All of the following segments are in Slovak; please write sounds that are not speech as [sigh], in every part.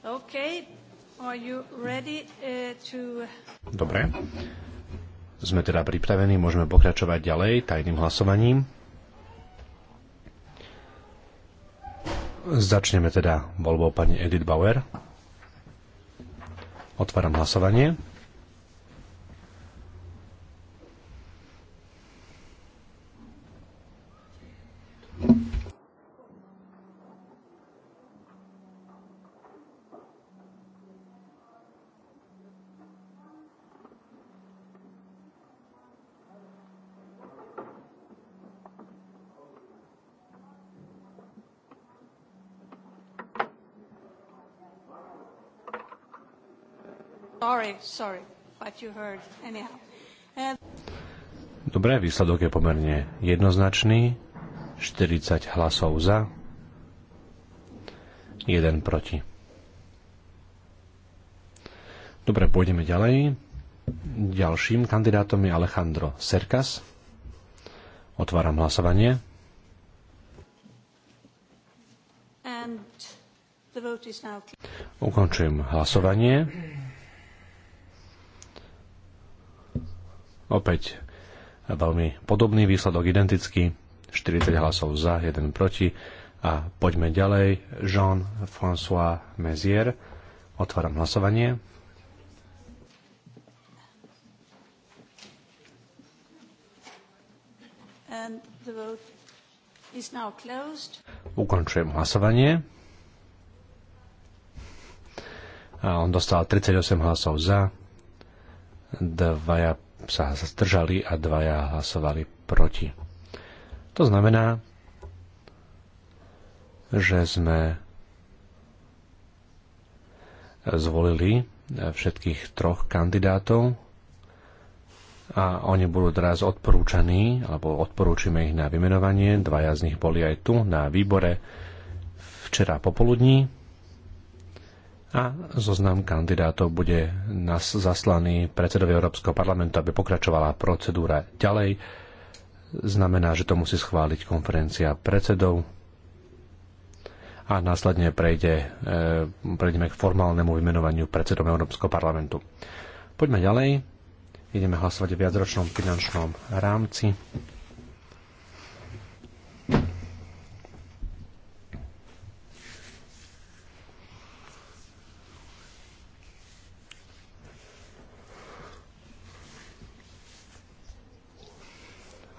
Uh, Dobre. Sme teda pripravení, môžeme pokračovať ďalej tajným hlasovaním. Začneme teda voľbou pani Edith Bauer. Otváram hlasovanie. Dobre, výsledok je pomerne jednoznačný. 40 hlasov za, 1 proti. Dobre, pôjdeme ďalej. Ďalším kandidátom je Alejandro Serkas. Otváram hlasovanie. Ukončujem hlasovanie. Opäť veľmi podobný výsledok, identický. 40 hlasov za, 1 proti. A poďme ďalej. Jean-François Mezier. Otváram hlasovanie. Ukončujem hlasovanie. A on dostal 38 hlasov za, dvaja sa zdržali a dvaja hlasovali proti. To znamená, že sme zvolili všetkých troch kandidátov a oni budú teraz odporúčaní, alebo odporúčime ich na vymenovanie. Dvaja z nich boli aj tu na výbore včera popoludní a zoznam kandidátov bude nás zaslaný predsedovi Európskeho parlamentu, aby pokračovala procedúra ďalej. Znamená, že to musí schváliť konferencia predsedov a následne prejde, e, prejdeme k formálnemu vymenovaniu predsedom Európskeho parlamentu. Poďme ďalej. Ideme hlasovať o viacročnom finančnom rámci.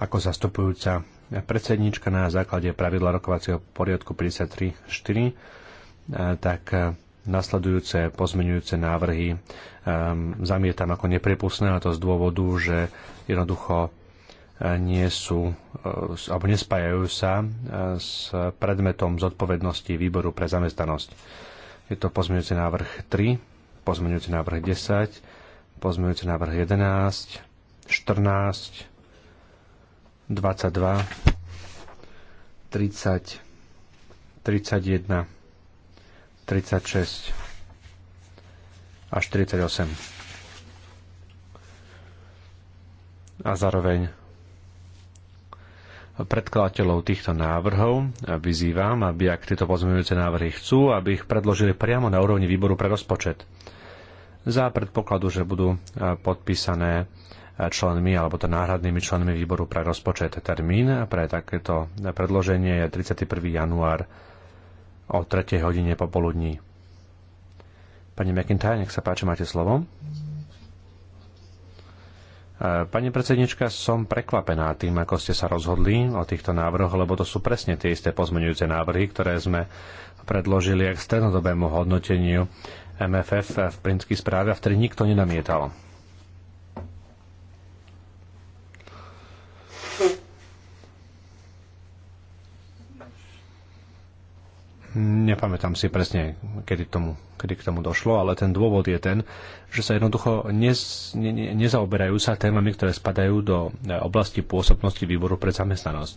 ako zastupujúca predsedníčka na základe pravidla rokovacieho poriadku 53.4, e, tak e, nasledujúce pozmeňujúce návrhy e, zamietam ako neprepustné a to z dôvodu, že jednoducho nie sú alebo nespájajú sa s predmetom zodpovednosti výboru pre zamestnanosť. Je to pozmeňujúci návrh 3, pozmeňujúci návrh 10, pozmeňujúci návrh 11, 14, 22, 30, 31, 36 až 38. A zároveň predkladateľov týchto návrhov vyzývam, aby ak tieto pozmeňujúce návrhy chcú, aby ich predložili priamo na úrovni výboru pre rozpočet. Za predpokladu, že budú podpísané členmi alebo to náhradnými členmi výboru pre rozpočet. Termín pre takéto predloženie je 31. január o 3. hodine popoludní. Pani McIntyre, nech sa páči, máte slovo. E, pani predsednička, som prekvapená tým, ako ste sa rozhodli o týchto návrhoch, lebo to sú presne tie isté pozmeňujúce návrhy, ktoré sme predložili aj k strednodobému hodnoteniu MFF v princkej správe, a vtedy nikto nenamietal. Nepamätám si presne, kedy, tomu, kedy k tomu došlo, ale ten dôvod je ten, že sa jednoducho nez, ne, ne, nezaoberajú sa témami, ktoré spadajú do e, oblasti pôsobnosti výboru pre zamestnanosť.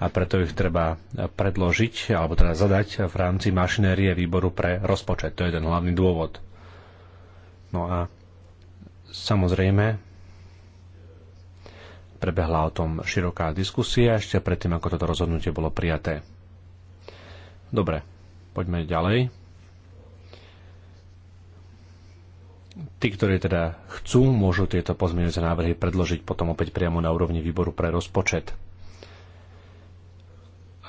A preto ich treba predložiť, alebo teda zadať v rámci mašinérie výboru pre rozpočet. To je ten hlavný dôvod. No a samozrejme, prebehla o tom široká diskusia ešte predtým, ako toto rozhodnutie bolo prijaté. Dobre, poďme ďalej. Tí, ktorí teda chcú, môžu tieto pozmeňujúce návrhy predložiť potom opäť priamo na úrovni výboru pre rozpočet.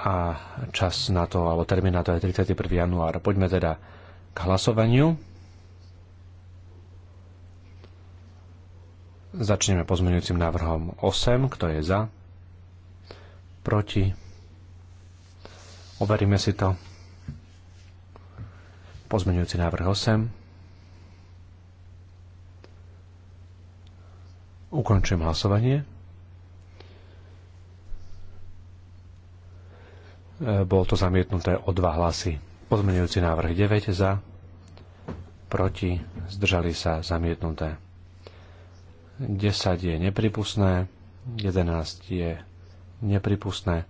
A čas na to, alebo termín na to je 31. január. Poďme teda k hlasovaniu. Začneme pozmeňujúcim návrhom 8. Kto je za? Proti? Overíme si to. Pozmeňujúci návrh 8. Ukončím hlasovanie. E, bolo to zamietnuté o dva hlasy. Pozmeňujúci návrh 9 za, proti, zdržali sa zamietnuté. 10 je nepripustné, 11 je nepripustné,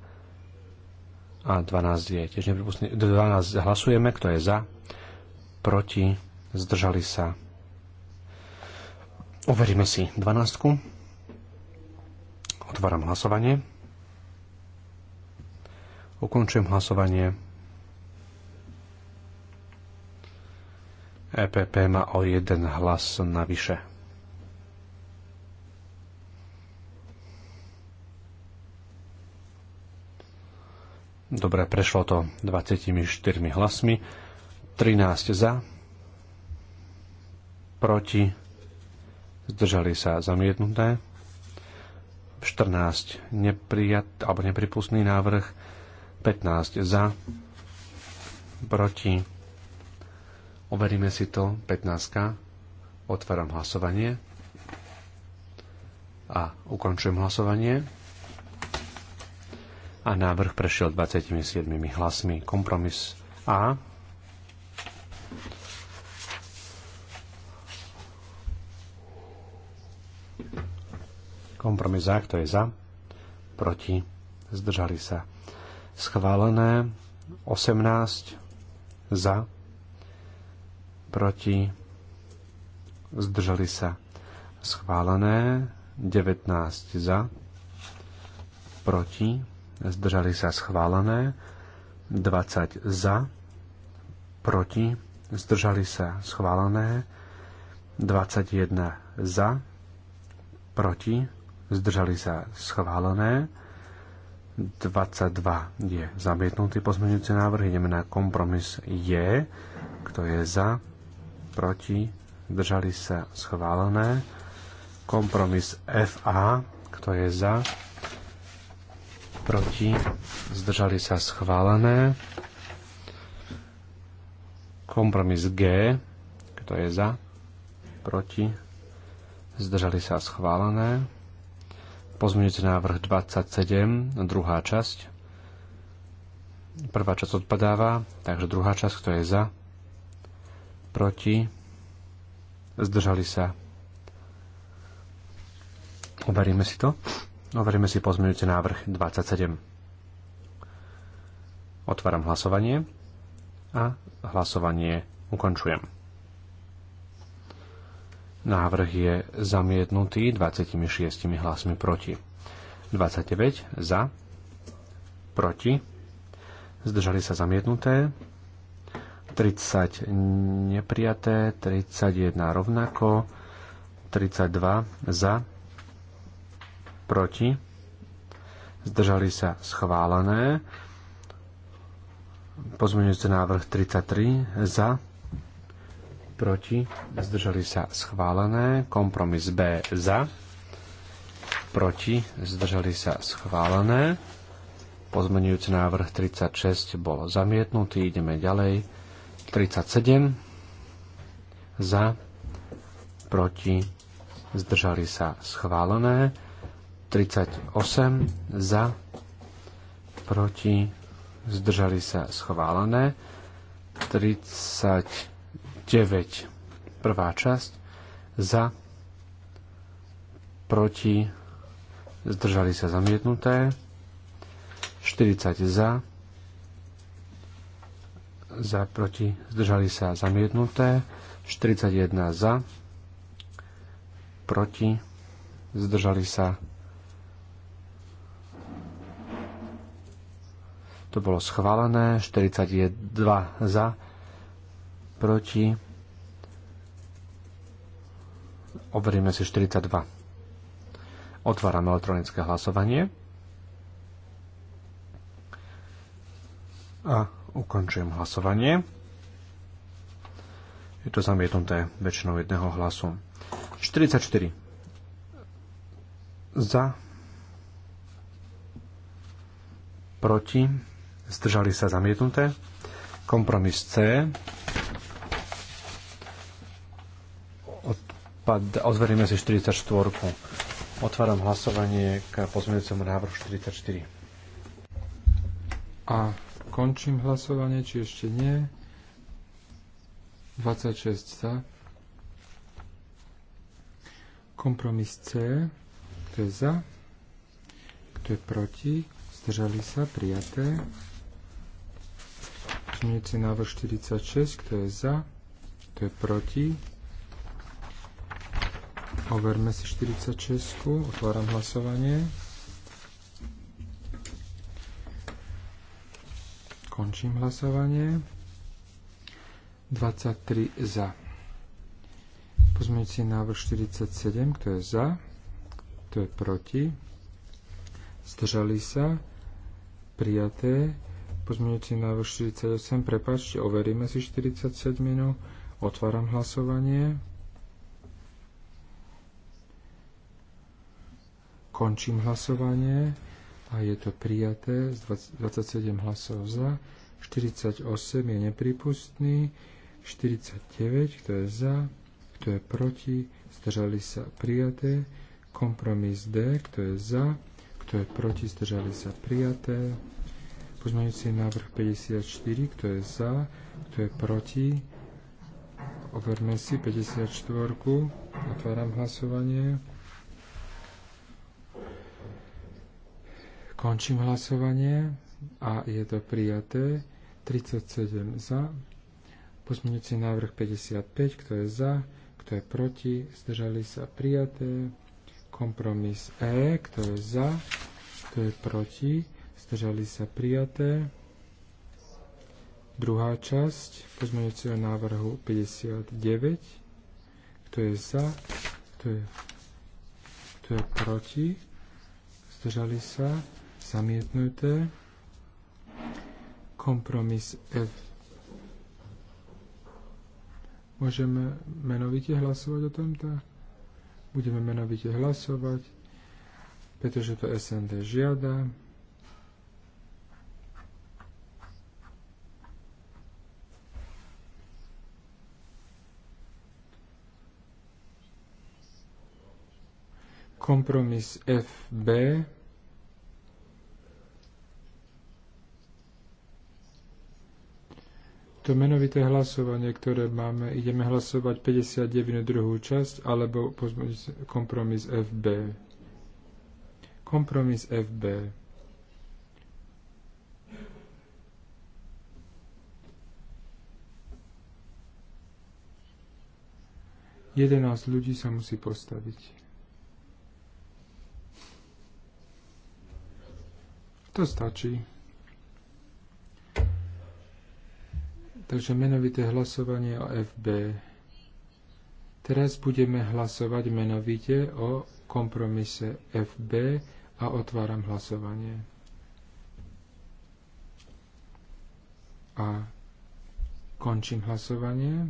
a 12 je tiež nepripustný. 12 hlasujeme, kto je za, proti, zdržali sa. Overíme si 12. Otváram hlasovanie. Ukončujem hlasovanie. EPP má o jeden hlas navyše. Dobre, prešlo to 24 hlasmi. 13 za, proti, zdržali sa zamietnuté. 14 neprijat, alebo nepripustný návrh. 15 za, proti. Overíme si to. 15. Otváram hlasovanie. A ukončujem hlasovanie a návrh prešiel 27 hlasmi. Kompromis A. Kompromis A, kto je za? Proti? Zdržali sa. Schválené 18 za, proti, zdržali sa. Schválené 19 za, proti, zdržali sa schválené, 20 za, proti, zdržali sa schválené, 21 za, proti, zdržali sa schválené, 22 je zamietnutý pozmeňujúci návrh, ideme na kompromis je, kto je za, proti, zdržali sa schválené, kompromis FA, kto je za, proti, zdržali sa schválené. Kompromis G, kto je za, proti, zdržali sa schválené. Pozmeňujúci návrh 27, druhá časť. Prvá časť odpadáva, takže druhá časť, kto je za, proti, zdržali sa. Overíme si to. Overíme si pozmeňujúci návrh 27. Otváram hlasovanie a hlasovanie ukončujem. Návrh je zamietnutý 26 hlasmi proti. 29 za, proti, zdržali sa zamietnuté, 30 neprijaté, 31 rovnako, 32 za, proti, zdržali sa schválené. Pozmeňujúci návrh 33 za, proti, zdržali sa schválené. Kompromis B za, proti, zdržali sa schválené. Pozmeňujúci návrh 36 bol zamietnutý. Ideme ďalej. 37 za, proti, zdržali sa schválené. 38 za, proti, zdržali sa schválené. 39 prvá časť za, proti, zdržali sa zamietnuté. 40 za, za, proti, zdržali sa zamietnuté. 41 za, proti, zdržali sa zamietnuté To bolo schválené. 42 za, proti. Overíme si 42. Otváram elektronické hlasovanie. A ukončujem hlasovanie. Je to zamietnuté väčšinou jedného hlasu. 44 za proti zdržali sa zamietnuté. Kompromis C. Odpad, odveríme si 44. Otváram hlasovanie k pozmeňujúcemu návrhu 44. A končím hlasovanie, či ešte nie. 26 za. Kompromis C. Kto je za? Kto je proti? Zdržali sa? Prijaté. Pozmeňujúci návrh 46, kto je za, kto je proti. Overme si 46, otváram hlasovanie. Končím hlasovanie. 23 za. Pozmeňujúci návrh 47, kto je za, kto je proti. Zdržali sa. Prijaté. Pozmeňujúci návrh 48, prepáčte, overíme si 47. Otváram hlasovanie. Končím hlasovanie a je to prijaté z 27 hlasov za. 48 je nepripustný. 49, kto je za, kto je proti, zdržali sa prijaté. Kompromis D, kto je za, kto je proti, zdržali sa prijaté. Pozmeňujúci návrh 54, kto je za, kto je proti. Overme si 54. Otváram hlasovanie. Končím hlasovanie a je to prijaté. 37 za. Pozmeňujúci návrh 55, kto je za, kto je proti, zdržali sa prijaté. Kompromis E, kto je za, kto je proti zdržali sa prijaté. Druhá časť pozmeňujúceho návrhu 59. Kto je za? Kto je, kto je proti? Zdržali sa? Zamietnuté. Kompromis F. Môžeme menovite hlasovať o tomto? Budeme menovite hlasovať, pretože to SND žiada. Kompromis FB to menovité hlasovanie, ktoré máme, ideme hlasovať 59. druhú časť alebo kompromis FB. Kompromis FB. Jedenáct ľudí sa musí postaviť. To stačí. Takže menovité hlasovanie o FB. Teraz budeme hlasovať menovite o kompromise FB a otváram hlasovanie. A končím hlasovanie.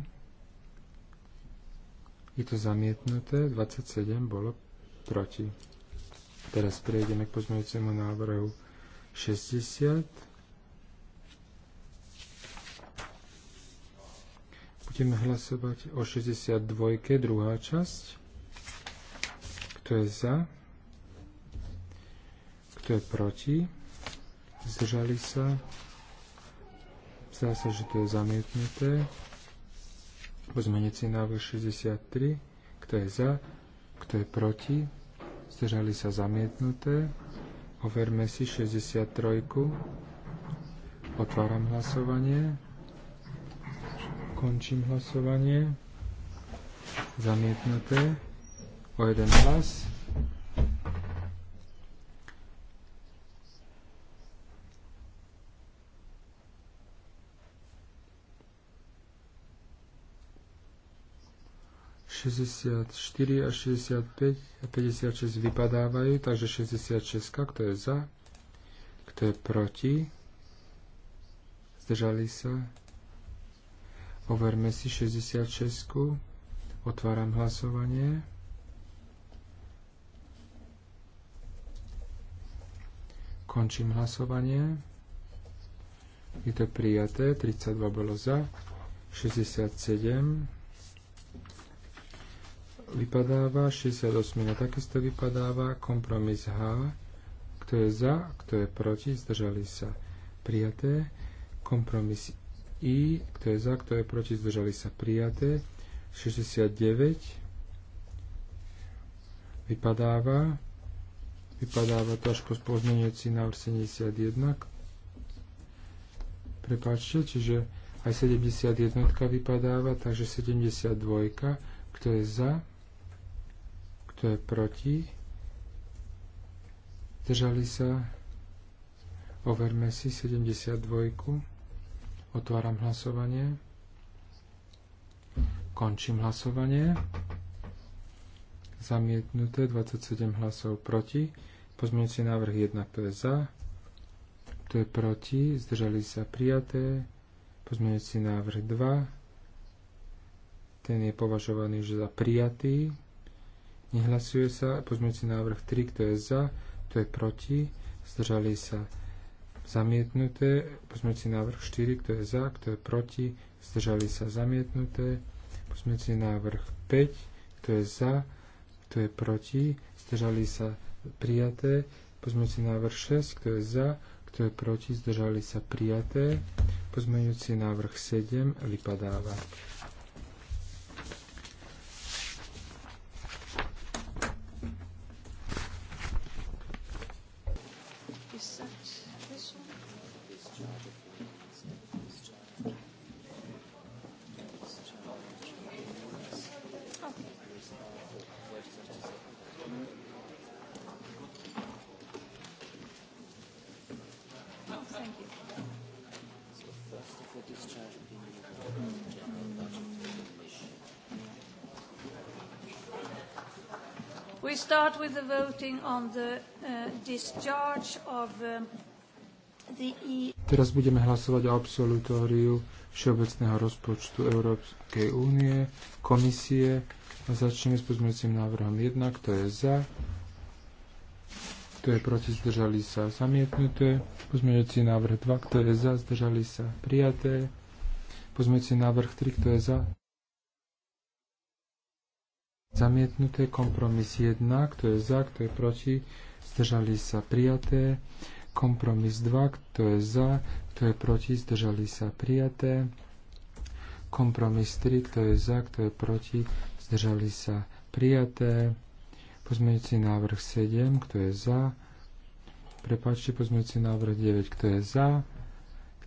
Je to zamietnuté, 27 bolo proti. Teraz prejdeme k pozmeňujúcemu návrhu 60. Budeme hlasovať o 62. druhá časť. Kto je za? Kto je proti? Zdržali sa? Zdá sa, že to je zamietnuté. Pozmeneci návrh 63. Kto je za? Kto je proti? Zdržali sa zamietnuté. Overme si 63. Otváram hlasovanie. Končím hlasovanie. Zamietnuté. O jeden hlas. 64 a 65 a 56 vypadávajú, takže 66, kto je za, kto je proti, zdržali sa. Overme si 66. Otváram hlasovanie. Končím hlasovanie. Je to prijaté. 32 bolo za. 67 vypadáva, 68 takisto vypadáva, kompromis H, kto je za, kto je proti, zdržali sa prijaté, kompromis I, kto je za, kto je proti, zdržali sa prijaté, 69 vypadáva, vypadáva to až po pozmeňujúci návrh 71, prepáčte, čiže aj 71 vypadáva, takže 72, kto je za, kto je proti? Zdržali sa? Overme si 72. Otváram hlasovanie. Končím hlasovanie. Zamietnuté 27 hlasov proti. Pozmeňujúci návrh 1, kto je za, kto je proti, zdržali sa prijaté. Pozmeňujúci návrh 2, ten je považovaný už za prijatý. Nehlasuje sa. Pozmeňujúci návrh 3, kto je za, kto je proti. Zdržali sa. Zamietnuté. Pozmeňujúci návrh 4, kto je za, kto je proti. Zdržali sa. Zamietnuté. Pozmeňujúci návrh 5, kto je za, kto je proti. Zdržali sa. Prijaté. Pozmeňujúci návrh 6, kto je za, kto je proti. Zdržali sa. Prijaté. Pozmeňujúci návrh 7 vypadáva. on the uh, discharge of um, the E. Teraz budeme hlasovať o absolutóriu Všeobecného rozpočtu Európskej únie, komisie. A začneme s pozmeňujúcim návrhom 1, kto je za, kto je proti, zdržali sa zamietnuté. Pozmeňujúci návrh 2, kto je za, zdržali sa prijaté. Pozmeňujúci návrh 3, kto je za, Zamietnuté kompromis 1, kto je za, kto je proti, zdržali sa prijaté. Kompromis 2, kto je za, kto je proti, zdržali sa prijaté. Kompromis 3, kto je za, kto je proti, zdržali sa prijaté. Pozmeňujúci návrh 7, kto je za. prepáčte, pozmeňujúci návrh 9, kto je za,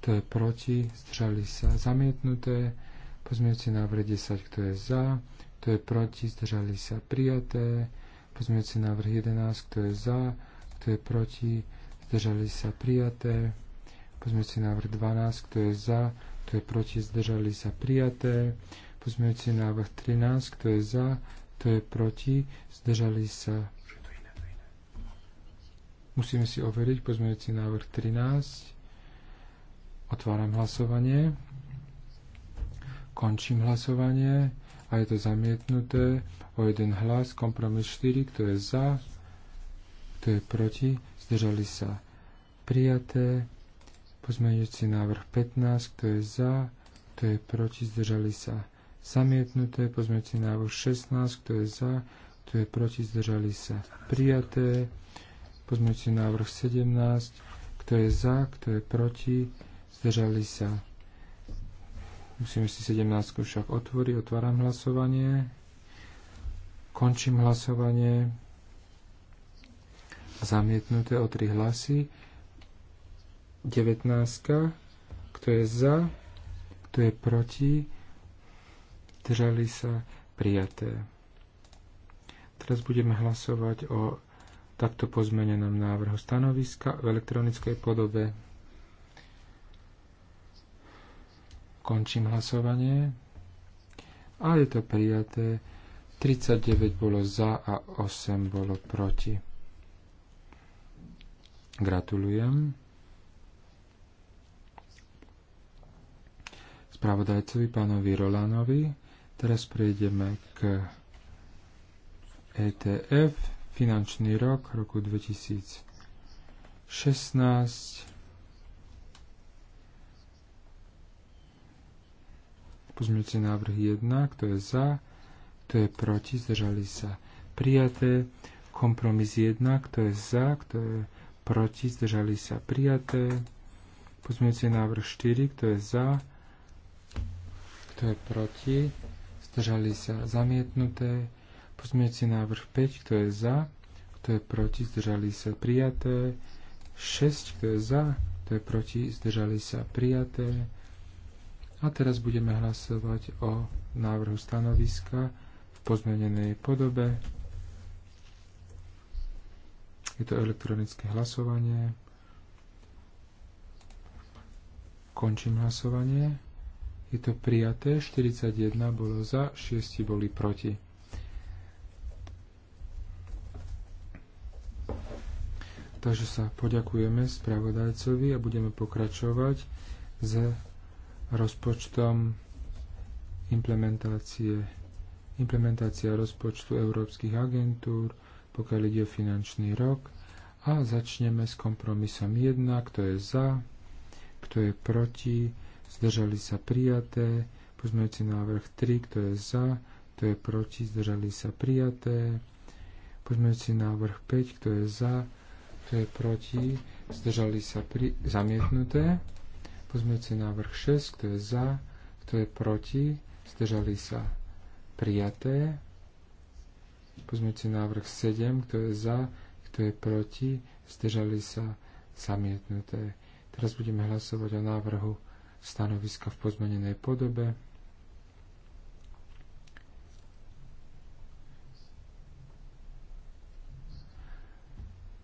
kto je proti, zdržali sa zamietnuté. Pozmeňujúci návrh 10, kto je za, kto je proti, zdržali sa prijaté. Pozmeňujúci návrh 11, kto je za, kto je proti, zdržali sa prijaté. Pozmeňujúci návrh 12, kto je za, kto je proti, zdržali sa prijaté. Pozmeňujúci návrh 13, kto je za, kto je proti, zdržali sa. Musíme si overiť pozmeňujúci návrh 13. Otváram hlasovanie. Končím hlasovanie a je to zamietnuté o jeden hlas. Kompromis 4, kto je za, kto je proti, zdržali sa prijaté. Pozmeňujúci návrh 15, kto je za, kto je proti, zdržali sa zamietnuté. Pozmeňujúci návrh 16, kto je za, kto je proti, zdržali sa prijaté. Pozmeňujúci návrh 17, kto je za, kto je proti, zdržali sa Musím si 17 však otvoriť. Otváram hlasovanie. Končím hlasovanie. Zamietnuté o 3 hlasy. 19. Kto je za? Kto je proti? Držali sa prijaté. Teraz budeme hlasovať o takto pozmenenom návrhu stanoviska v elektronickej podobe. Končím hlasovanie. A je to prijaté. 39 bolo za a 8 bolo proti. Gratulujem. Spravodajcovi pánovi Rolanovi. Teraz prejdeme k ETF, finančný rok roku 2016. Pozmeňujúci návrh 1, kto je za, kto je proti, zdržali sa prijaté. Kompromis 1, kto je za, kto je proti, zdržali sa prijaté. Pozmeňujúci návrh 4, kto je za, kto je proti, zdržali sa zamietnuté. Pozmeňujúci návrh 5, kto je za, kto je proti, zdržali sa prijaté. 6, kto je za, kto je proti, zdržali sa prijaté. A teraz budeme hlasovať o návrhu stanoviska v pozmenenej podobe. Je to elektronické hlasovanie. Končím hlasovanie. Je to prijaté. 41 bolo za, 6 boli proti. Takže sa poďakujeme spravodajcovi a budeme pokračovať s rozpočtom implementácie, implementácia rozpočtu európskych agentúr, pokiaľ ide o finančný rok. A začneme s kompromisom 1, kto je za, kto je proti, zdržali sa prijaté, pozmeňujúci návrh 3, kto je za, kto je proti, zdržali sa prijaté, pozmeňujúci návrh 5, kto je za, kto je proti, zdržali sa pri, zamietnuté. Pozmeňujúci návrh 6, kto je za, kto je proti, zdržali sa prijaté. Pozmeňujúci návrh 7, kto je za, kto je proti, zdržali sa zamietnuté. Teraz budeme hlasovať o návrhu stanoviska v pozmenenej podobe.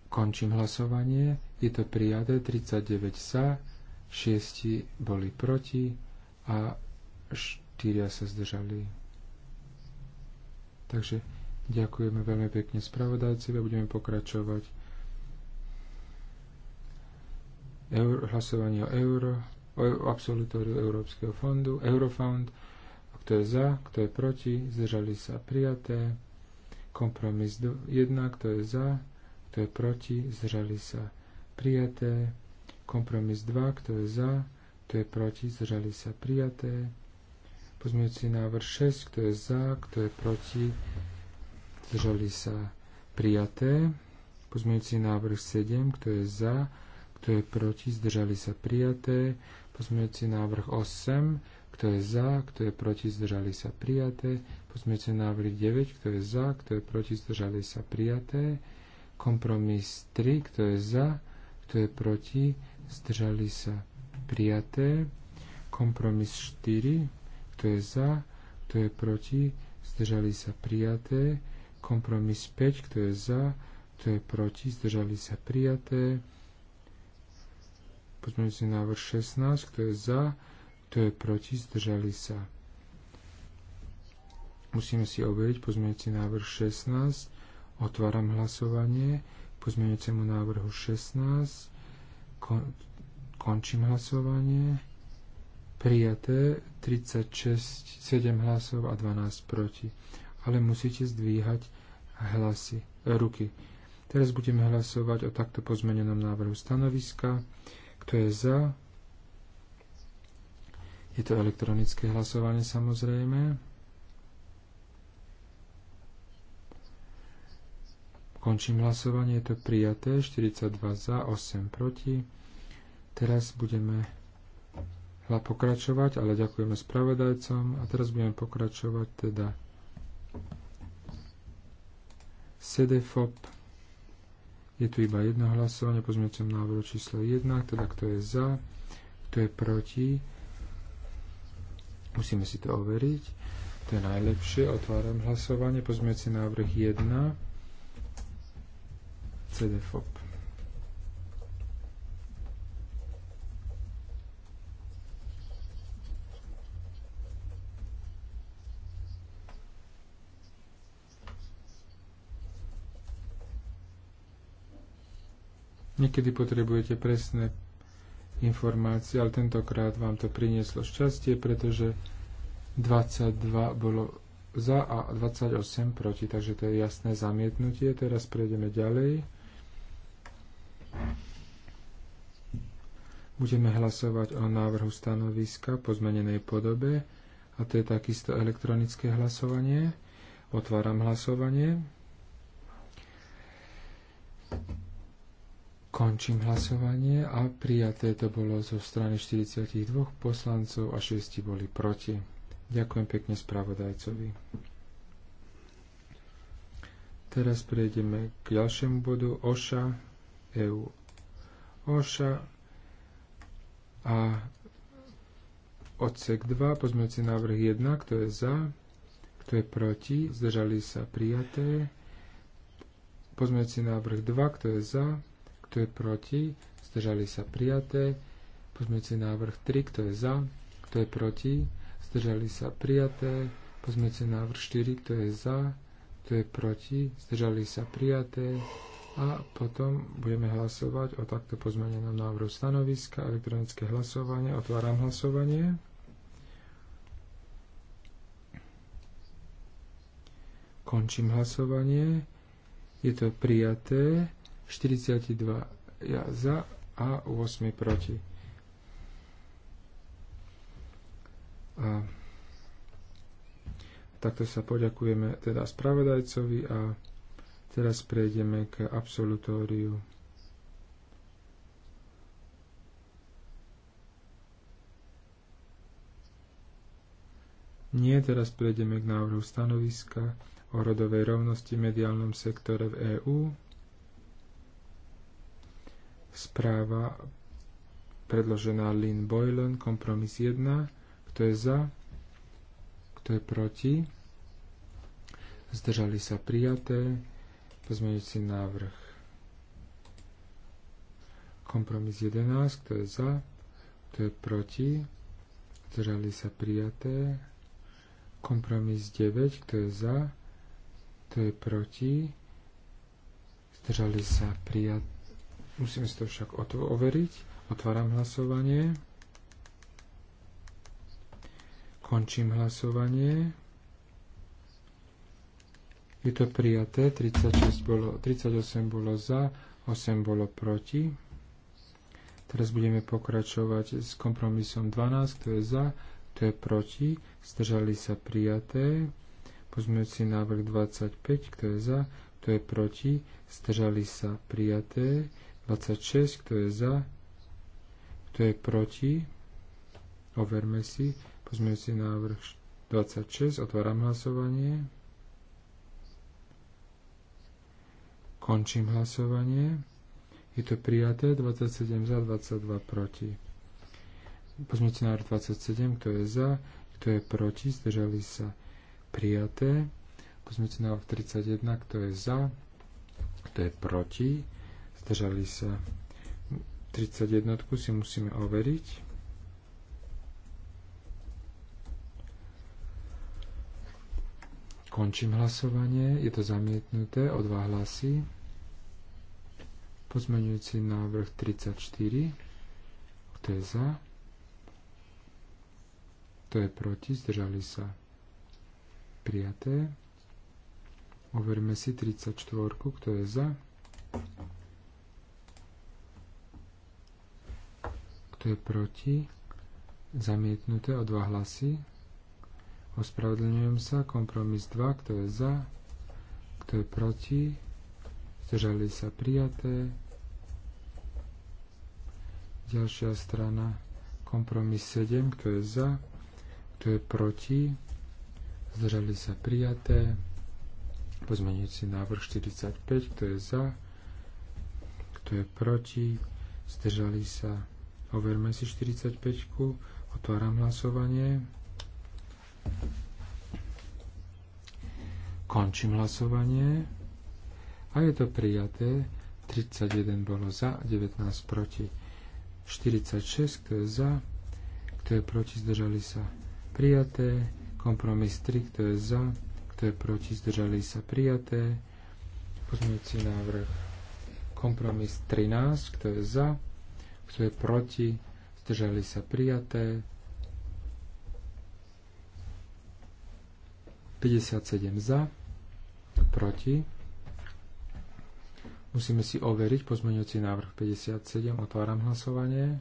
Končím hlasovanie. Je to prijaté 39 sa, šiesti boli proti a štyria sa zdržali. Takže ďakujeme veľmi pekne spravodajci a budeme pokračovať Euro, hlasovanie o euro, o absolutóriu Európskeho fondu, Eurofond, kto je za, kto je proti, zdržali sa prijaté, kompromis 1, kto je za, kto je proti, zdržali sa prijaté, Kompromis 2, kto je za, kto je proti, zdržali sa prijaté. Pozmeňujúci návrh 6, kto je za, kto je proti, zdržali sa prijaté. Pozmeňujúci návrh 7, kto je za, kto je proti, zdržali sa prijaté. Pozmeňujúci návrh 8, kto je za, kto je proti, zdržali sa prijaté. Pozmeňujúci návrh 9, kto je za, kto je proti, zdržali sa prijaté. Kompromis 3, kto je za, kto je proti, zdržali sa prijaté. Kompromis 4, kto je za, kto je proti, zdržali sa prijaté. Kompromis 5, kto je za, kto je proti, zdržali sa prijaté. si návrh 16, kto je za, kto je proti, zdržali sa. Musíme si overiť pozmeňujúci návrh 16. Otváram hlasovanie pozmeňujúcemu návrhu 16 končím hlasovanie. Prijaté 36, 7 hlasov a 12 proti. Ale musíte zdvíhať hlasy, ruky. Teraz budeme hlasovať o takto pozmenenom návrhu stanoviska. Kto je za? Je to elektronické hlasovanie samozrejme. Končím hlasovanie, je to prijaté, 42 za, 8 proti. Teraz budeme pokračovať, ale ďakujeme spravodajcom a teraz budeme pokračovať teda SEDEFOP. Je tu iba jedno hlasovanie, pozmeňujem návrhu číslo 1, teda kto je za, kto je proti. Musíme si to overiť. To je najlepšie. Otváram hlasovanie. si návrh 1. CDFOP. Niekedy potrebujete presné informácie, ale tentokrát vám to prinieslo šťastie, pretože 22 bolo za a 28 proti, takže to je jasné zamietnutie. Teraz prejdeme ďalej. Budeme hlasovať o návrhu stanoviska po zmenenej podobe a to je takisto elektronické hlasovanie. Otváram hlasovanie. Končím hlasovanie a prijaté to bolo zo strany 42 poslancov a 6 boli proti. Ďakujem pekne spravodajcovi. Teraz prejdeme k ďalšiemu bodu OŠA EU. OŠA a odsek 2, pozmeňujúci návrh 1, kto je za, kto je proti, zdržali sa prijaté. Pozmeňujúci návrh 2, kto je za, kto je proti, zdržali sa prijaté. Pozmeňujúci návrh 3, kto je za, kto je proti, zdržali sa prijaté. Pozmeňujúci návrh 4, kto je za, kto je proti, zdržali sa prijaté. A potom budeme hlasovať o takto pozmenenom návrhu stanoviska, elektronické hlasovanie. Otváram hlasovanie. Končím hlasovanie. Je to prijaté. 42 ja za a 8 proti. A takto sa poďakujeme teda spravodajcovi a Teraz prejdeme k absolutóriu. Nie, teraz prejdeme k návrhu stanoviska o rodovej rovnosti v mediálnom sektore v EÚ. Správa predložená Lynn Boylan, kompromis 1. Kto je za? Kto je proti? Zdržali sa prijaté. Pozmeňujúci návrh. Kompromis 11, kto je za, kto je proti, zdržali sa prijaté. Kompromis 9, kto je za, kto je proti, zdržali sa prijaté. Musíme si to však overiť. Otváram hlasovanie. Končím hlasovanie. Je to prijaté, 36 bolo, 38 bolo za, 8 bolo proti. Teraz budeme pokračovať s kompromisom 12, kto je za, kto je proti. Zdržali sa prijaté. Pozmeňujúci návrh 25, kto je za, kto je proti. Zdržali sa prijaté. 26, kto je za, kto je proti. Overme si. Pozmeňujúci návrh 26, otváram hlasovanie. Končím hlasovanie. Je to prijaté 27 za, 22 proti. Pozmite na 27, kto je za, kto je proti, zdržali sa prijaté. Pozmite na 31, kto je za, kto je proti, zdržali sa 31 si musíme overiť. Končím hlasovanie. Je to zamietnuté o dva hlasy. Pozmeňujúci návrh 34. Kto je za? Kto je proti? Zdržali sa. Prijaté. Overme si 34. Kto je za? Kto je proti? Zamietnuté o dva hlasy. Ospravedlňujem sa. Kompromis 2. Kto je za? Kto je proti? Zdržali sa prijaté. Ďalšia strana. Kompromis 7. Kto je za? Kto je proti? Zdržali sa prijaté. Pozmeňujúci návrh 45. Kto je za? Kto je proti? Zdržali sa. Overme si 45. Otváram hlasovanie. Končím hlasovanie. A je to prijaté. 31 bolo za, 19 proti. 46, kto je za, kto je proti, zdržali sa. Prijaté. Kompromis 3, kto je za, kto je proti, zdržali sa. Prijaté. Pozmeňujúci návrh. Kompromis 13, kto je za, kto je proti, zdržali sa. Prijaté 57 za, proti. Musíme si overiť pozmeňujúci návrh 57. Otváram hlasovanie.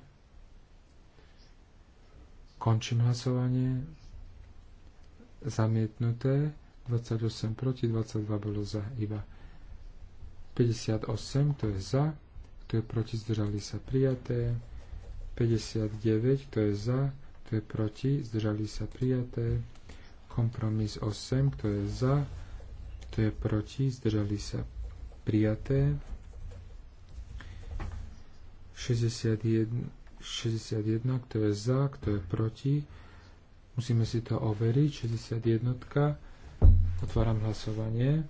Končím hlasovanie. Zamietnuté. 28 proti, 22 bolo za iba. 58, to je za, kto je proti, zdržali sa prijaté. 59, kto je za, kto je proti, zdržali sa prijaté. Kompromis 8, kto je za, kto je proti, zdržali sa prijaté. 61, 61, kto je za, kto je proti. Musíme si to overiť. 61. Otváram hlasovanie.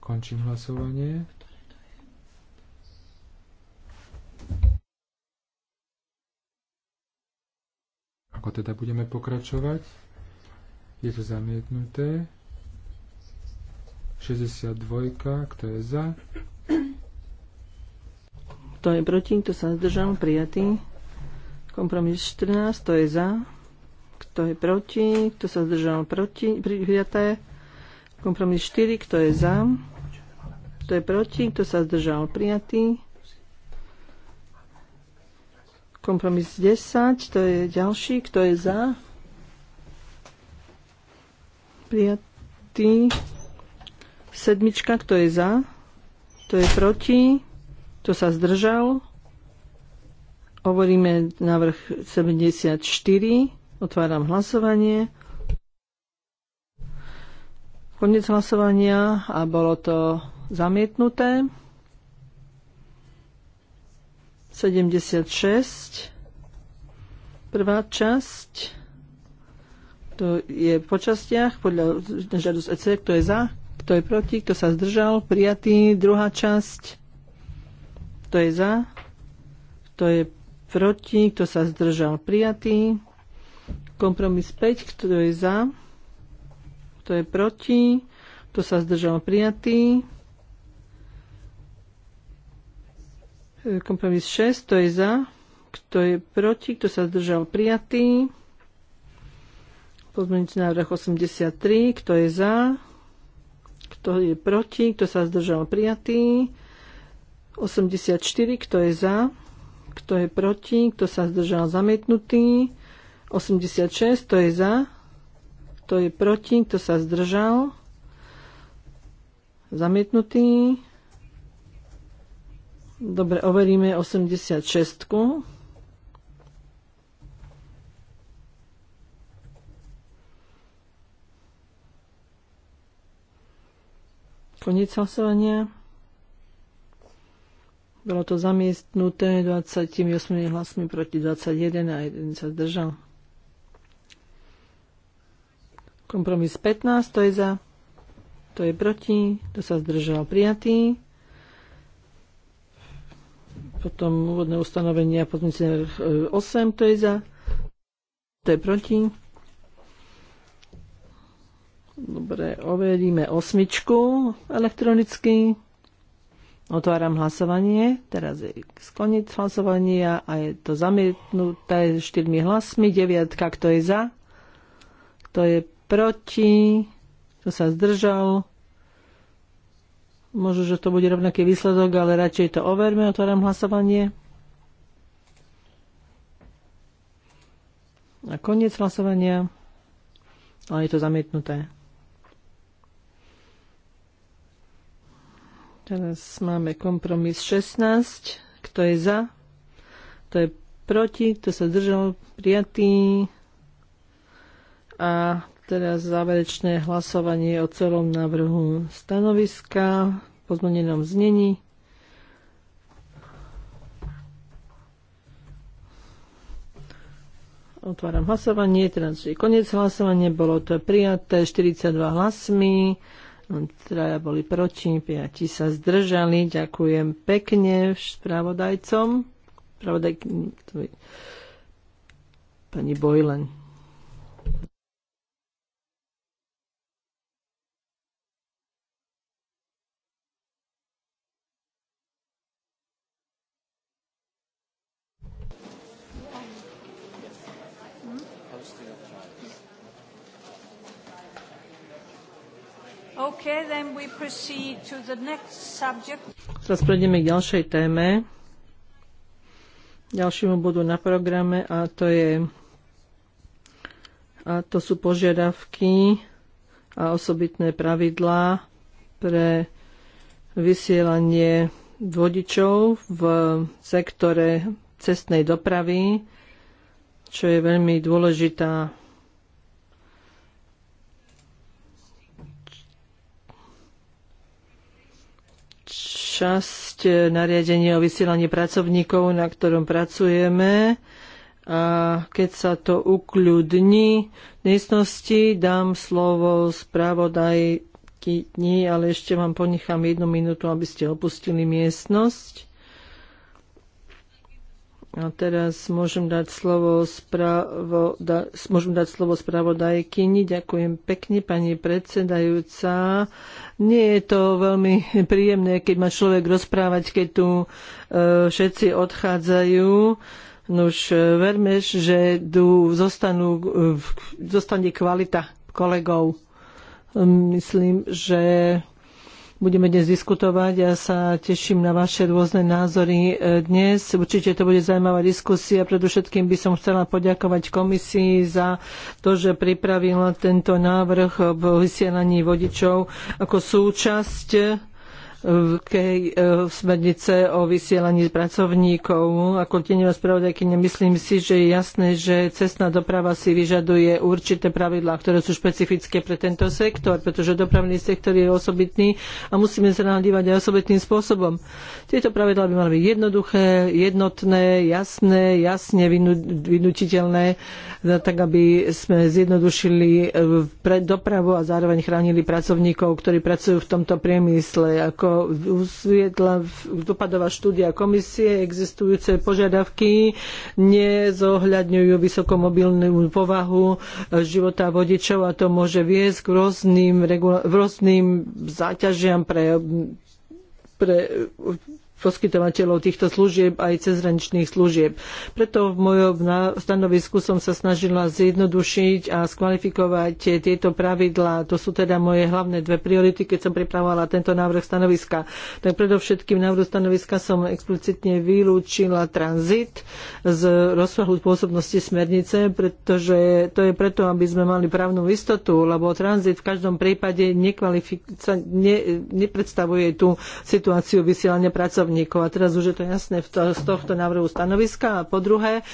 Končím hlasovanie. Ako teda budeme pokračovať? Je to zamietnuté. 62, kto je za? Kto je proti? Kto sa zdržal? Prijatý. Kompromis 14, to je za. Kto je proti? Kto sa zdržal? Proti? Prijaté. Kompromis 4, kto je za? Kto je proti? Kto sa zdržal? Prijatý. Kompromis 10, to je ďalší. Kto je za? prijatý. Sedmička, kto je za, kto je proti, kto sa zdržal. Hovoríme návrh 74. Otváram hlasovanie. Koniec hlasovania a bolo to zamietnuté. 76. Prvá časť. To je po častiach, podľa žiadosť EC, kto je za, kto je proti, kto sa zdržal, prijatý. Druhá časť, kto je za, kto je proti, kto sa zdržal, prijatý. Kompromis 5, kto je za, kto je proti, kto sa zdržal, prijatý. Kompromis 6, kto je za, kto je proti, kto sa zdržal, prijatý. Pozmeňujúci návrh 83. Kto je za? Kto je proti? Kto sa zdržal prijatý? 84. Kto je za? Kto je proti? Kto sa zdržal zamietnutý? 86. Kto je za? Kto je proti? Kto sa zdržal? Zamietnutý. Dobre, overíme 86. -ku. Koniec hlasovania. Bolo to zamiestnuté 28 hlasmi proti 21 a jeden sa zdržal. Kompromis 15, to je za, to je proti, to sa zdržal prijatý. Potom úvodné ustanovenia, pozmyslenie 8, to je za, to je proti Dobre, overíme osmičku elektronicky. Otváram hlasovanie. Teraz je skonec hlasovania a je to zamietnuté štyrmi hlasmi. Deviatka, kto je za? Kto je proti? Kto sa zdržal? Možno, že to bude rovnaký výsledok, ale radšej to overme. Otváram hlasovanie. A koniec hlasovania. Ale je to zamietnuté. Teraz máme kompromis 16. Kto je za? Kto je proti? Kto sa držal? Prijatý. A teraz záverečné hlasovanie o celom návrhu stanoviska v pozmenenom znení. Otváram hlasovanie, teraz je koniec hlasovania, bolo to prijaté 42 hlasmi. Hm, traja boli proti, piati sa zdržali. Ďakujem pekne spravodajcom. Pravodaj... Pani Bojlen. Okay, then we proceed to the next subject. Teraz prejdeme k ďalšej téme, ďalšiemu bodu na programe a to je a to sú požiadavky a osobitné pravidlá pre vysielanie vodičov v sektore cestnej dopravy, čo je veľmi dôležitá časť nariadenia o vysielaní pracovníkov, na ktorom pracujeme. A keď sa to ukľudní v miestnosti, dám slovo dní, ale ešte vám ponechám jednu minútu, aby ste opustili miestnosť. A teraz môžem dať slovo, spravo, da, môžem dať slovo spravodajkyni. Ďakujem pekne, pani predsedajúca. Nie je to veľmi príjemné, keď má človek rozprávať, keď tu e, všetci odchádzajú. Nuž, e, verme, že tu zostanú, e, zostane kvalita kolegov. Myslím, že budeme dnes diskutovať. Ja sa teším na vaše rôzne názory e, dnes. Určite to bude zaujímavá diskusia. Predovšetkým by som chcela poďakovať komisii za to, že pripravila tento návrh o vysielaní vodičov ako súčasť kej smernice o vysielaní pracovníkov. Ako tieňová spravodajky, myslím si, že je jasné, že cestná doprava si vyžaduje určité pravidlá, ktoré sú špecifické pre tento sektor, pretože dopravný sektor je osobitný a musíme sa nám dívať aj osobitným spôsobom. Tieto pravidlá by mali byť jednoduché, jednotné, jasné, jasne vynutiteľné, tak aby sme zjednodušili eh, dopravu a zároveň chránili pracovníkov, ktorí pracujú v tomto priemysle. Ako ako dopadová štúdia komisie, existujúce požiadavky nezohľadňujú vysokomobilnú povahu života vodičov a to môže viesť k rôznym, rôznym záťažiam pre pre poskytovateľov týchto služieb aj cezhraničných služieb. Preto v mojom stanovisku som sa snažila zjednodušiť a skvalifikovať tieto pravidlá. To sú teda moje hlavné dve priority, keď som pripravovala tento návrh stanoviska. Tak predovšetkým návrh stanoviska som explicitne vylúčila tranzit z rozsahu spôsobnosti smernice, pretože to je preto, aby sme mali právnu istotu, lebo tranzit v každom prípade ne, nepredstavuje tú situáciu vysielania pracovníkov pracovníkov. A teraz už je to jasné z tohto návrhu stanoviska. A po druhé,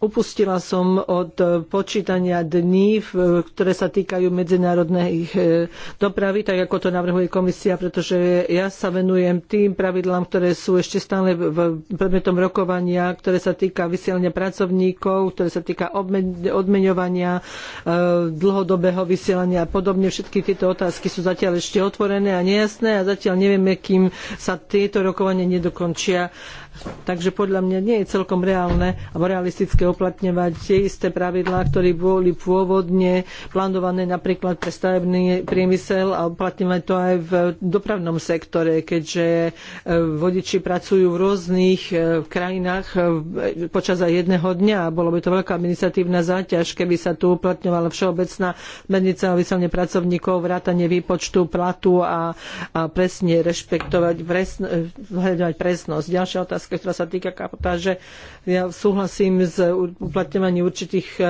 Upustila som od eh, počítania dní, eh, ktoré sa týkajú medzinárodnej eh, dopravy, tak ako to navrhuje komisia, pretože ja sa venujem tým pravidlám, ktoré sú ešte stále v predmetom rokovania, ktoré sa týka vysielania pracovníkov, ktoré sa týka odmeňovania, dlhodobého vysielania a podobne. Všetky tieto otázky sú zatiaľ ešte otvorené a nejasné a zatiaľ nevieme, kým sa tieto rokovania nedokončia Takže podľa mňa nie je celkom reálne alebo realistické uplatňovať tie isté pravidlá, ktoré boli pôvodne plánované napríklad pre stavebný priemysel a uplatňovať to aj v dopravnom sektore, keďže e, vodiči pracujú v rôznych e, krajinách e, počas aj jedného dňa a bolo by to veľká administratívna záťaž, keby sa tu uplatňovala všeobecná smernica o vysielne pracovníkov, vrátanie výpočtu platu a, a presne rešpektovať, presn, hľadať presnosť. Ďalšia otázka otázke, ktorá sa týka kapotáže. Ja súhlasím s uplatňovaním určitých e,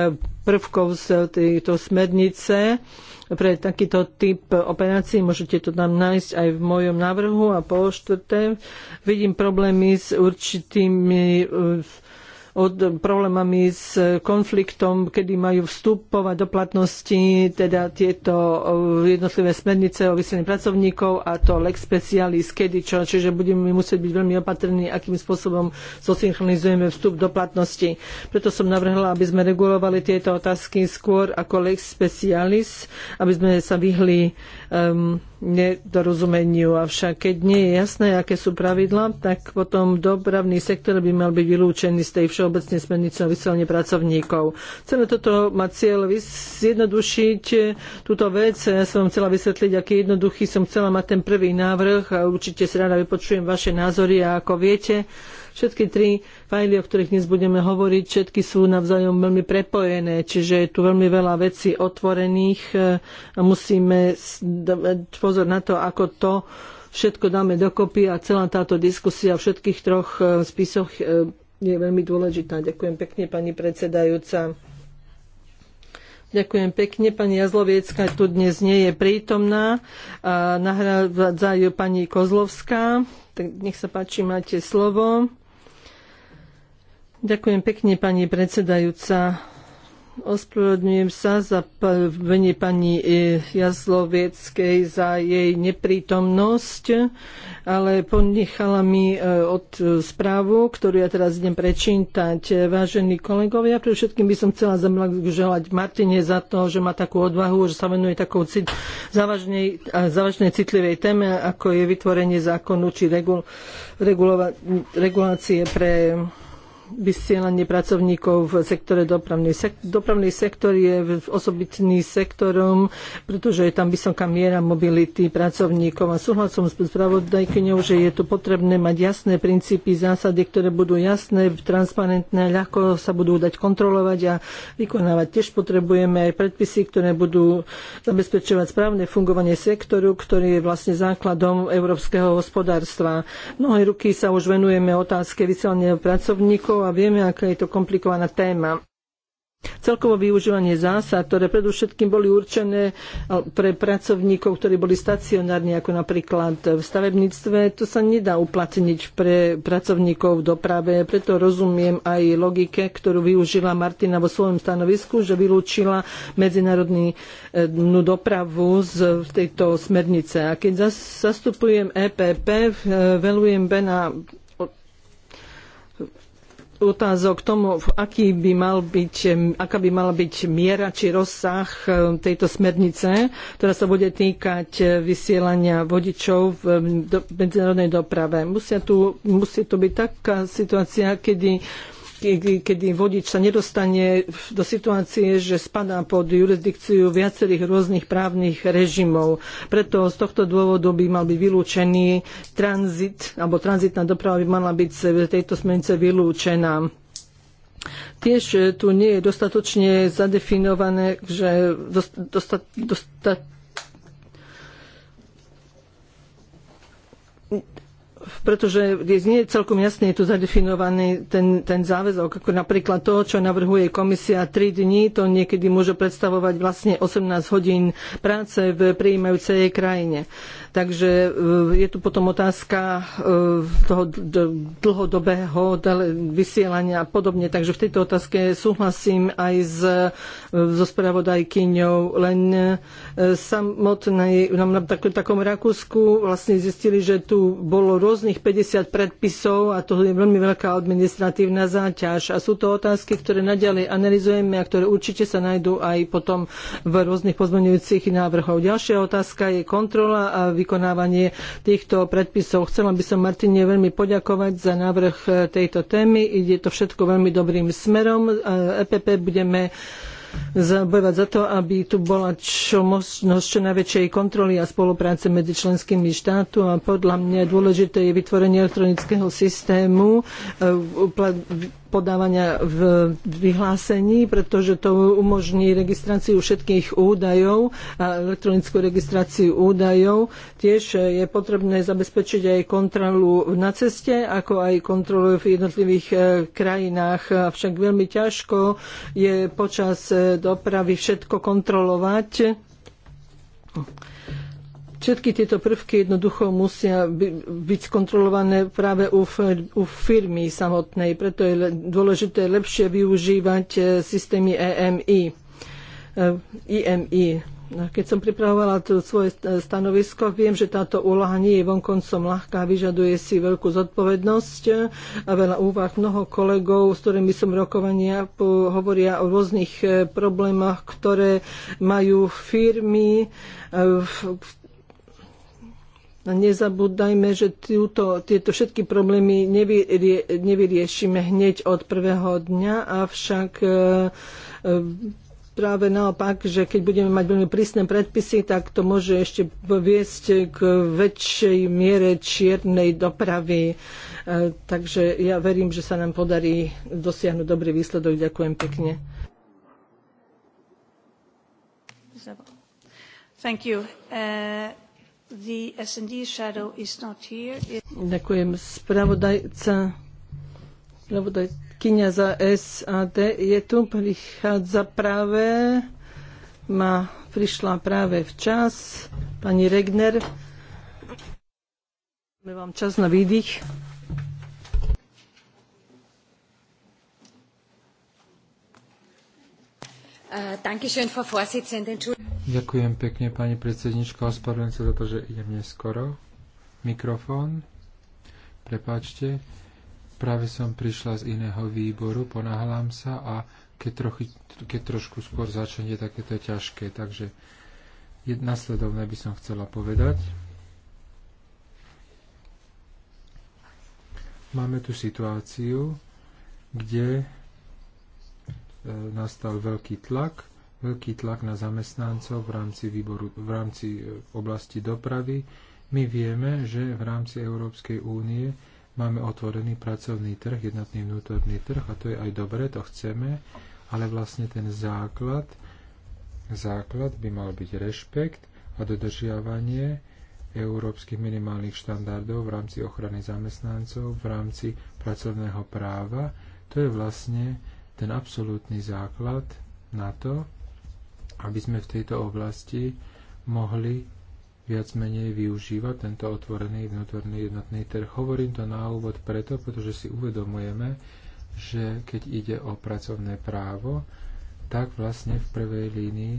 prvkov z tejto smernice pre takýto typ operácií. Môžete to tam nájsť aj v mojom návrhu. A po štvrté, vidím problémy s určitými e, od problémami s konfliktom, kedy majú vstupovať do platnosti teda tieto eh, jednotlivé smernice o vysielaní pracovníkov a to lex specialis, kedy čo. Čiže budeme musieť byť veľmi opatrní, akým spôsobom zosynchronizujeme vstup do platnosti. Preto som navrhla, aby sme regulovali tieto otázky skôr ako lex specialis, aby sme sa vyhli um, nedorozumeniu. Avšak keď nie je jasné, aké sú pravidla, tak potom dopravný sektor by mal byť vylúčený z tej všeobecnej smernice o vysielanie pracovníkov. Celé toto má cieľ zjednodušiť eh, túto vec. Ja som chcela vysvetliť, aký jednoduchý som chcela mať ten prvý návrh a určite si rada vypočujem vaše názory a ako viete, Všetky tri fajly, o ktorých dnes budeme hovoriť, všetky sú navzájom veľmi prepojené, čiže je tu veľmi veľa vecí otvorených e, a musíme dať pozor na to, ako to všetko dáme dokopy a celá táto diskusia o všetkých troch e, spisoch e, je veľmi dôležitá. Ďakujem pekne, pani predsedajúca. Ďakujem pekne. Pani Jazloviecka tu dnes nie je prítomná. Nahrádza ju pani Kozlovská. Tak nech sa páči, máte slovo. Ďakujem pekne, pani predsedajúca. Ospravedlňujem sa za vene pani e, Jazlovieckej za jej neprítomnosť, ale ponechala mi e, od e, správu, ktorú ja teraz idem prečítať. Vážení kolegovia, pre všetkým by som chcela želať Martine za to, že má takú odvahu, že sa venuje takou cit- závažnej, závažnej citlivej téme, ako je vytvorenie zákonu či regul- regulova- regulácie pre vysielanie pracovníkov v sektore dopravnej. Dopravný sektor je osobitný sektorom, pretože je tam vysoká miera mobility pracovníkov a súhlasom s spravodajkyňou, že je tu potrebné mať jasné princípy, zásady, ktoré budú jasné, transparentné, ľahko sa budú dať kontrolovať a vykonávať. Tiež potrebujeme aj predpisy, ktoré budú zabezpečovať správne fungovanie sektoru, ktorý je vlastne základom európskeho hospodárstva. Mnohé ruky sa už venujeme otázke vysielania pracovníkov a vieme, aká je to komplikovaná téma. Celkovo využívanie zásad, ktoré predovšetkým boli určené e, pre pracovníkov, ktorí boli stacionárni, ako napríklad v stavebníctve, to sa nedá uplatniť pre pracovníkov v doprave. Preto rozumiem aj logike, ktorú využila Martina vo svojom stanovisku, že vylúčila medzinárodnú e, dopravu z tejto smernice. A keď zastupujem EPP, e, velujem Bena otázok tomu, aký by mal byť, aká by mala byť miera či rozsah e, tejto smernice, ktorá sa bude týkať e, vysielania vodičov v medzinárodnej doprave. Musia tu, musí tu byť taká situácia, kedy kedy vodič sa nedostane do situácie, že spadá pod jurisdikciu viacerých rôznych právnych režimov. Preto z tohto dôvodu by mal byť vylúčený tranzit, alebo tranzitná doprava by mala byť z tejto smernice vylúčená. Tiež e, tu nie je dostatočne zadefinované, že dostatočne pretože nie je celkom jasne je tu zadefinovaný ten, ten záväzok, ako napríklad to, čo navrhuje komisia 3 dní, to niekedy môže predstavovať vlastne 18 hodín práce v prijímajúcej krajine. Takže e, je tu potom otázka e, toho dlhodobého vysielania a podobne. Takže v tejto otázke súhlasím aj s, e, so spravodajkyňou, len samotnej, nám v takom Rakúsku vlastne zistili, že tu bolo rôznych 50 predpisov a to je veľmi veľká administratívna záťaž. A sú to otázky, ktoré naďalej analizujeme a ktoré určite sa nájdú aj potom v rôznych pozmeňujúcich návrhov. Ďalšia otázka je kontrola a vykonávanie týchto predpisov. Chcela by som Martine veľmi poďakovať za návrh e, tejto témy. Ide to všetko veľmi dobrým smerom. EPP e budeme bojovať za to, aby tu bola čo možnosť čo najväčšej kontroly a spolupráce medzi členskými štátu a podľa mňa dôležité je vytvorenie elektronického systému e, podávania v vyhlásení, pretože to umožní registráciu všetkých údajov a elektronickú registráciu údajov. Tiež je potrebné zabezpečiť aj kontrolu na ceste, ako aj kontrolu v jednotlivých e, krajinách. Avšak veľmi ťažko je počas e, dopravy všetko kontrolovať. Všetky tieto prvky jednoducho musia byť skontrolované práve u, u firmy samotnej, preto je dôležité lepšie využívať e, systémy EMI. IMI. E, no, keď som pripravovala to svoje stanovisko, viem, že táto úloha nie je vonkoncom ľahká, vyžaduje si veľkú zodpovednosť e, a veľa úvah. Mnoho kolegov, s ktorými som rokovania, hovoria o rôznych problémach, ktoré majú firmy, a nezabúdajme, že tuto, tieto všetky problémy nevyrie, nevyriešime hneď od prvého dňa, avšak e, e, práve naopak, že keď budeme mať veľmi prísne predpisy, tak to môže ešte viesť k väčšej miere čiernej dopravy. E, takže ja verím, že sa nám podarí dosiahnuť dobrý výsledok. Ďakujem pekne. Thank you. Uh... The S&D shadow is not here. It... Ďakujem. Spravodajca, spravodajkynia za SAD je tu, prichádza práve, ma prišla práve včas. Pani Regner, máme vám čas na výdych. Uh, Dankeschön, Frau Vorsitzende. Ďakujem pekne, pani predsednička. Ospravedlňujem sa za to, že idem neskoro. Mikrofón. Prepáčte. Práve som prišla z iného výboru, ponáhľam sa a keď, trochy, keď trošku skôr začne, tak je to ťažké. Takže nasledovné by som chcela povedať. Máme tu situáciu, kde e, nastal veľký tlak veľký tlak na zamestnancov v rámci, výboru, v rámci eh, oblasti dopravy. My vieme, že v rámci Európskej únie máme otvorený pracovný trh, jednotný vnútorný trh a to je aj dobre, to chceme, ale vlastne ten základ, základ by mal byť rešpekt a dodržiavanie európskych minimálnych štandardov v rámci ochrany zamestnancov, v rámci pracovného práva. To je vlastne ten absolútny základ na to, aby sme v tejto oblasti mohli viac menej využívať tento otvorený vnútorný jednotný trh. Hovorím to na úvod preto, pretože si uvedomujeme, že keď ide o pracovné právo, tak vlastne v prvej línii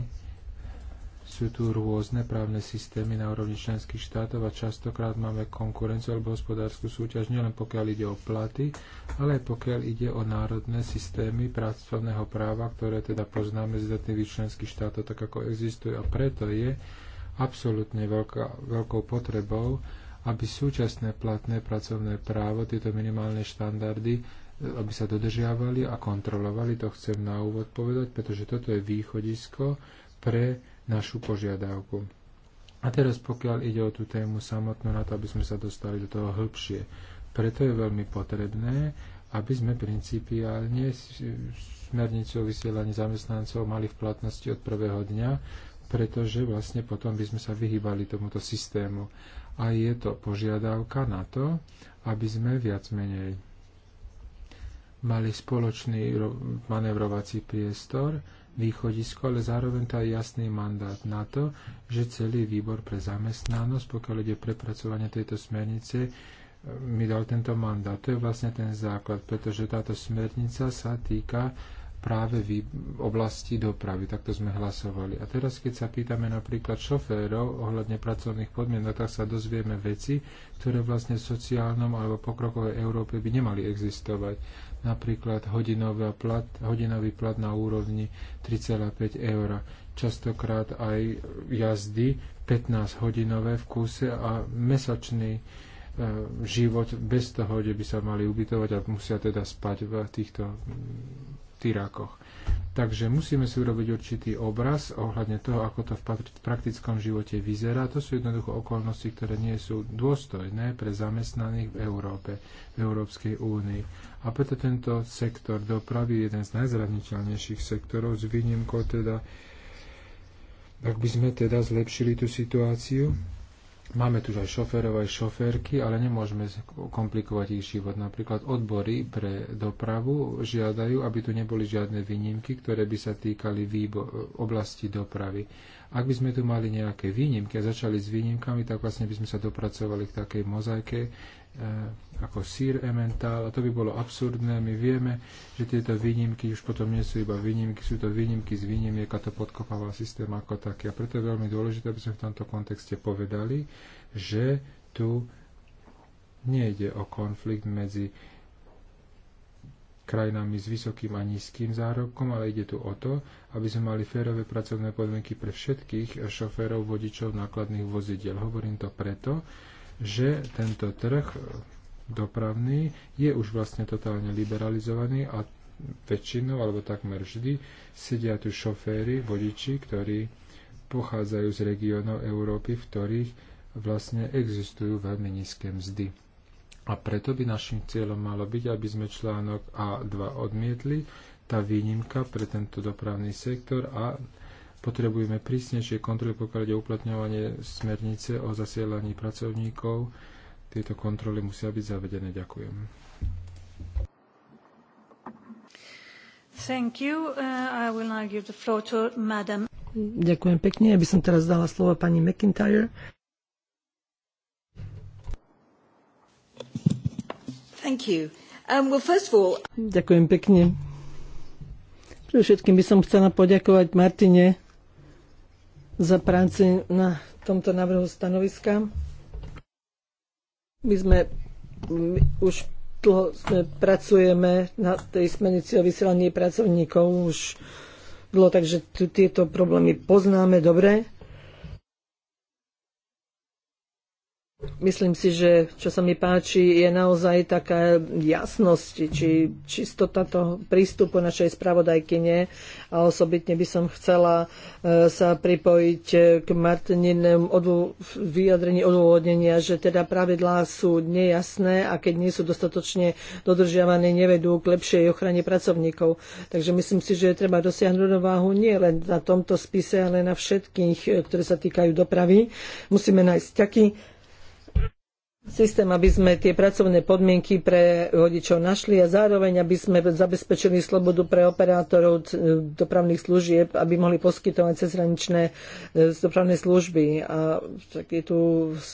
sú tu rôzne právne systémy na úrovni členských štátov a častokrát máme konkurenciu alebo hospodárskú súťaž nielen pokiaľ ide o platy, ale aj pokiaľ ide o národné systémy pracovného práva, ktoré teda poznáme z jednotlivých členských štátov, tak ako existujú. A preto je absolútne veľká, veľkou potrebou, aby súčasné platné pracovné právo, tieto minimálne štandardy, e, aby sa dodržiavali a kontrolovali. To chcem na úvod povedať, pretože toto je východisko pre našu požiadavku. A teraz pokiaľ ide o tú tému samotnú, na to, aby sme sa dostali do toho hĺbšie. Preto je veľmi potrebné, aby sme principiálne smernicu o vysielaní zamestnancov mali v platnosti od prvého dňa, pretože vlastne potom by sme sa vyhýbali tomuto systému. A je to požiadavka na to, aby sme viac menej mali spoločný manevrovací priestor, východisko, ale zároveň to aj jasný mandát na to, že celý výbor pre zamestnanosť, pokiaľ ide prepracovanie tejto smernice, e, mi dal tento mandát. To je vlastne ten základ, pretože táto smernica sa týka práve v oblasti dopravy. Takto sme hlasovali. A teraz, keď sa pýtame napríklad šoférov ohľadne pracovných podmienok, tak sa dozvieme veci, ktoré vlastne v sociálnom alebo pokrokovej Európe by nemali existovať napríklad plat, hodinový plat na úrovni 3,5 eur. Častokrát aj jazdy 15 hodinové v kúse a mesačný e, život bez toho, že by sa mali ubytovať a musia teda spať v týchto tyrákoch. Takže musíme si urobiť určitý obraz ohľadne toho, ako to v praktickom živote vyzerá. To sú jednoducho okolnosti, ktoré nie sú dôstojné pre zamestnaných v Európe, v Európskej únii. A preto tento sektor dopravy je jeden z najzraniteľnejších sektorov, s výnimkou teda, ak by sme teda zlepšili tú situáciu, Máme tu aj šoférov, aj šoférky, ale nemôžeme komplikovať ich život. Napríklad odbory pre dopravu žiadajú, aby tu neboli žiadne výnimky, ktoré by sa týkali oblasti dopravy. Ak by sme tu mali nejaké výnimky a začali s výnimkami, tak vlastne by sme sa dopracovali k takej mozaike e, ako sír ementál a to by bolo absurdné. My vieme, že tieto výnimky už potom nie sú iba výnimky, sú to výnimky z výnimiek a to podkopáva systém ako taký. A preto je veľmi dôležité, aby sme v tomto kontexte povedali, že tu nejde o konflikt medzi krajinami s vysokým a nízkym zárobkom, ale ide tu o to, aby sme mali férové pracovné podmienky pre všetkých šoférov, vodičov nákladných vozidiel. Hovorím to preto, že tento trh dopravný je už vlastne totálne liberalizovaný a väčšinou, alebo takmer vždy, sedia tu šoféry, vodiči, ktorí pochádzajú z regiónov Európy, v ktorých vlastne existujú veľmi nízke mzdy. A preto by našim cieľom malo byť, aby sme článok A2 odmietli, tá výnimka pre tento dopravný sektor a potrebujeme prísnejšie kontroly, pokiaľ ide uplatňovanie smernice o zasielaní pracovníkov. Tieto kontroly musia byť zavedené. Ďakujem. Thank you. Uh, I will now give the floor to Madam. Ďakujem pekne. Ja by som teraz dala slovo pani McIntyre. Um, Ďakujem pekne. Pre všetkým by som chcela poďakovať Martine za práci na tomto návrhu stanoviska. My sme my už dlho sme, pracujeme na tej smernici o vysielaní pracovníkov už dlho, takže tu tieto problémy poznáme dobre. Myslím si, že čo sa mi páči, je naozaj taká jasnosť, či čistota toho prístupu našej spravodajkyne a osobitne by som chcela e, sa pripojiť e, k Martininem odvo- vyjadrení odôvodnenia, že teda pravidlá sú nejasné a keď nie sú dostatočne dodržiavané, nevedú k lepšej ochrane pracovníkov. Takže myslím si, že treba dosiahnuť rovnováhu nie len na tomto spise, ale na všetkých, e, ktoré sa týkajú dopravy. Musíme nájsť taký systém, aby sme tie pracovné podmienky pre vodičov našli a zároveň, aby sme zabezpečili slobodu pre operátorov e, dopravných služieb, aby mohli poskytovať cezhraničné e, dopravné služby. A tak je tu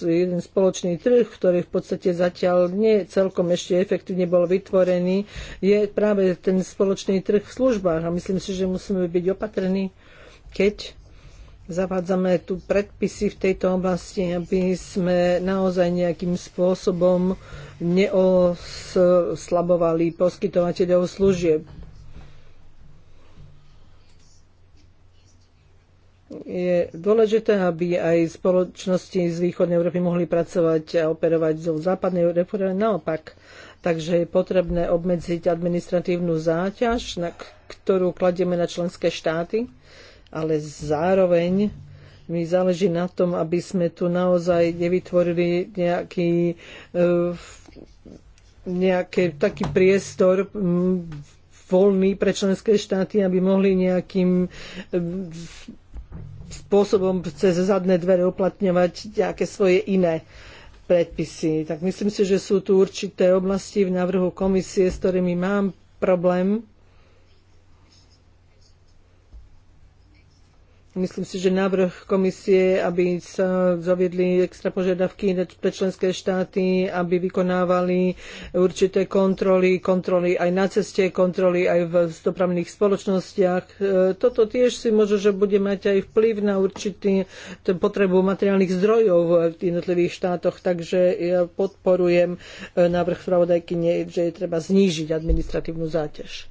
jeden spoločný trh, ktorý v podstate zatiaľ nie celkom ešte efektívne bol vytvorený, je práve ten spoločný trh v službách. A myslím si, že musíme byť opatrní, keď zavádzame tu predpisy v tejto oblasti, aby sme naozaj nejakým spôsobom neoslabovali poskytovateľov služieb. Je dôležité, aby aj spoločnosti z východnej Európy mohli pracovať a operovať zo západnej Európy, naopak. Takže je potrebné obmedziť administratívnu záťaž, na ktorú kladieme na členské štáty ale zároveň mi záleží na tom, aby sme tu naozaj nevytvorili nejaký, e, nejaký taký priestor voľný pre členské štáty, aby mohli nejakým e, spôsobom cez zadné dvere uplatňovať nejaké svoje iné predpisy. Tak myslím si, že sú tu určité oblasti v návrhu komisie, s ktorými mám problém Myslím si, že návrh komisie, aby sa zaviedli extra požiadavky pre členské štáty, aby vykonávali určité kontroly, kontroly aj na ceste, kontroly aj v dopravných spoločnostiach. E, toto tiež si môže že bude mať aj vplyv na určitý potrebu materiálnych zdrojov v jednotlivých štátoch, takže ja podporujem e, návrh spravodajky, že je treba znížiť administratívnu záťaž.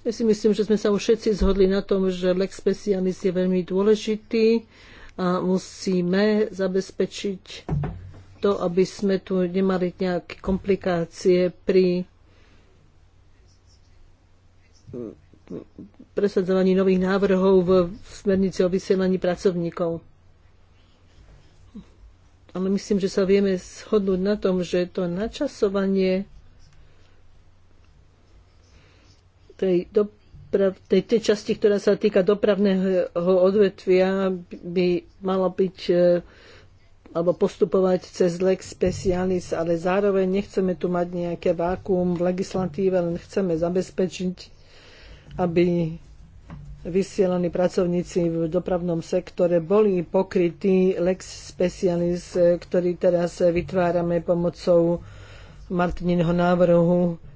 Ja si myslím, že sme sa už všetci zhodli na tom, že lex specialis je veľmi dôležitý a musíme zabezpečiť to, aby sme tu nemali nejaké komplikácie pri presadzovaní nových návrhov v smernici o vysielaní pracovníkov. Ale myslím, že sa vieme shodnúť na tom, že to načasovanie tej, doprav, tej, tej časti, ktorá sa týka dopravného odvetvia, by malo byť e, alebo postupovať cez lex specialis, ale zároveň nechceme tu mať nejaké vákuum v legislatíve, len chceme zabezpečiť, aby vysielaní pracovníci v dopravnom sektore boli pokrytí lex specialis, e, ktorý teraz vytvárame pomocou Martininho návrhu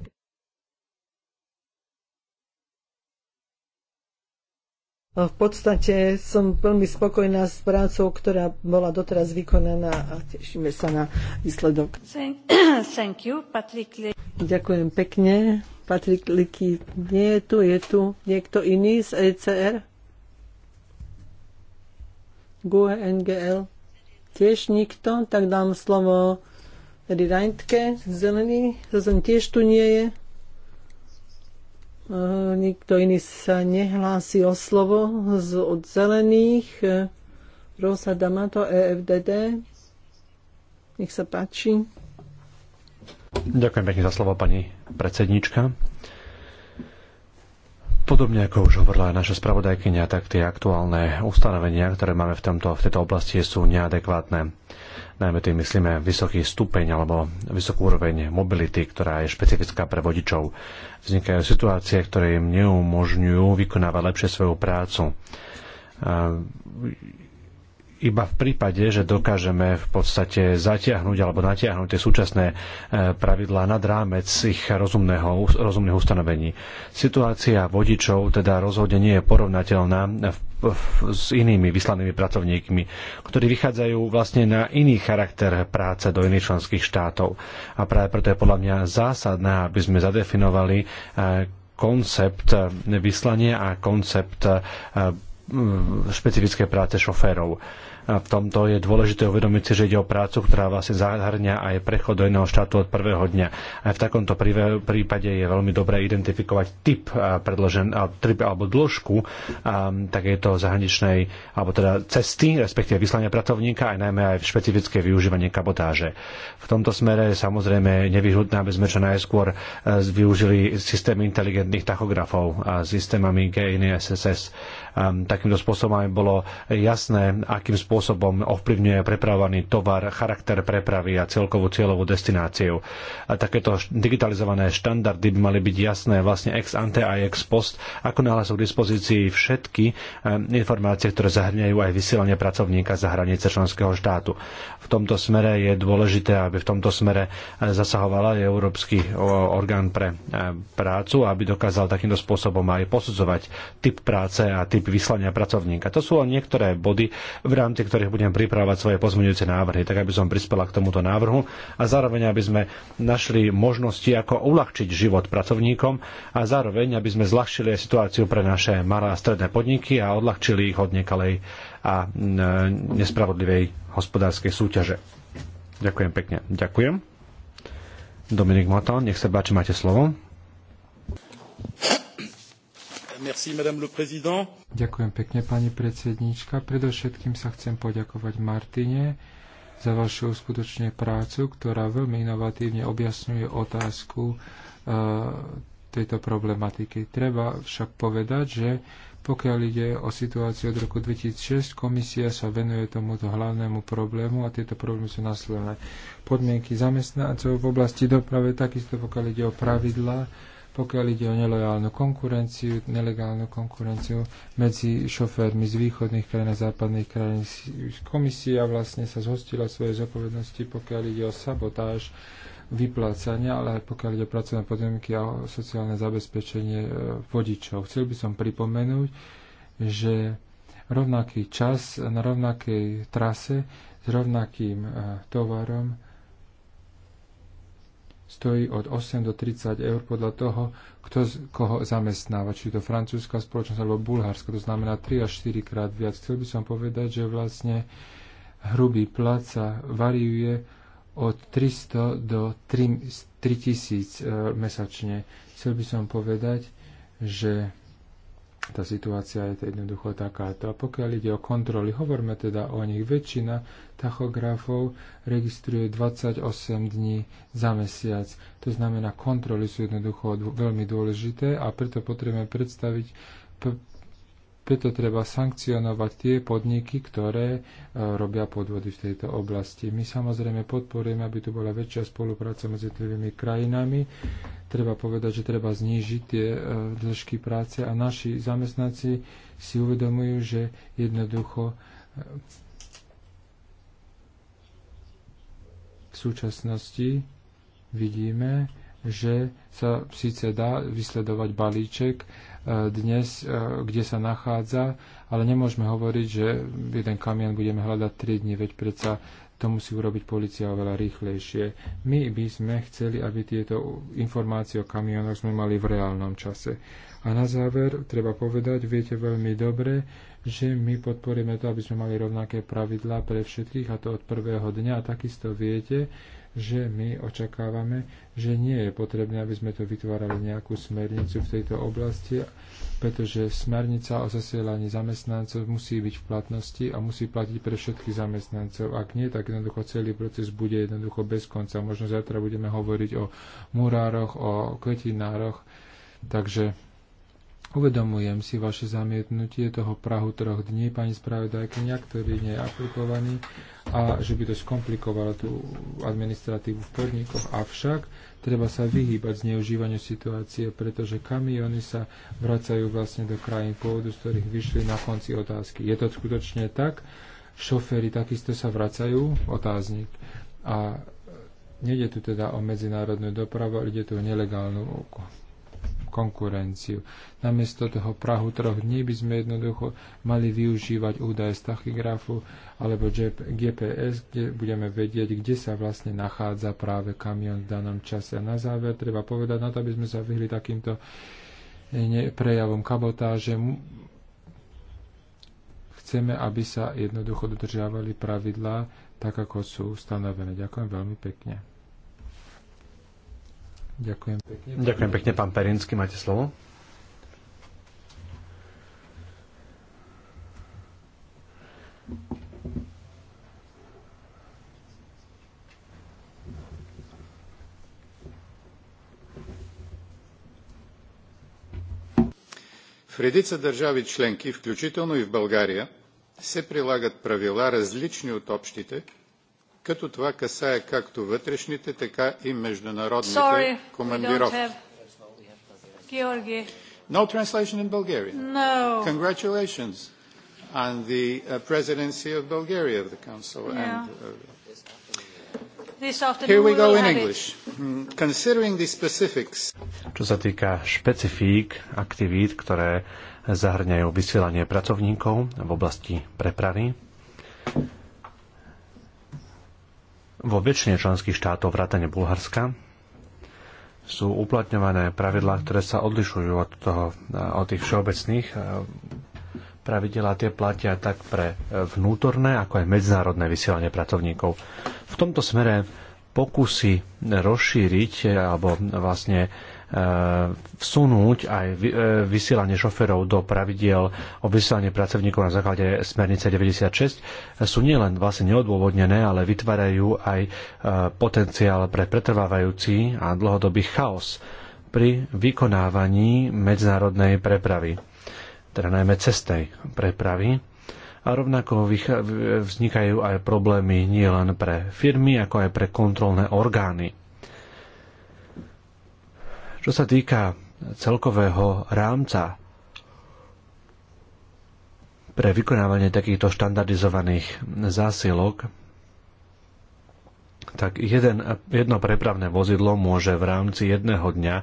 V podstate som veľmi spokojná s prácou, ktorá bola doteraz vykonaná a tešíme sa na výsledok. Thank [clears throat] you, Patrick Ďakujem pekne. Patrik Liky nie je tu, je tu niekto iný z ECR? GUE NGL? Tiež nikto, tak dám slovo Eri Reintke, zelený, to tiež tu nie je. E, nikto iný sa nehlási o slovo z, od zelených. E, Rosa Damato, EFDD. Nech sa páči. Ďakujem pekne za slovo, pani predsednička. Podobne ako už hovorila naša spravodajkynia, tak tie aktuálne ustanovenia, ktoré máme v, tomto, v tejto oblasti, sú neadekvátne. Najmä tým myslíme vysoký stupeň alebo vysokú úroveň mobility, ktorá je špecifická pre vodičov. Vznikajú situácie, ktoré im neumožňujú vykonávať lepšie svoju prácu iba v prípade, že dokážeme v podstate zatiahnuť alebo natiahnuť tie súčasné e, pravidlá nad rámec ich rozumného, rozumných ustanovení. Situácia vodičov teda rozhodne nie je porovnateľná v s inými vyslanými pracovníkmi, ktorí vychádzajú vlastne na iný charakter práce do iných členských štátov. A práve preto je podľa mňa zásadné, aby sme zadefinovali e, koncept vyslania a koncept e, špecifické práce šoférov v tomto je dôležité uvedomiť si, že ide o prácu, ktorá vlastne zahrňa aj prechod do iného štátu od prvého dňa. Aj v takomto prípade je veľmi dobré identifikovať typ, predložen, alebo dĺžku takéto zahraničnej alebo teda cesty, respektíve vyslania pracovníka, aj najmä aj špecifické využívanie kabotáže. V tomto smere je samozrejme nevyhnutné, aby sme čo najskôr e, využili systém inteligentných tachografov a systémami GNSSS Ehm, takýmto spôsobom aj bolo jasné, akým spôsobom ovplyvňuje prepravovaný tovar, charakter prepravy a celkovú cieľovú destináciu. A takéto digitalizované štandardy by mali byť jasné vlastne ex ante a ex post, ako náhle sú k dispozícii všetky ehm, informácie, ktoré zahrňajú aj vysielanie pracovníka za hranice členského štátu. V tomto smere je dôležité, aby v tomto smere eh, zasahovala aj Európsky eh, orgán pre eh, prácu, aby dokázal takýmto spôsobom aj posudzovať typ práce a typ princíp vyslania pracovníka. To sú len niektoré body, v rámci ktorých budem pripravovať svoje pozmeňujúce návrhy, tak aby som prispela k tomuto návrhu a zároveň, aby sme našli možnosti, ako uľahčiť život pracovníkom a zároveň, aby sme zľahčili situáciu pre naše malé a stredné podniky a odľahčili ich od nekalej a e, nespravodlivej hospodárskej súťaže. Ďakujem pekne. Ďakujem. Dominik Matan, nech sa páči, máte slovo. Ďakujem pekne, pani predsedníčka. Predovšetkým sa chcem poďakovať Martine za vašu skutočne prácu, ktorá veľmi inovatívne objasňuje otázku uh, tejto problematiky. Treba však povedať, že pokiaľ ide o situáciu od roku 2006, komisia sa venuje tomuto hlavnému problému a tieto problémy sú nasledné. Podmienky zamestnancov v oblasti doprave, takisto pokiaľ ide o pravidlá, pokiaľ ide o nelojálnu konkurenciu, nelegálnu konkurenciu medzi šoférmi z východných krajín a západných krajín. Komisia vlastne sa zhostila svojej zodpovednosti, pokiaľ ide o sabotáž vyplácania, ale aj pokiaľ ide o pracovné podmienky a sociálne zabezpečenie e, vodičov. Chcel by som pripomenúť, že rovnaký čas na rovnakej trase s rovnakým e, tovarom stojí od 8 do 30 eur podľa toho, kto z koho zamestnáva, či to francúzska spoločnosť alebo bulharska, to znamená 3 až 4 krát viac. Chcel by som povedať, že vlastne hrubý plat sa variuje od 300 do 3, 3000 e, mesačne. Chcel by som povedať, že tá situácia je to jednoducho takáto. A pokiaľ ide o kontroly, hovorme teda o nich. Väčšina tachografov registruje 28 dní za mesiac. To znamená, kontroly sú jednoducho veľmi dôležité a preto potrebujeme predstaviť preto treba sankcionovať tie podniky, ktoré e, robia podvody v tejto oblasti. My samozrejme podporujeme, aby tu bola väčšia spolupráca medzi tými krajinami. Treba povedať, že treba znížiť tie e, dĺžky práce a naši zamestnanci si uvedomujú, že jednoducho e, v súčasnosti vidíme, že sa síce dá vysledovať balíček, dnes, e, kde sa nachádza, ale nemôžeme hovoriť, že jeden kamion budeme hľadať 3 dní, veď predsa to musí urobiť policia oveľa rýchlejšie. My by sme chceli, aby tieto informácie o kamionoch sme mali v reálnom čase. A na záver treba povedať, viete veľmi dobre, že my podporíme to, aby sme mali rovnaké pravidlá pre všetkých, a to od prvého dňa. A takisto viete, že my očakávame, že nie je potrebné, aby sme tu vytvárali nejakú smernicu v tejto oblasti, pretože smernica o zasielaní zamestnancov musí byť v platnosti a musí platiť pre všetkých zamestnancov. Ak nie, tak jednoducho celý proces bude jednoducho bez konca. Možno zajtra budeme hovoriť o murároch, o kvetinároch, takže Uvedomujem si vaše zamietnutie toho Prahu troch dní, pani spravodajkynia, ktorý nie je aplikovaný a že by to skomplikovalo tú administratívu v podnikoch. Avšak treba sa vyhýbať zneužívaniu situácie, pretože kamiony sa vracajú vlastne do krajín pôvodu, z ktorých vyšli na konci otázky. Je to skutočne tak? Šoféry takisto sa vracajú? Otáznik. A nejde tu teda o medzinárodnú dopravu, ide tu o nelegálnu konkurenciu. Namiesto toho Prahu troch dní by sme jednoducho mali využívať údaje z tachygrafu alebo GPS, kde budeme vedieť, kde sa vlastne nachádza práve kamion v danom čase. A na záver treba povedať, na to, aby sme sa vyhli takýmto eh, prejavom kabotáže, chceme, aby sa jednoducho dodržiavali pravidlá tak, ako sú stanovené. Ďakujem veľmi pekne. Ďakujem pekne. Ďakujem pekne, pán Perinsky, máte slovo. В редица държави членки, включително и в България, се прилагат правила различни от общите, като това касае както вътрешните, така и международните командировки. No translation in Bulgarian. No. Congratulations on the uh, presidency of Bulgaria of the Council. Yeah. And, uh, Here we go in English. Hmm, considering the specifics. čo sa týka špecifík aktivít, ktoré zahrňajú vysielanie pracovníkov v oblasti prepravy, vo väčšine členských štátov vrátane Bulharska sú uplatňované pravidlá, ktoré sa odlišujú od, toho, od tých všeobecných pravidel a tie platia tak pre e, vnútorné, ako aj medzinárodné vysielanie pracovníkov. V tomto smere pokusy rozšíriť alebo vlastne Eh, vsunúť aj eh, vysielanie šoferov do pravidiel o vysielanie pracovníkov na základe smernice 96 eh, sú nielen vlastne neodôvodnené, ale vytvárajú aj potenciál pre pretrvávajúci a dlhodobý chaos pri vykonávaní medzinárodnej prepravy, teda najmä cestnej prepravy, a rovnako vznikajú aj problémy nielen pre firmy, ako aj pre kontrolné orgány. Čo sa týka celkového rámca pre vykonávanie takýchto štandardizovaných zásilok, tak jeden, jedno prepravné vozidlo môže v rámci jedného dňa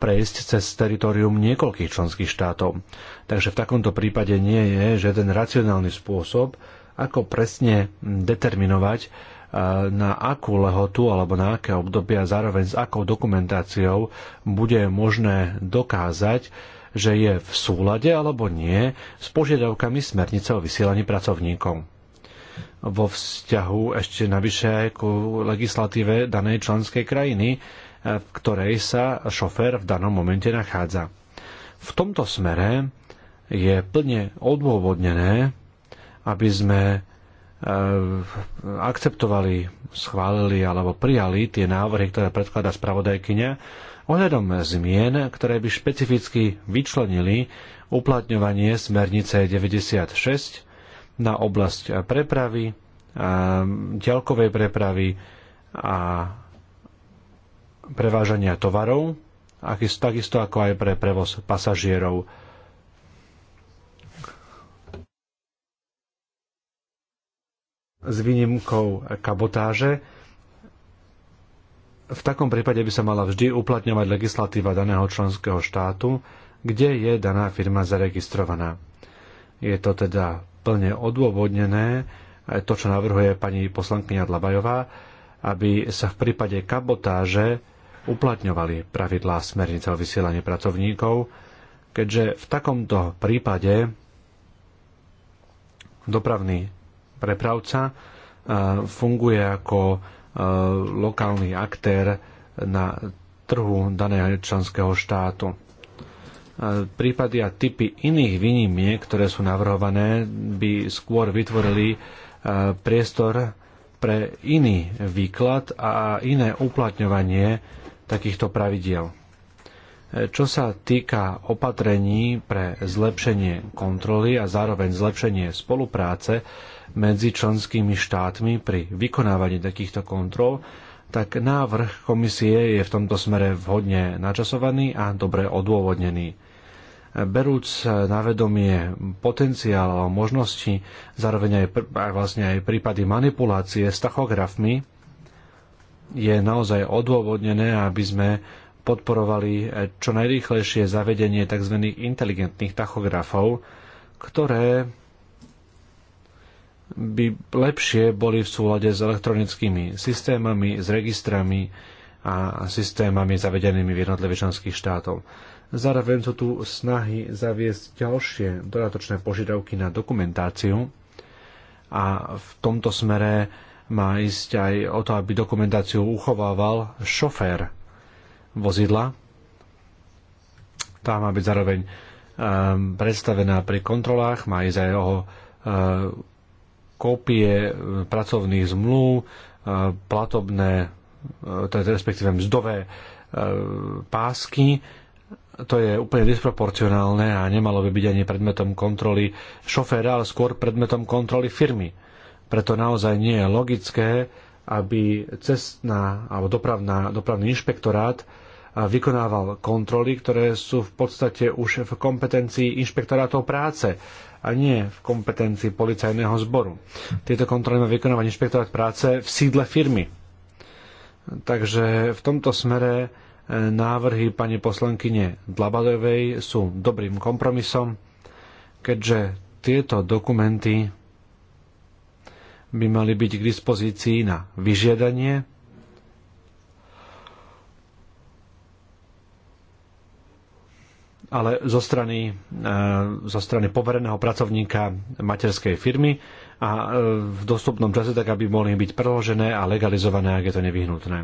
prejsť cez teritorium niekoľkých členských štátov. Takže v takomto prípade nie je žiaden racionálny spôsob, ako presne determinovať, Eh, na akú lehotu alebo na aké obdobie a zároveň s akou dokumentáciou bude možné dokázať, že je v súlade alebo nie s požiadavkami smernice o vysielaní pracovníkov vo vzťahu ešte navyše ku legislatíve danej členskej krajiny, eh, v ktorej sa šofér v danom momente nachádza. V tomto smere je plne odôvodnené, aby sme Eh, akceptovali, schválili alebo prijali tie návrhy, ktoré predkladá spravodajkyňa, ohľadom zmien, ktoré by špecificky vyčlenili uplatňovanie smernice 96 na oblasť prepravy, eh, ďalkovej prepravy a prevážania tovarov, takisto ako aj pre prevoz pasažierov. s výnimkou kabotáže, v takom prípade by sa mala vždy uplatňovať legislatíva daného členského štátu, kde je daná firma zaregistrovaná. Je to teda plne odôvodnené, to, čo navrhuje pani poslankyňa Dlabajová, aby sa v prípade kabotáže uplatňovali pravidlá smernice o vysielaní pracovníkov, keďže v takomto prípade dopravný prepravca funguje ako lokálny aktér na trhu daného členského štátu. Prípady a typy iných výnimiek, ktoré sú navrhované, by skôr vytvorili priestor pre iný výklad a iné uplatňovanie takýchto pravidiel. Čo sa týka opatrení pre zlepšenie kontroly a zároveň zlepšenie spolupráce medzi členskými štátmi pri vykonávaní takýchto kontrol, tak návrh komisie je v tomto smere vhodne načasovaný a dobre odôvodnený. Berúc na vedomie potenciál a možnosti, zároveň aj, vlastne aj prípady manipulácie s tachografmi, je naozaj odôvodnené, aby sme podporovali čo najrýchlejšie zavedenie tzv. inteligentných tachografov, ktoré by lepšie boli v súlade s elektronickými systémami, s registrami a systémami zavedenými v jednotlivých členských štátov. Zároveň sú tu snahy zaviesť ďalšie dodatočné požiadavky na dokumentáciu a v tomto smere má ísť aj o to, aby dokumentáciu uchovával šofér vozidla. Tá má byť zároveň ehm, predstavená pri kontrolách, má ísť aj o ehm, kópie e, pracovných zmluv, e, platobné, e, teda respektíve mzdové pásky, to je úplne disproporcionálne a nemalo by byť ani predmetom kontroly šoféra, ale skôr predmetom kontroly firmy. Preto naozaj nie je logické, aby cestná alebo dopravná, dopravný inšpektorát vykonával kontroly, ktoré sú v podstate už v kompetencii inšpektorátov práce a nie v kompetencii policajného zboru. Tieto kontroly má vykonávať inšpektorát práce v sídle firmy. Takže v tomto smere e, návrhy pani poslankyne Dlabadovej sú dobrým kompromisom, keďže tieto dokumenty by mali byť k dispozícii na vyžiadanie ale zo strany, e, zo strany povereného pracovníka materskej firmy a e, v dostupnom čase tak, aby mohli byť preložené a legalizované, ak je to nevyhnutné.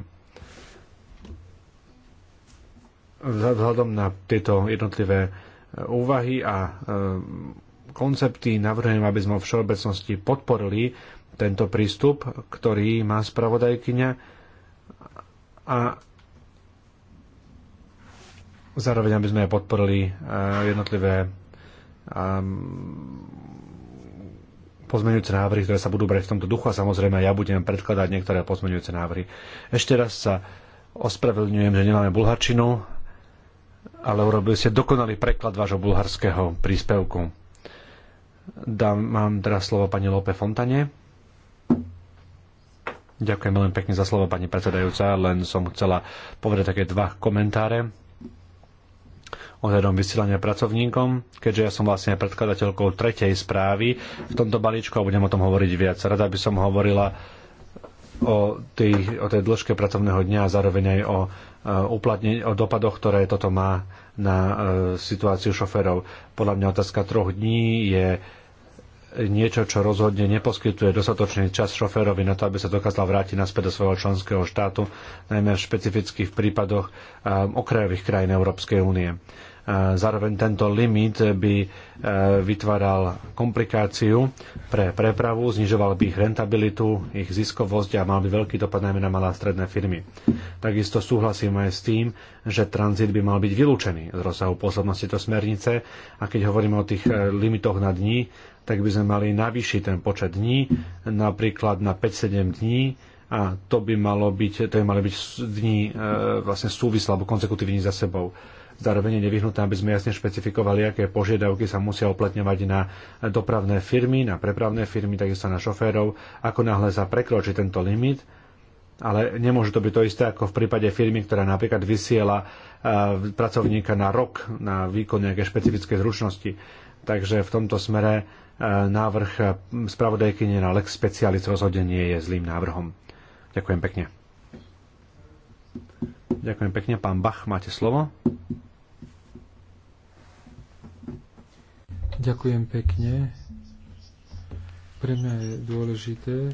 Vzhľadom na tieto jednotlivé e, úvahy a koncepty navrhujem, aby sme v všeobecnosti podporili tento prístup, ktorý má spravodajkyňa a Zároveň, aby sme podporili eh, jednotlivé ehm, pozmeňujúce návrhy, ktoré sa budú brať v tomto duchu a samozrejme ja budem predkladať niektoré pozmeňujúce návrhy. Ešte raz sa ospravedlňujem, že nemáme bulharčinu, ale urobil ste dokonalý preklad vášho bulharského príspevku. Dám, mám teraz slovo pani Lope Fontane. Ďakujem veľmi pekne za slovo, pani predsedajúca. Len som chcela povedať také dva komentáre ohľadom vysielania pracovníkom, keďže ja som vlastne predkladateľkou tretej správy v tomto balíčku a budem o tom hovoriť viac. Rada by som hovorila o tej, o tej dĺžke pracovného dňa a zároveň aj o, e, uplatne, o dopadoch, ktoré toto má na e, situáciu šoferov. Podľa mňa otázka troch dní je niečo, čo rozhodne neposkytuje dostatočný čas šoférovi na to, aby sa dokázal vrátiť naspäť do svojho členského štátu, najmä v špecifických prípadoch um, okrajových krajín Európskej únie. Zároveň tento limit by e, vytváral komplikáciu pre prepravu, znižoval by ich rentabilitu, ich ziskovosť a mal by veľký dopad najmä na malé a stredné firmy. Takisto súhlasím aj s tým, že tranzit by mal byť vylúčený z rozsahu pôsobnosti to smernice a keď hovoríme o tých e, limitoch na dní, tak by sme mali navýšiť ten počet dní, napríklad na 5-7 dní, a to by malo byť, to by mali byť dní e, vlastne súvislé alebo konsekutívne za sebou. Zároveň je nevyhnutné, aby sme jasne špecifikovali, aké požiadavky sa musia uplatňovať na dopravné firmy, na prepravné firmy, takisto na šoférov, ako náhle sa prekročí tento limit, ale nemôže to byť to isté ako v prípade firmy, ktorá napríklad vysiela e, pracovníka na rok na výkon nejaké špecifické zručnosti. Takže v tomto smere e, návrh spravodajkyne na Lex Specialis rozhodenie je zlým návrhom. Ďakujem pekne. Ďakujem pekne. Pán Bach, máte slovo. Ďakujem pekne. Pre mňa je dôležité,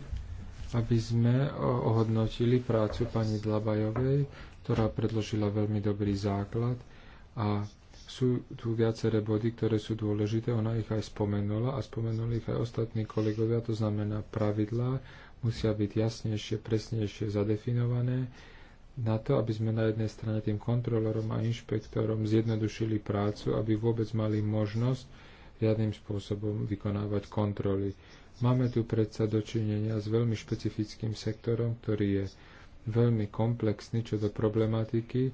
aby sme ohodnotili prácu pani Dlabajovej, ktorá predložila veľmi dobrý základ a sú tu viaceré body, ktoré sú dôležité. Ona ich aj spomenula a spomenuli ich aj ostatní kolegovia. To znamená, pravidlá musia byť jasnejšie, presnejšie zadefinované na to, aby sme na jednej strane tým kontrolorom a inšpektorom zjednodušili prácu, aby vôbec mali možnosť žiadnym spôsobom vykonávať kontroly. Máme tu predsa dočinenia s veľmi špecifickým sektorom, ktorý je veľmi komplexný čo do problematiky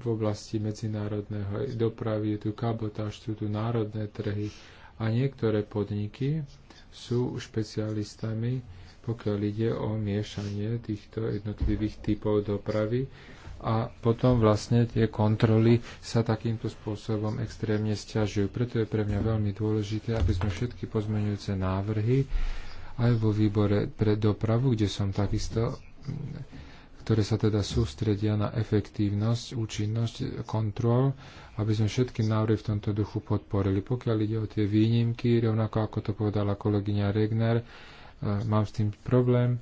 v oblasti medzinárodného dopravy, je tu kabotáž, sú tu národné trhy a niektoré podniky sú špecialistami, pokiaľ ide o miešanie týchto jednotlivých typov dopravy a potom vlastne tie kontroly sa takýmto spôsobom extrémne stiažujú. Preto je pre mňa veľmi dôležité, aby sme všetky pozmeňujúce návrhy aj vo výbore pre dopravu, kde som takisto ktoré sa teda sústredia na efektívnosť, účinnosť kontrol, aby sme všetky návrhy v tomto duchu podporili. Pokiaľ ide o tie výnimky, rovnako ako to povedala kolegyňa Regner, e, mám s tým problém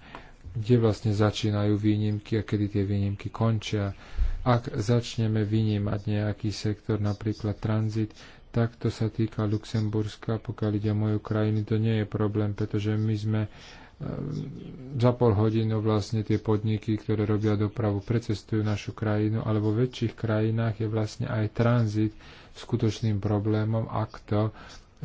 kde vlastne začínajú výnimky a kedy tie výnimky končia. Ak začneme vynímať nejaký sektor, napríklad tranzit, tak to sa týka Luxemburska, pokiaľ ide o moju krajiny, to nie je problém, pretože my sme ehm, za pol hodinu vlastne tie podniky, ktoré robia dopravu, precestujú našu krajinu, ale vo väčších krajinách je vlastne aj tranzit skutočným problémom, ak to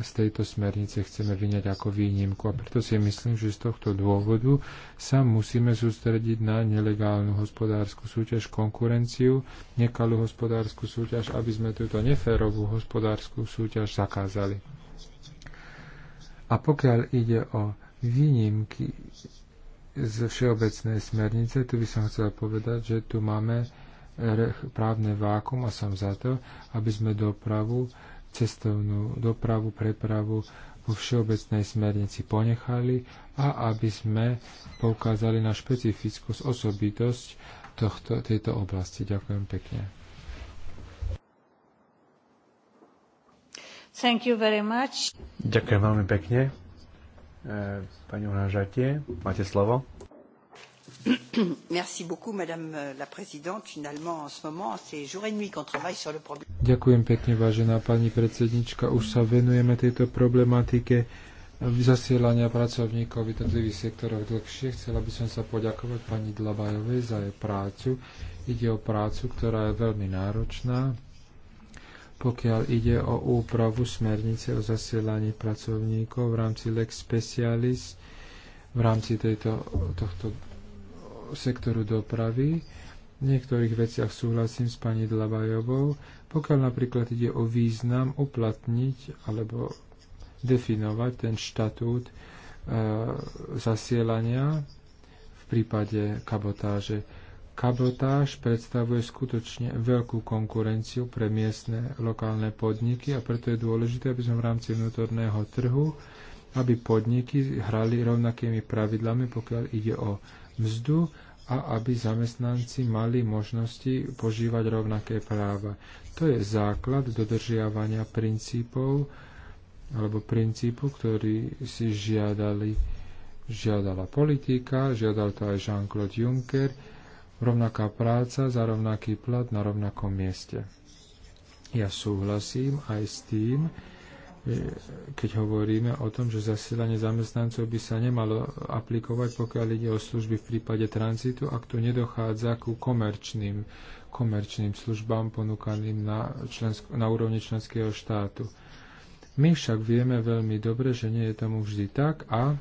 z tejto smernice chceme vyňať ako výnimku. A preto si myslím, že z tohto dôvodu sa musíme sústrediť na nelegálnu hospodárskú súťaž, konkurenciu, nekalú hospodárskú súťaž, aby sme túto neférovú hospodárskú súťaž zakázali. A pokiaľ ide o výnimky z všeobecnej smernice, tu by som chcel povedať, že tu máme právne vákum a som za to, aby sme dopravu cestovnú dopravu, prepravu vo všeobecnej smernici ponechali a aby sme poukázali na špecifickú osobitosť tohto, tejto oblasti. Ďakujem pekne. Thank you very much. Ďakujem veľmi pekne. E, pani Hražatie, máte slovo. [coughs] Ďakujem pekne, vážená pani predsednička. Už sa venujeme tejto problematike zasielania pracovníkov v jednotlivých sektoroch dlhšie. Chcela by som sa poďakovať pani Dlabajovej za jej prácu. Ide o prácu, ktorá je veľmi náročná, pokiaľ ide o úpravu smernice o zasielaní pracovníkov v rámci Lex Specialis, v rámci tejto, tohto sektoru dopravy. V niektorých veciach súhlasím s pani Dlabajovou, pokiaľ napríklad ide o význam uplatniť alebo definovať ten štatút e, zasielania v prípade kabotáže. Kabotáž predstavuje skutočne veľkú konkurenciu pre miestne lokálne podniky a preto je dôležité, aby sme v rámci vnútorného trhu, aby podniky hrali rovnakými pravidlami, pokiaľ ide o mzdu a aby zamestnanci mali možnosti požívať rovnaké práva. To je základ dodržiavania princípov alebo princípu, ktorý si žiadali, žiadala politika, žiadal to aj Jean-Claude Juncker, rovnaká práca za rovnaký plat na rovnakom mieste. Ja súhlasím aj s tým, keď hovoríme o tom, že zasielanie zamestnancov by sa nemalo aplikovať, pokiaľ ide o služby v prípade tranzitu, ak tu nedochádza ku komerčným, komerčným službám ponúkaným na, člensk- na úrovni členského štátu. My však vieme veľmi dobre, že nie je tomu vždy tak a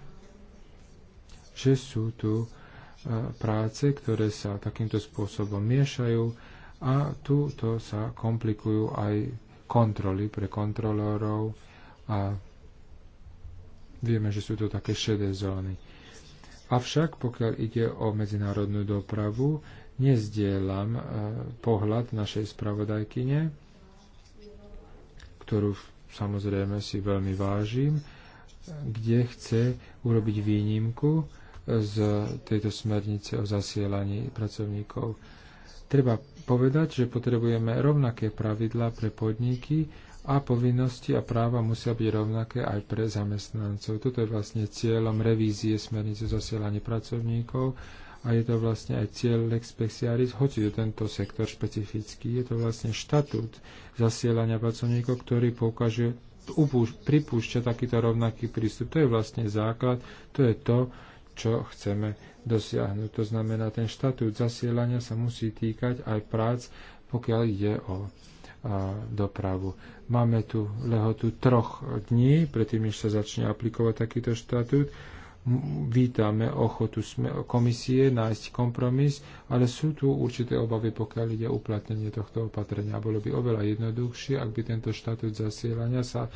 že sú tu e, práce, ktoré sa takýmto spôsobom miešajú a tu sa komplikujú aj kontroly pre kontrolórov, a vieme, že sú to také šedé zóny. Avšak, pokiaľ ide o medzinárodnú dopravu, nezdielam e, pohľad našej spravodajkyne, ktorú samozrejme si veľmi vážim, kde chce urobiť výnimku z tejto smernice o zasielaní pracovníkov. Treba povedať, že potrebujeme rovnaké pravidlá pre podniky a povinnosti a práva musia byť rovnaké aj pre zamestnancov. Toto je vlastne cieľom revízie smernice zasielania pracovníkov a je to vlastne aj cieľ Lex Specialis, hoci je tento sektor špecifický. Je to vlastne štatút zasielania pracovníkov, ktorý poukáže, pripúšťa takýto rovnaký prístup. To je vlastne základ, to je to, čo chceme dosiahnuť. To znamená, ten štatút zasielania sa musí týkať aj prác, pokiaľ ide o dopravu. Máme tu lehotu troch dní, predtým, než sa začne aplikovať takýto štatút vítame ochotu komisie nájsť kompromis, ale sú tu určité obavy, pokiaľ ide uplatnenie tohto opatrenia. Bolo by oveľa jednoduchšie, ak by tento štatút zasielania sa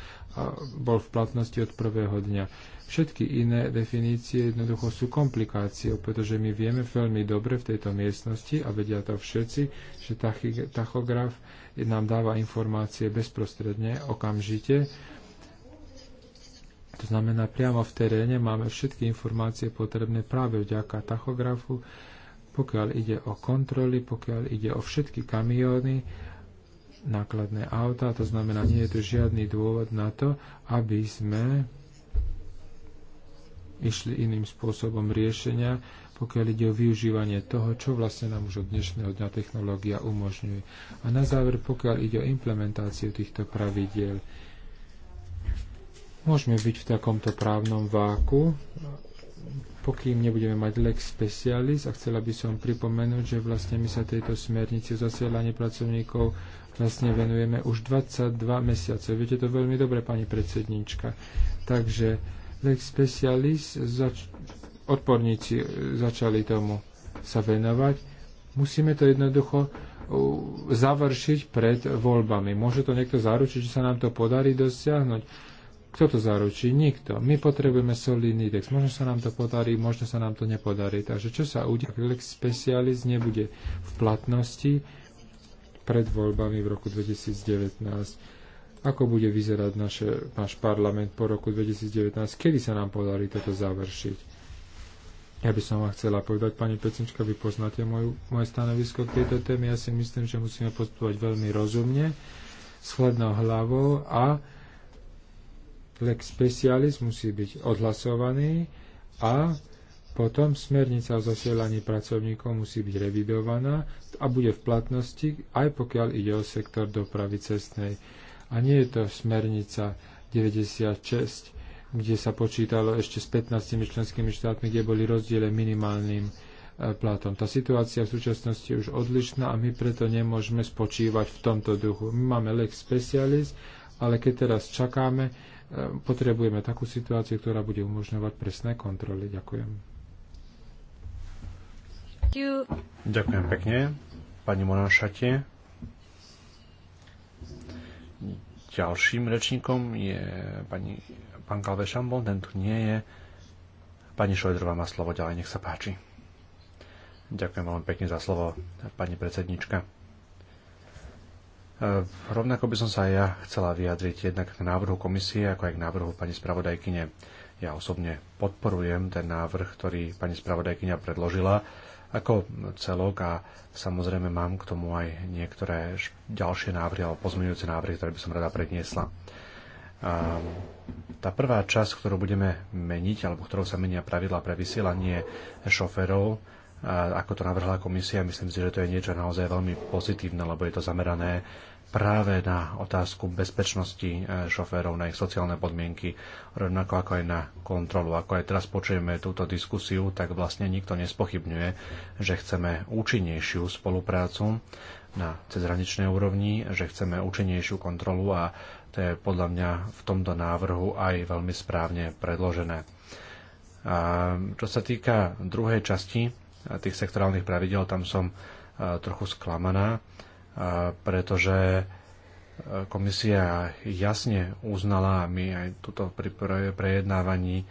bol v platnosti od prvého dňa. Všetky iné definície jednoducho sú komplikáciou, pretože my vieme veľmi dobre v tejto miestnosti a vedia to všetci, že tachograf nám dáva informácie bezprostredne, okamžite, to znamená, priamo v teréne máme všetky informácie potrebné práve vďaka tachografu, pokiaľ ide o kontroly, pokiaľ ide o všetky kamióny, nákladné auta, to znamená, nie je tu žiadny dôvod na to, aby sme išli iným spôsobom riešenia, pokiaľ ide o využívanie toho, čo vlastne nám už od dnešného dňa technológia umožňuje. A na záver, pokiaľ ide o implementáciu týchto pravidiel, Môžeme byť v takomto právnom váku, pokým nebudeme mať lex specialis a chcela by som pripomenúť, že vlastne my sa tejto smernici o zasielaní pracovníkov vlastne venujeme už 22 mesiacov. Viete to veľmi dobre, pani predsednička. Takže lex specialis, zač- odporníci začali tomu sa venovať. Musíme to jednoducho uh, završiť pred voľbami. Môže to niekto zaručiť, že sa nám to podarí dosiahnuť? Kto to zaručí? Nikto. My potrebujeme solidný text. Možno sa nám to podarí, možno sa nám to nepodarí. Takže čo sa udeje, lex Specialist nebude v platnosti pred voľbami v roku 2019? Ako bude vyzerať naše, náš parlament po roku 2019? Kedy sa nám podarí toto završiť? Ja by som vám chcela povedať, pani Pecnička, vy poznáte moju, moje stanovisko k tejto téme. Ja si myslím, že musíme postupovať veľmi rozumne, s chladnou hlavou a lex specialis musí byť odhlasovaný a potom smernica o zasielaní pracovníkov musí byť revidovaná a bude v platnosti, aj pokiaľ ide o sektor dopravy cestnej. A nie je to smernica 96, kde sa počítalo ešte s 15 členskými štátmi, kde boli rozdiele minimálnym e, platom. Tá situácia v súčasnosti je už odlišná a my preto nemôžeme spočívať v tomto duchu. My máme lex specialis, ale keď teraz čakáme, Ehm, potrebujeme takú situáciu, ktorá bude umožňovať presné kontroly. Ďakujem. Ďakujem pekne. Pani Monášate. Ďalším rečníkom je pani, pán Kalve Šambol, ten tu nie je. Pani Šojdrová má slovo ďalej, nech sa páči. Ďakujem veľmi pekne za slovo, pani predsednička. Rovnako by som sa aj ja chcela vyjadriť jednak k návrhu komisie, ako aj k návrhu pani spravodajkyne. Ja osobne podporujem ten návrh, ktorý pani spravodajkyňa predložila ako celok a samozrejme mám k tomu aj niektoré ďalšie návrhy alebo pozmeňujúce návrhy, ktoré by som rada predniesla. A tá prvá časť, ktorú budeme meniť, alebo ktorou sa menia pravidla pre vysielanie šoferov, ako to navrhla komisia. Myslím si, že to je niečo naozaj veľmi pozitívne, lebo je to zamerané práve na otázku bezpečnosti e, šoférov, na ich sociálne podmienky, rovnako ako aj na kontrolu. Ako aj teraz počujeme túto diskusiu, tak vlastne nikto nespochybňuje, že chceme účinnejšiu spoluprácu na cezhraničnej úrovni, že chceme účinnejšiu kontrolu a to je podľa mňa v tomto návrhu aj veľmi správne predložené. A čo sa týka druhej časti, tých sektorálnych pravidel, tam som e, trochu sklamaná, e, pretože e, komisia jasne uznala, my aj tuto pri prejednávaní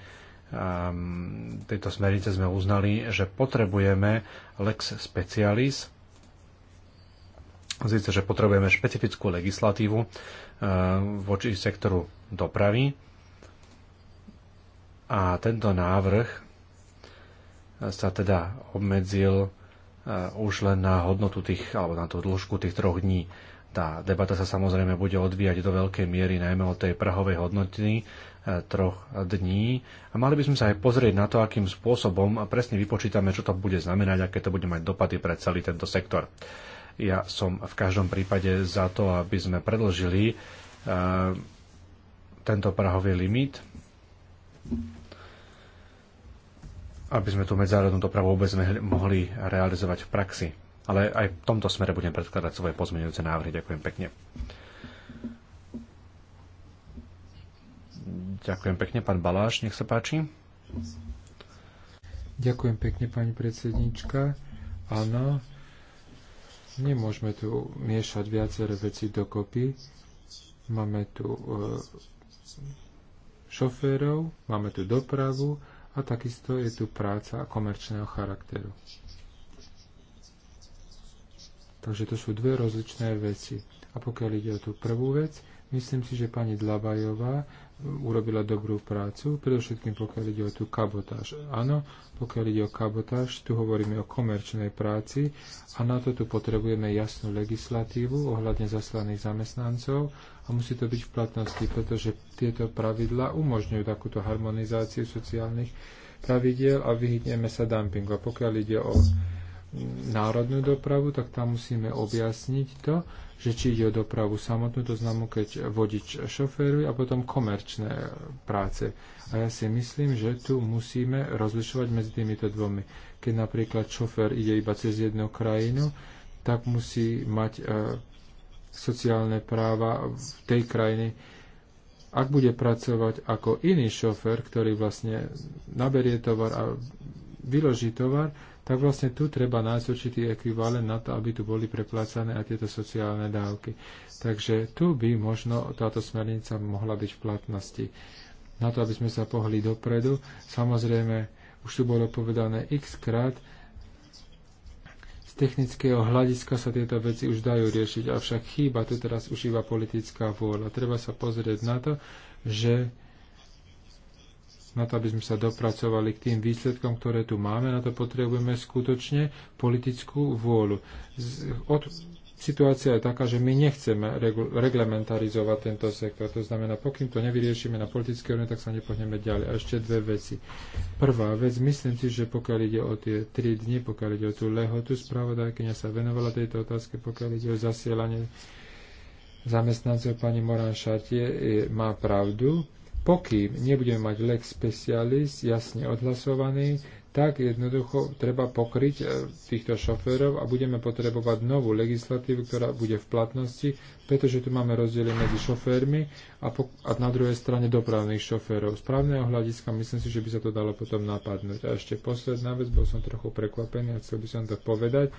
tejto smernice sme uznali, že potrebujeme lex specialis, Zice, že potrebujeme špecifickú legislatívu voči sektoru dopravy a tento návrh sa teda obmedzil e, už len na hodnotu tých, alebo na tú dĺžku tých troch dní. Tá debata sa samozrejme bude odvíjať do veľkej miery najmä o tej prahovej hodnoty e, troch dní. A mali by sme sa aj pozrieť na to, akým spôsobom presne vypočítame, čo to bude znamenať, aké to bude mať dopady pre celý tento sektor. Ja som v každom prípade za to, aby sme predlžili e, tento prahový limit aby sme tú medzárodnú dopravu vôbec mohli realizovať v praxi. Ale aj v tomto smere budem predkladať svoje pozmeňujúce návrhy. Ďakujem pekne. Ďakujem pekne, pán Baláš, nech sa páči. Ďakujem pekne, pani predsednička. Áno, nemôžeme tu miešať viaceré veci dokopy. Máme tu e, šoférov, máme tu dopravu, a takisto je tu práca komerčného charakteru. Takže to sú dve rozličné veci. A pokiaľ ide o tú prvú vec, Myslím si, že pani Dlabajová e, urobila dobrú prácu, predovšetkým pokiaľ ide o tú kabotáž. Áno, pokiaľ ide o kabotáž, tu hovoríme o komerčnej práci a na to tu potrebujeme jasnú legislatívu ohľadne zaslaných zamestnancov a musí to byť v platnosti, pretože tieto pravidla umožňujú takúto harmonizáciu sociálnych pravidiel a vyhneme sa dumpingu. A pokiaľ ide o národnú dopravu, tak tam musíme objasniť to, že či ide o dopravu samotnú, to znamená, keď vodič šoféruje a potom komerčné práce. A ja si myslím, že tu musíme rozlišovať medzi týmito dvomi. Keď napríklad šofér ide iba cez jednu krajinu, tak musí mať uh, sociálne práva v tej krajine, ak bude pracovať ako iný šofér, ktorý vlastne naberie tovar a vyloží tovar, tak vlastne tu treba nájsť určitý ekvivalent na to, aby tu boli preplácané aj tieto sociálne dávky. Takže tu by možno táto smernica mohla byť v platnosti. Na to, aby sme sa pohli dopredu, samozrejme, už tu bolo povedané x krát, technického hľadiska sa tieto veci už dajú riešiť, avšak chýba tu teraz už iba politická vôľa. Treba sa pozrieť na to, že na to, aby sme sa dopracovali k tým výsledkom, ktoré tu máme, na to potrebujeme skutočne politickú vôľu. Od, situácia je taká, že my nechceme reglementarizovať tento sektor. To znamená, pokým to nevyriešime na politické úrovni, tak sa nepohneme ďalej. A ešte dve veci. Prvá vec, myslím si, že pokiaľ ide o tie tri dni, pokiaľ ide o tú lehotu, spravodajkynia sa venovala tejto otázke, pokiaľ ide o zasielanie zamestnancov pani Moran Šatie, má pravdu Pokým nebudeme mať lex specialis jasne odhlasovaný, tak jednoducho treba pokryť e, týchto šoférov a budeme potrebovať novú legislatívu, ktorá bude v platnosti, pretože tu máme rozdiely medzi šoférmi a, po, a na druhej strane dopravných šoférov. Z právneho hľadiska myslím si, že by sa to dalo potom napadnúť. A ešte posledná vec, bol som trochu prekvapený a chcel by som to povedať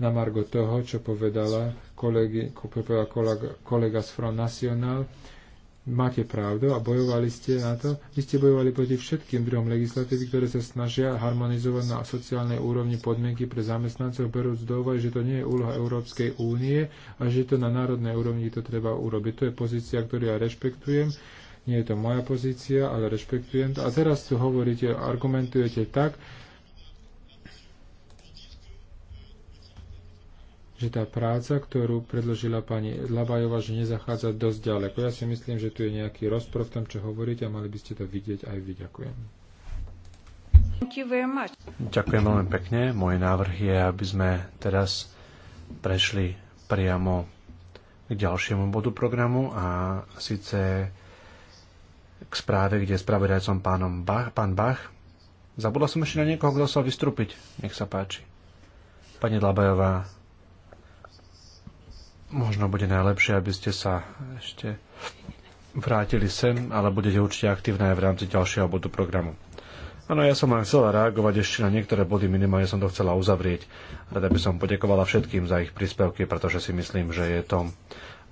na margo toho, čo povedala kolega, kolega z Front National máte pravdu a bojovali ste na to. Vy ste bojovali proti všetkým druhom legislatívy, ktoré sa snažia harmonizovať na sociálnej úrovni podmienky pre zamestnancov, berúc do úvahy, že to nie je úloha Európskej únie a že to na národnej úrovni to treba urobiť. To je pozícia, ktorú ja rešpektujem. Nie je to moja pozícia, ale rešpektujem to. A teraz tu hovoríte, argumentujete tak, že tá práca, ktorú predložila pani Labajová, že nezachádza dosť ďaleko. Ja si myslím, že tu je nejaký rozpor v tom, čo hovoríte a mali by ste to vidieť aj vy. Ďakujem. Ďakujem veľmi pekne. Môj návrh je, aby sme teraz prešli priamo k ďalšiemu bodu programu a síce k správe, kde je spravodajcom pánom Bach, pán Bach. Zabudla som ešte na niekoho, kto sa vystrúpiť. Nech sa páči. Pani Labajová, Možno bude najlepšie, aby ste sa ešte vrátili sem, ale budete určite aktívne aj v rámci ďalšieho bodu programu. Áno, ja som len chcela reagovať ešte na niektoré body, minimálne som to chcela uzavrieť. Rada by som podekovala všetkým za ich príspevky, pretože si myslím, že je to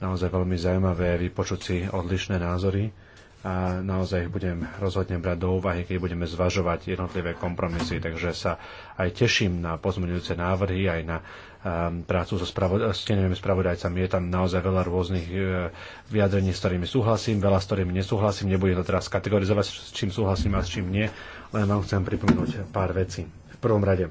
naozaj veľmi zaujímavé vypočuť si odlišné názory a naozaj ich budem rozhodne brať do úvahy, keď budeme zvažovať jednotlivé kompromisy, takže sa aj teším na pozmeňujúce návrhy, aj na Ehm, prácu so spravo- stenovými spravodajcami. Je tam naozaj veľa rôznych e, vyjadrení, s ktorými súhlasím, veľa s ktorými nesúhlasím. Nebudem to teraz kategorizovať, s čím súhlasím a s čím nie, len vám chcem pripomenúť pár vecí. V prvom rade,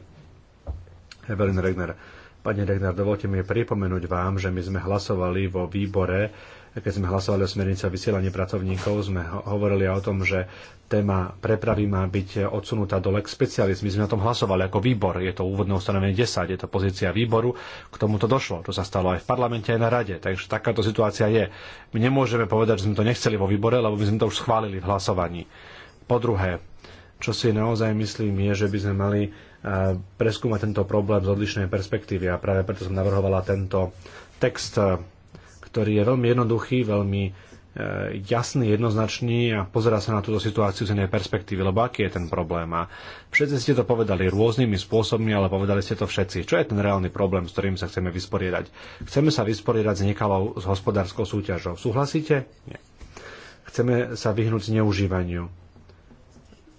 Evelyn Regner. Pani Regner, dovolte mi pripomenúť vám, že my sme hlasovali vo výbore keď sme hlasovali o smernici o vysielaní pracovníkov, sme hovorili o tom, že téma prepravy má byť odsunutá do lex specialis. My sme o tom hlasovali ako výbor. Je to úvodné ustanovenie 10, je to pozícia výboru. K tomuto došlo. To sa stalo aj v parlamente, aj na rade. Takže takáto situácia je. My nemôžeme povedať, že sme to nechceli vo výbore, lebo my sme to už schválili v hlasovaní. Po druhé, čo si naozaj myslím, je, že by sme mali e, preskúmať tento problém z odlišnej perspektívy a práve preto som navrhovala tento text e, ktorý je veľmi jednoduchý, veľmi e, jasný, jednoznačný a pozera sa na túto situáciu z inej perspektívy, lebo aký je ten problém. A všetci ste to povedali rôznymi spôsobmi, ale povedali ste to všetci. Čo je ten reálny problém, s ktorým sa chceme vysporiadať? Chceme sa vysporiadať s nekalou s hospodárskou súťažou. Súhlasíte? Nie. Chceme sa vyhnúť zneužívaniu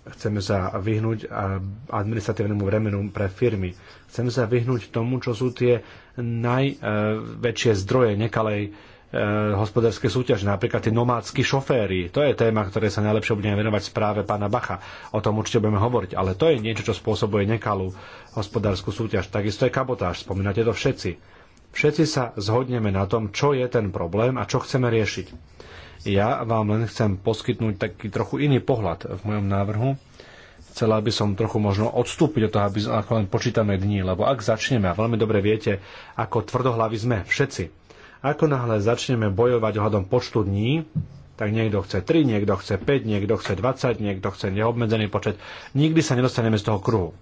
Chceme sa vyhnúť administratívnemu vremenu pre firmy. Chceme sa vyhnúť tomu, čo sú tie najväčšie zdroje nekalej e, hospodárskej súťaže, napríklad tí nomádsky šoféry. To je téma, ktoré sa najlepšie budeme venovať správe pána Bacha. O tom určite budeme hovoriť, ale to je niečo, čo spôsobuje nekalú hospodárskú súťaž. Takisto je kabotáž, spomínate to všetci. Všetci sa zhodneme na tom, čo je ten problém a čo chceme riešiť. Ja vám len chcem poskytnúť taký trochu iný pohľad v mojom návrhu. Chcela by som trochu možno odstúpiť od toho, aby, ako len počítame dní, lebo ak začneme, a veľmi dobre viete, ako tvrdohlaví sme všetci, ako náhle začneme bojovať ohľadom počtu dní, tak niekto chce 3, niekto chce 5, niekto chce 20, niekto chce neobmedzený počet. Nikdy sa nedostaneme z toho kruhu.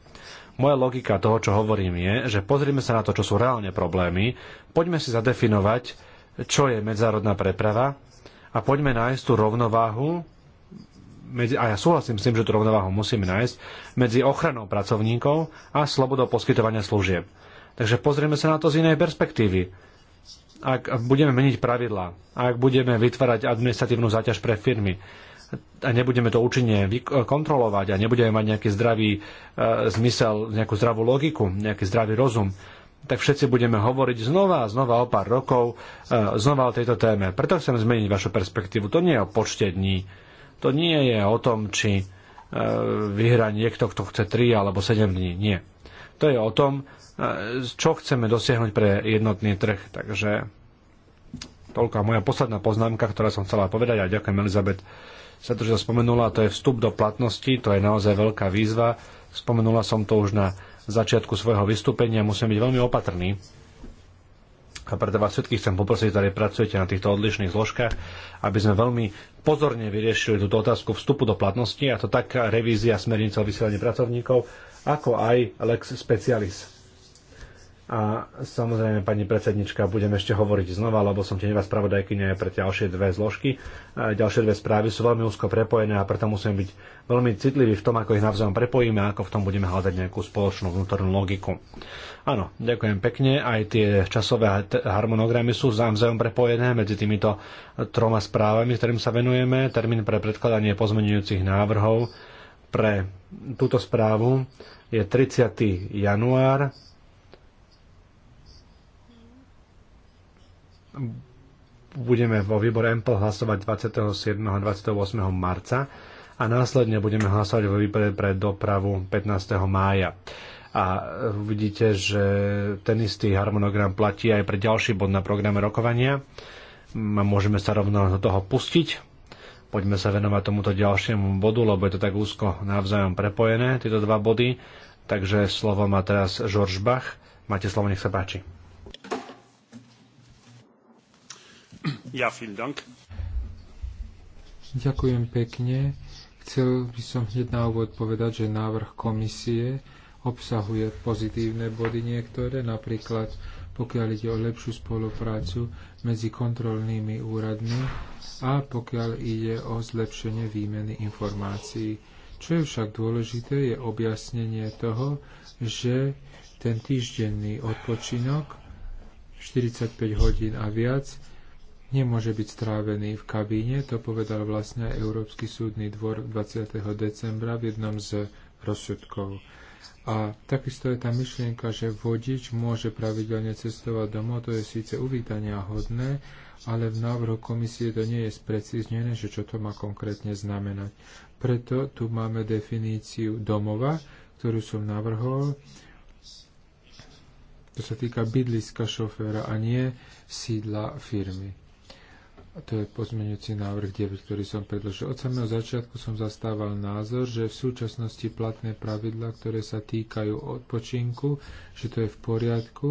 Moja logika toho, čo hovorím, je, že pozrime sa na to, čo sú reálne problémy, poďme si zadefinovať, čo je medzárodná preprava, a poďme nájsť tú rovnováhu medzi, a ja súhlasím s tým, že tú rovnováhu musíme nájsť, medzi ochranou pracovníkov a slobodou poskytovania služieb. Takže pozrieme sa na to z inej perspektívy. Ak budeme meniť pravidlá, ak budeme vytvárať administratívnu záťaž pre firmy a nebudeme to účinne kontrolovať a nebudeme mať nejaký zdravý e, zmysel, nejakú zdravú logiku, nejaký zdravý rozum, tak všetci budeme hovoriť znova a znova o pár rokov, e, znova o tejto téme. Preto chcem zmeniť vašu perspektívu. To nie je o počte dní. To nie je o tom, či e, vyhra niekto, kto chce 3 alebo 7 dní. Nie. To je o tom, e, čo chceme dosiahnuť pre jednotný trh. Takže toľko a moja posledná poznámka, ktorá som chcela povedať a ďakujem Elizabet za to, že spomenula, to je vstup do platnosti, to je naozaj veľká výzva. Spomenula som to už na začiatku svojho vystúpenia. Musím byť veľmi opatrný. A preto vás všetkých chcem poprosiť, ktorí pracujete na týchto odlišných zložkách, aby sme veľmi pozorne vyriešili túto otázku vstupu do platnosti, a to tak revízia smernice o vysielaní pracovníkov, ako aj lex specialis a samozrejme, pani predsednička, budem ešte hovoriť znova, lebo som tenevá spravodajkynia pre ďalšie dve zložky. A ďalšie dve správy sú veľmi úzko prepojené a preto musíme byť veľmi citliví v tom, ako ich navzájom prepojíme a ako v tom budeme hľadať nejakú spoločnú vnútornú logiku. Áno, ďakujem pekne. Aj tie časové harmonogramy sú navzájom prepojené medzi týmito troma správami, ktorým sa venujeme. Termín pre predkladanie pozmenujúcich návrhov pre túto správu je 30. január budeme vo výbore EMPL hlasovať 27. a 28. marca a následne budeme hlasovať vo výbore pre dopravu 15. mája. A vidíte, že ten istý harmonogram platí aj pre ďalší bod na programe rokovania. Môžeme sa rovno do toho pustiť. Poďme sa venovať tomuto ďalšiemu bodu, lebo je to tak úzko navzájom prepojené, tieto dva body. Takže slovo má teraz George Bach. Máte slovo, nech sa páči. Ďakujem pekne. Chcel by som hneď na úvod povedať, že návrh komisie obsahuje pozitívne body niektoré, napríklad pokiaľ ide o lepšiu spoluprácu medzi kontrolnými úradmi a pokiaľ ide o zlepšenie výmeny informácií. Čo je však dôležité, je objasnenie toho, že ten týždenný odpočinok 45 hodín a viac nemôže byť strávený v kabíne. To povedal vlastne Európsky súdny dvor 20. decembra v jednom z rozsudkov. A takisto je tá myšlienka, že vodič môže pravidelne cestovať domov, to je síce uvítania hodné, ale v návrhu komisie to nie je sprecíznené, že čo to má konkrétne znamenať. Preto tu máme definíciu domova, ktorú som navrhol. To sa týka bydliska šoféra a nie sídla firmy to je pozmeňujúci návrh 9, ktorý som predložil. Od samého začiatku som zastával názor, že v súčasnosti platné pravidla, ktoré sa týkajú odpočinku, že to je v poriadku,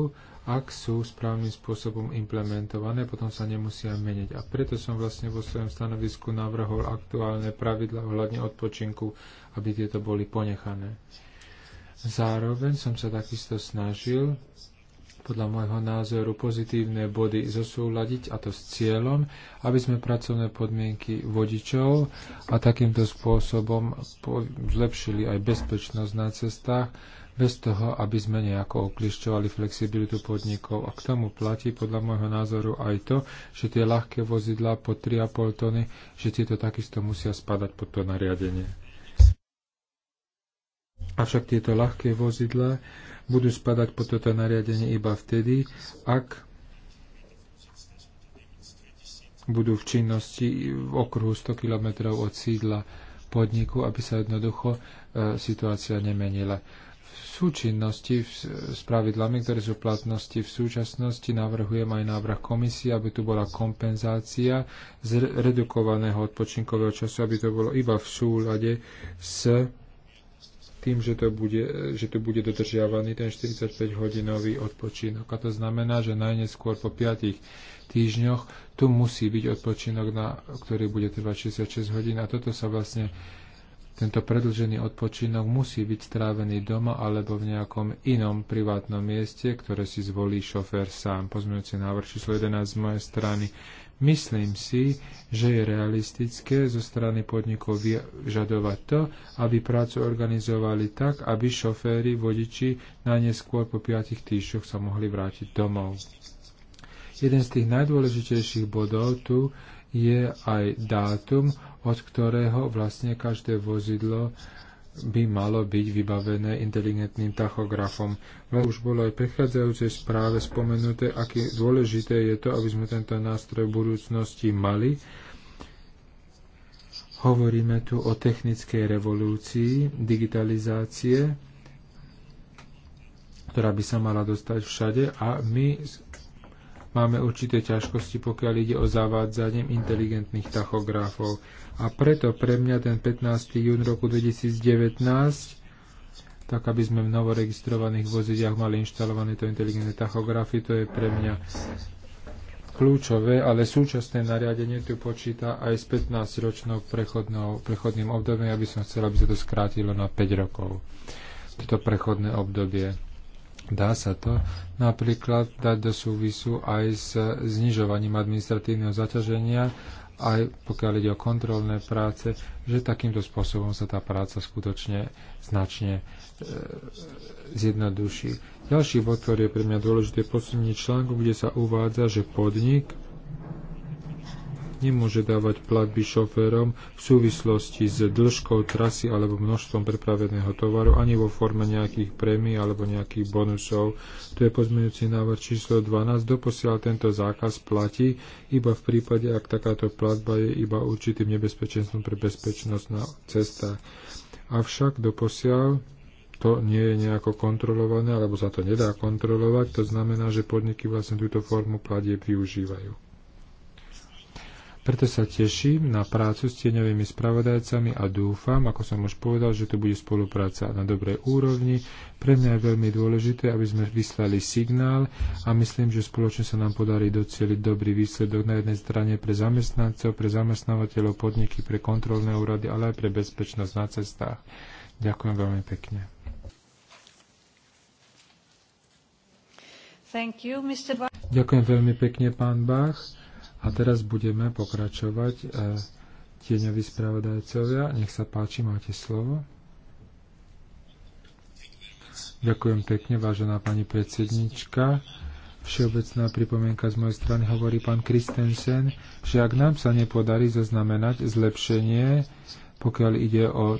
ak sú správnym spôsobom implementované, potom sa nemusia meniť. A preto som vlastne vo svojom stanovisku navrhol aktuálne pravidla ohľadne odpočinku, aby tieto boli ponechané. Zároveň som sa takisto snažil podľa môjho názoru pozitívne body zosúľadiť a to s cieľom, aby sme pracovné podmienky vodičov a takýmto spôsobom zlepšili aj bezpečnosť na cestách, bez toho, aby sme nejako oklišťovali flexibilitu podnikov. A k tomu platí podľa môjho názoru aj to, že tie ľahké vozidlá po 3,5 tony, že tieto takisto musia spadať pod to nariadenie. Avšak tieto ľahké vozidlá budú spadať pod toto nariadenie iba vtedy, ak budú v činnosti v okruhu 100 km od sídla podniku, aby sa jednoducho e, situácia nemenila. V súčinnosti v, s pravidlami, ktoré sú platnosti v súčasnosti, navrhujem aj návrh komisie, aby tu bola kompenzácia z redukovaného odpočinkového času, aby to bolo iba v súlade s tým, že, to bude, že tu bude dodržiavaný ten 45-hodinový odpočinok. A to znamená, že najneskôr po 5 týždňoch tu musí byť odpočinok, na, ktorý bude trvať 66 hodín. A toto sa vlastne tento predlžený odpočinok musí byť strávený doma alebo v nejakom inom privátnom mieste, ktoré si zvolí šofér sám. Pozmeňujúci návrh číslo 11 z mojej strany. Myslím si, že je realistické zo strany podnikov vyžadovať to, aby prácu organizovali tak, aby šoféry, vodiči na neskôr po piatich týždňoch sa mohli vrátiť domov. Jeden z tých najdôležitejších bodov tu je aj dátum, od ktorého vlastne každé vozidlo by malo byť vybavené inteligentným tachografom. Už bolo aj prechádzajúcej správe spomenuté, aké dôležité je to, aby sme tento nástroj v budúcnosti mali. Hovoríme tu o technickej revolúcii, digitalizácie, ktorá by sa mala dostať všade a my máme určité ťažkosti, pokiaľ ide o zavádzanie inteligentných tachografov. A preto pre mňa ten 15. jún roku 2019 tak aby sme v novoregistrovaných vozidiach mali inštalované to inteligentné tachografy, to je pre mňa kľúčové, ale súčasné nariadenie tu počíta aj s 15-ročnou prechodným obdobím, aby som chcel, aby sa to skrátilo na 5 rokov, toto prechodné obdobie. Dá sa to napríklad dať do súvisu aj s znižovaním administratívneho zaťaženia, aj pokiaľ ide o kontrolné práce, že takýmto spôsobom sa tá práca skutočne značne e, zjednoduší. Ďalší bod, ktorý je pre mňa dôležité, je článku, kde sa uvádza, že podnik nemôže dávať platby šoférom v súvislosti s dĺžkou trasy alebo množstvom prepraveného tovaru ani vo forme nejakých prémií alebo nejakých bonusov. To je pozmeňujúci návrh číslo 12. Doposiaľ tento zákaz platí iba v prípade, ak takáto platba je iba určitým nebezpečenstvom pre bezpečnosť na cestách. Avšak doposiaľ to nie je nejako kontrolované, alebo sa to nedá kontrolovať, to znamená, že podniky vlastne túto formu platie využívajú. Preto sa teším na prácu s tieňovými spravodajcami a dúfam, ako som už povedal, že to bude spolupráca na dobrej úrovni. Pre mňa je veľmi dôležité, aby sme vyslali signál a myslím, že spoločne sa nám podarí docieliť dobrý výsledok na jednej strane pre zamestnancov, pre zamestnávateľov, podniky, pre kontrolné úrady, ale aj pre bezpečnosť na cestách. Ďakujem veľmi pekne. You, Ďakujem veľmi pekne, pán Bach. A teraz budeme pokračovať e, tieňoví spravodajcovia. Nech sa páči, máte slovo. Ďakujem pekne, vážená pani predsednička. Všeobecná pripomienka z mojej strany hovorí pán Kristensen, že ak nám sa nepodarí zaznamenať zlepšenie, pokiaľ ide o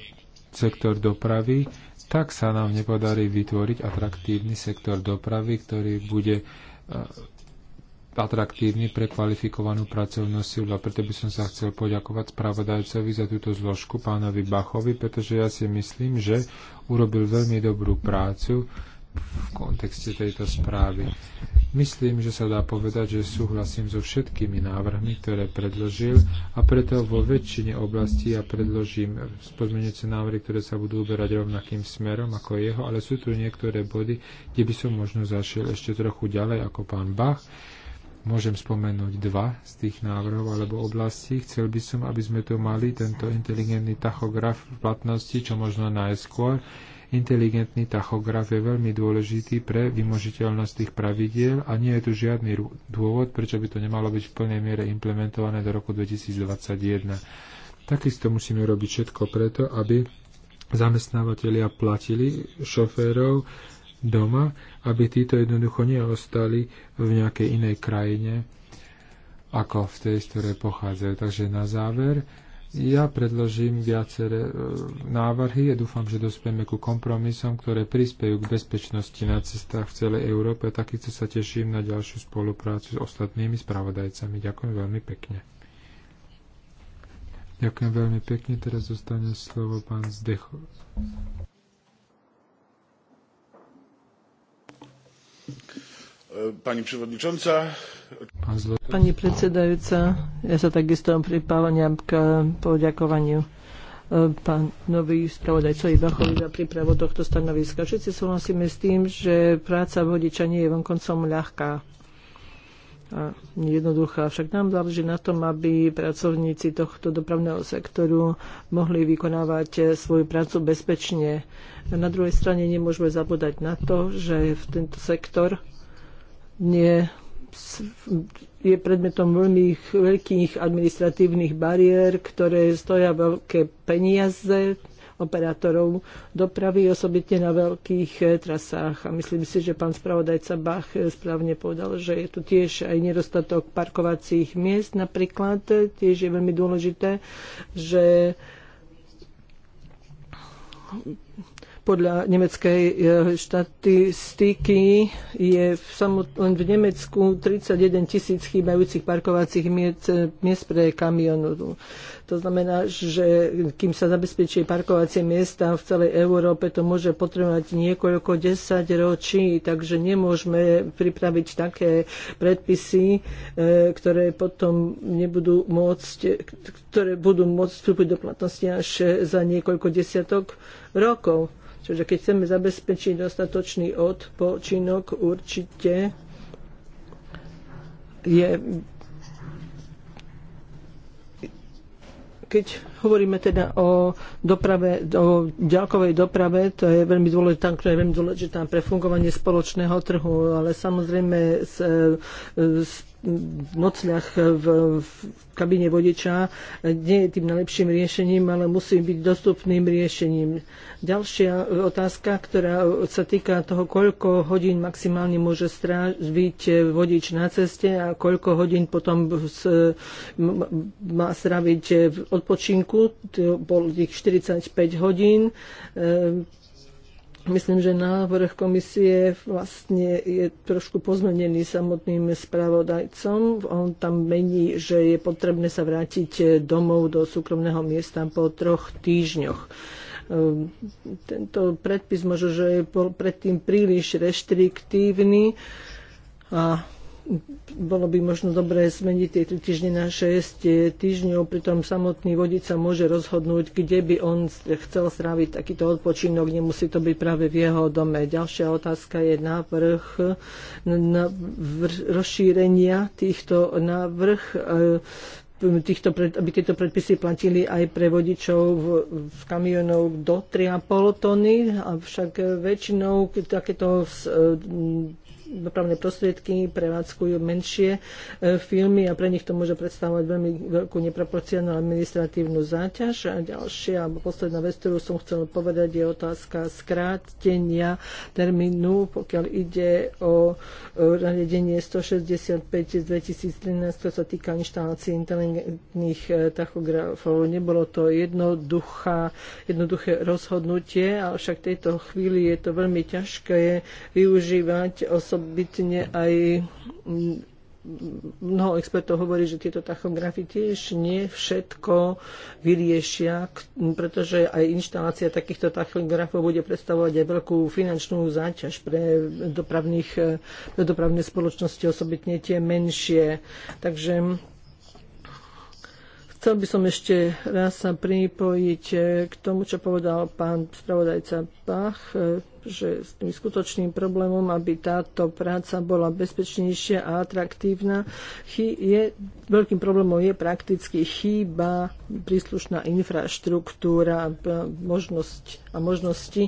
sektor dopravy, tak sa nám nepodarí vytvoriť atraktívny sektor dopravy, ktorý bude e, atraktívny pre kvalifikovanú pracovnú silu. A preto by som sa chcel poďakovať spravodajcovi za túto zložku, pánovi Bachovi, pretože ja si myslím, že urobil veľmi dobrú prácu v kontexte tejto správy. Myslím, že sa dá povedať, že súhlasím so všetkými návrhmi, ktoré predložil a preto vo väčšine oblastí ja predložím pozmeňujúce návrhy, ktoré sa budú uberať rovnakým smerom ako jeho, ale sú tu niektoré body, kde by som možno zašiel ešte trochu ďalej ako pán Bach Môžem spomenúť dva z tých návrhov alebo oblastí. Chcel by som, aby sme tu mali tento inteligentný tachograf v platnosti, čo možno najskôr. Inteligentný tachograf je veľmi dôležitý pre vymožiteľnosť tých pravidiel a nie je tu žiadny dôvod, prečo by to nemalo byť v plnej miere implementované do roku 2021. Takisto musíme robiť všetko preto, aby zamestnávateľia platili šoférov doma, aby títo jednoducho neostali v nejakej inej krajine, ako v tej, z ktorej pochádzajú. Takže na záver, ja predložím viaceré e, návrhy a dúfam, že dospieme ku kompromisom, ktoré prispejú k bezpečnosti na cestách v celej Európe a takisto sa teším na ďalšiu spoluprácu s ostatnými spravodajcami. Ďakujem veľmi pekne. Ďakujem veľmi pekne. Teraz zostane slovo pán Zdecho. Pani predsedajúca, Pani predsedajúca, ja sa takisto pripávam k poďakovaniu e, pánovi spravodajcovi Bachovi za prípravu tohto stanoviska. Všetci súhlasíme s tým, že práca vodiča nie je vonkoncom ľahká jednoduchá. Však nám záleží na tom, aby pracovníci tohto dopravného sektoru mohli vykonávať eh, svoju prácu bezpečne. Na druhej strane nemôžeme zabúdať na to, že v tento sektor nie je predmetom veľmi veľkých administratívnych bariér, ktoré stoja veľké peniaze operátorov dopravy, osobitne na veľkých eh, trasách. A myslím si, že pán spravodajca Bach eh, správne povedal, že je tu tiež aj nedostatok parkovacích miest napríklad. Eh, tiež je veľmi dôležité, že podľa nemeckej e, štatistiky je v samot- len v Nemecku 31 tisíc chýbajúcich parkovacích miest, e, miest pre kamionov. To znamená, že kým sa zabezpečí parkovacie miesta v celej Európe, to môže potrebovať niekoľko desať ročí, takže nemôžeme pripraviť také predpisy, e, ktoré potom nebudú môcť, ktoré budú môcť vstúpiť do platnosti až za niekoľko desiatok rokov. Čiže keď chceme zabezpečiť dostatočný odpočinok, určite je keď Hovoríme teda o doprave, o ďalkovej doprave, to je veľmi dôležitá, ktorá je veľmi dôležitá pre fungovanie spoločného trhu, ale samozrejme e, s v nocľach v, v kabíne vodiča nie je tým najlepším riešením, ale musí byť dostupným riešením. Ďalšia otázka, ktorá sa týka toho, koľko hodín maximálne môže stráviť vodič na ceste a koľko hodín potom má stráviť v odpočinku začiatku, bol ich 45 hodín. Ehm, myslím, že návrh komisie vlastne je trošku pozmenený samotným spravodajcom. On tam mení, že je potrebné sa vrátiť domov do súkromného miesta po troch týždňoch ehm, tento predpis možno, že je predtým príliš reštriktívny a bolo by možno dobré zmeniť tie 3 týždne na 6 týždňov, pritom samotný vodič sa môže rozhodnúť, kde by on chcel stráviť takýto odpočinok, nemusí to byť práve v jeho dome. Ďalšia otázka je návrh na rozšírenia týchto návrh e, týchto, aby tieto predpisy platili aj pre vodičov v, v kamionov do 3,5 tony, avšak väčšinou takéto e, dopravné prostriedky prevádzkujú menšie e, firmy a pre nich to môže predstavovať veľmi veľkú neproporcionálnu administratívnu záťaž. A ďalšia alebo posledná vec, ktorú som chcel povedať, je otázka skrátenia termínu, pokiaľ ide o nariadenie 165 z 2013, ktoré sa týka inštalácií inteligentných e, tachografov. Nebolo to jednoduchá, jednoduché rozhodnutie, avšak v tejto chvíli je to veľmi ťažké využívať osob osobitne aj mnoho expertov hovorí, že tieto tachografy tiež nie všetko vyriešia, pretože aj inštalácia takýchto tachografov bude predstavovať aj veľkú finančnú záťaž pre, dopravných, pre dopravné spoločnosti, osobitne tie menšie. Takže Chcel by som ešte raz sa pripojiť eh, k tomu, čo povedal pán spravodajca Pach, eh, že s tým skutočným problémom, aby táto práca bola bezpečnejšia a atraktívna, je, veľkým problémom je prakticky chýba príslušná infraštruktúra eh, možnosť, a možnosti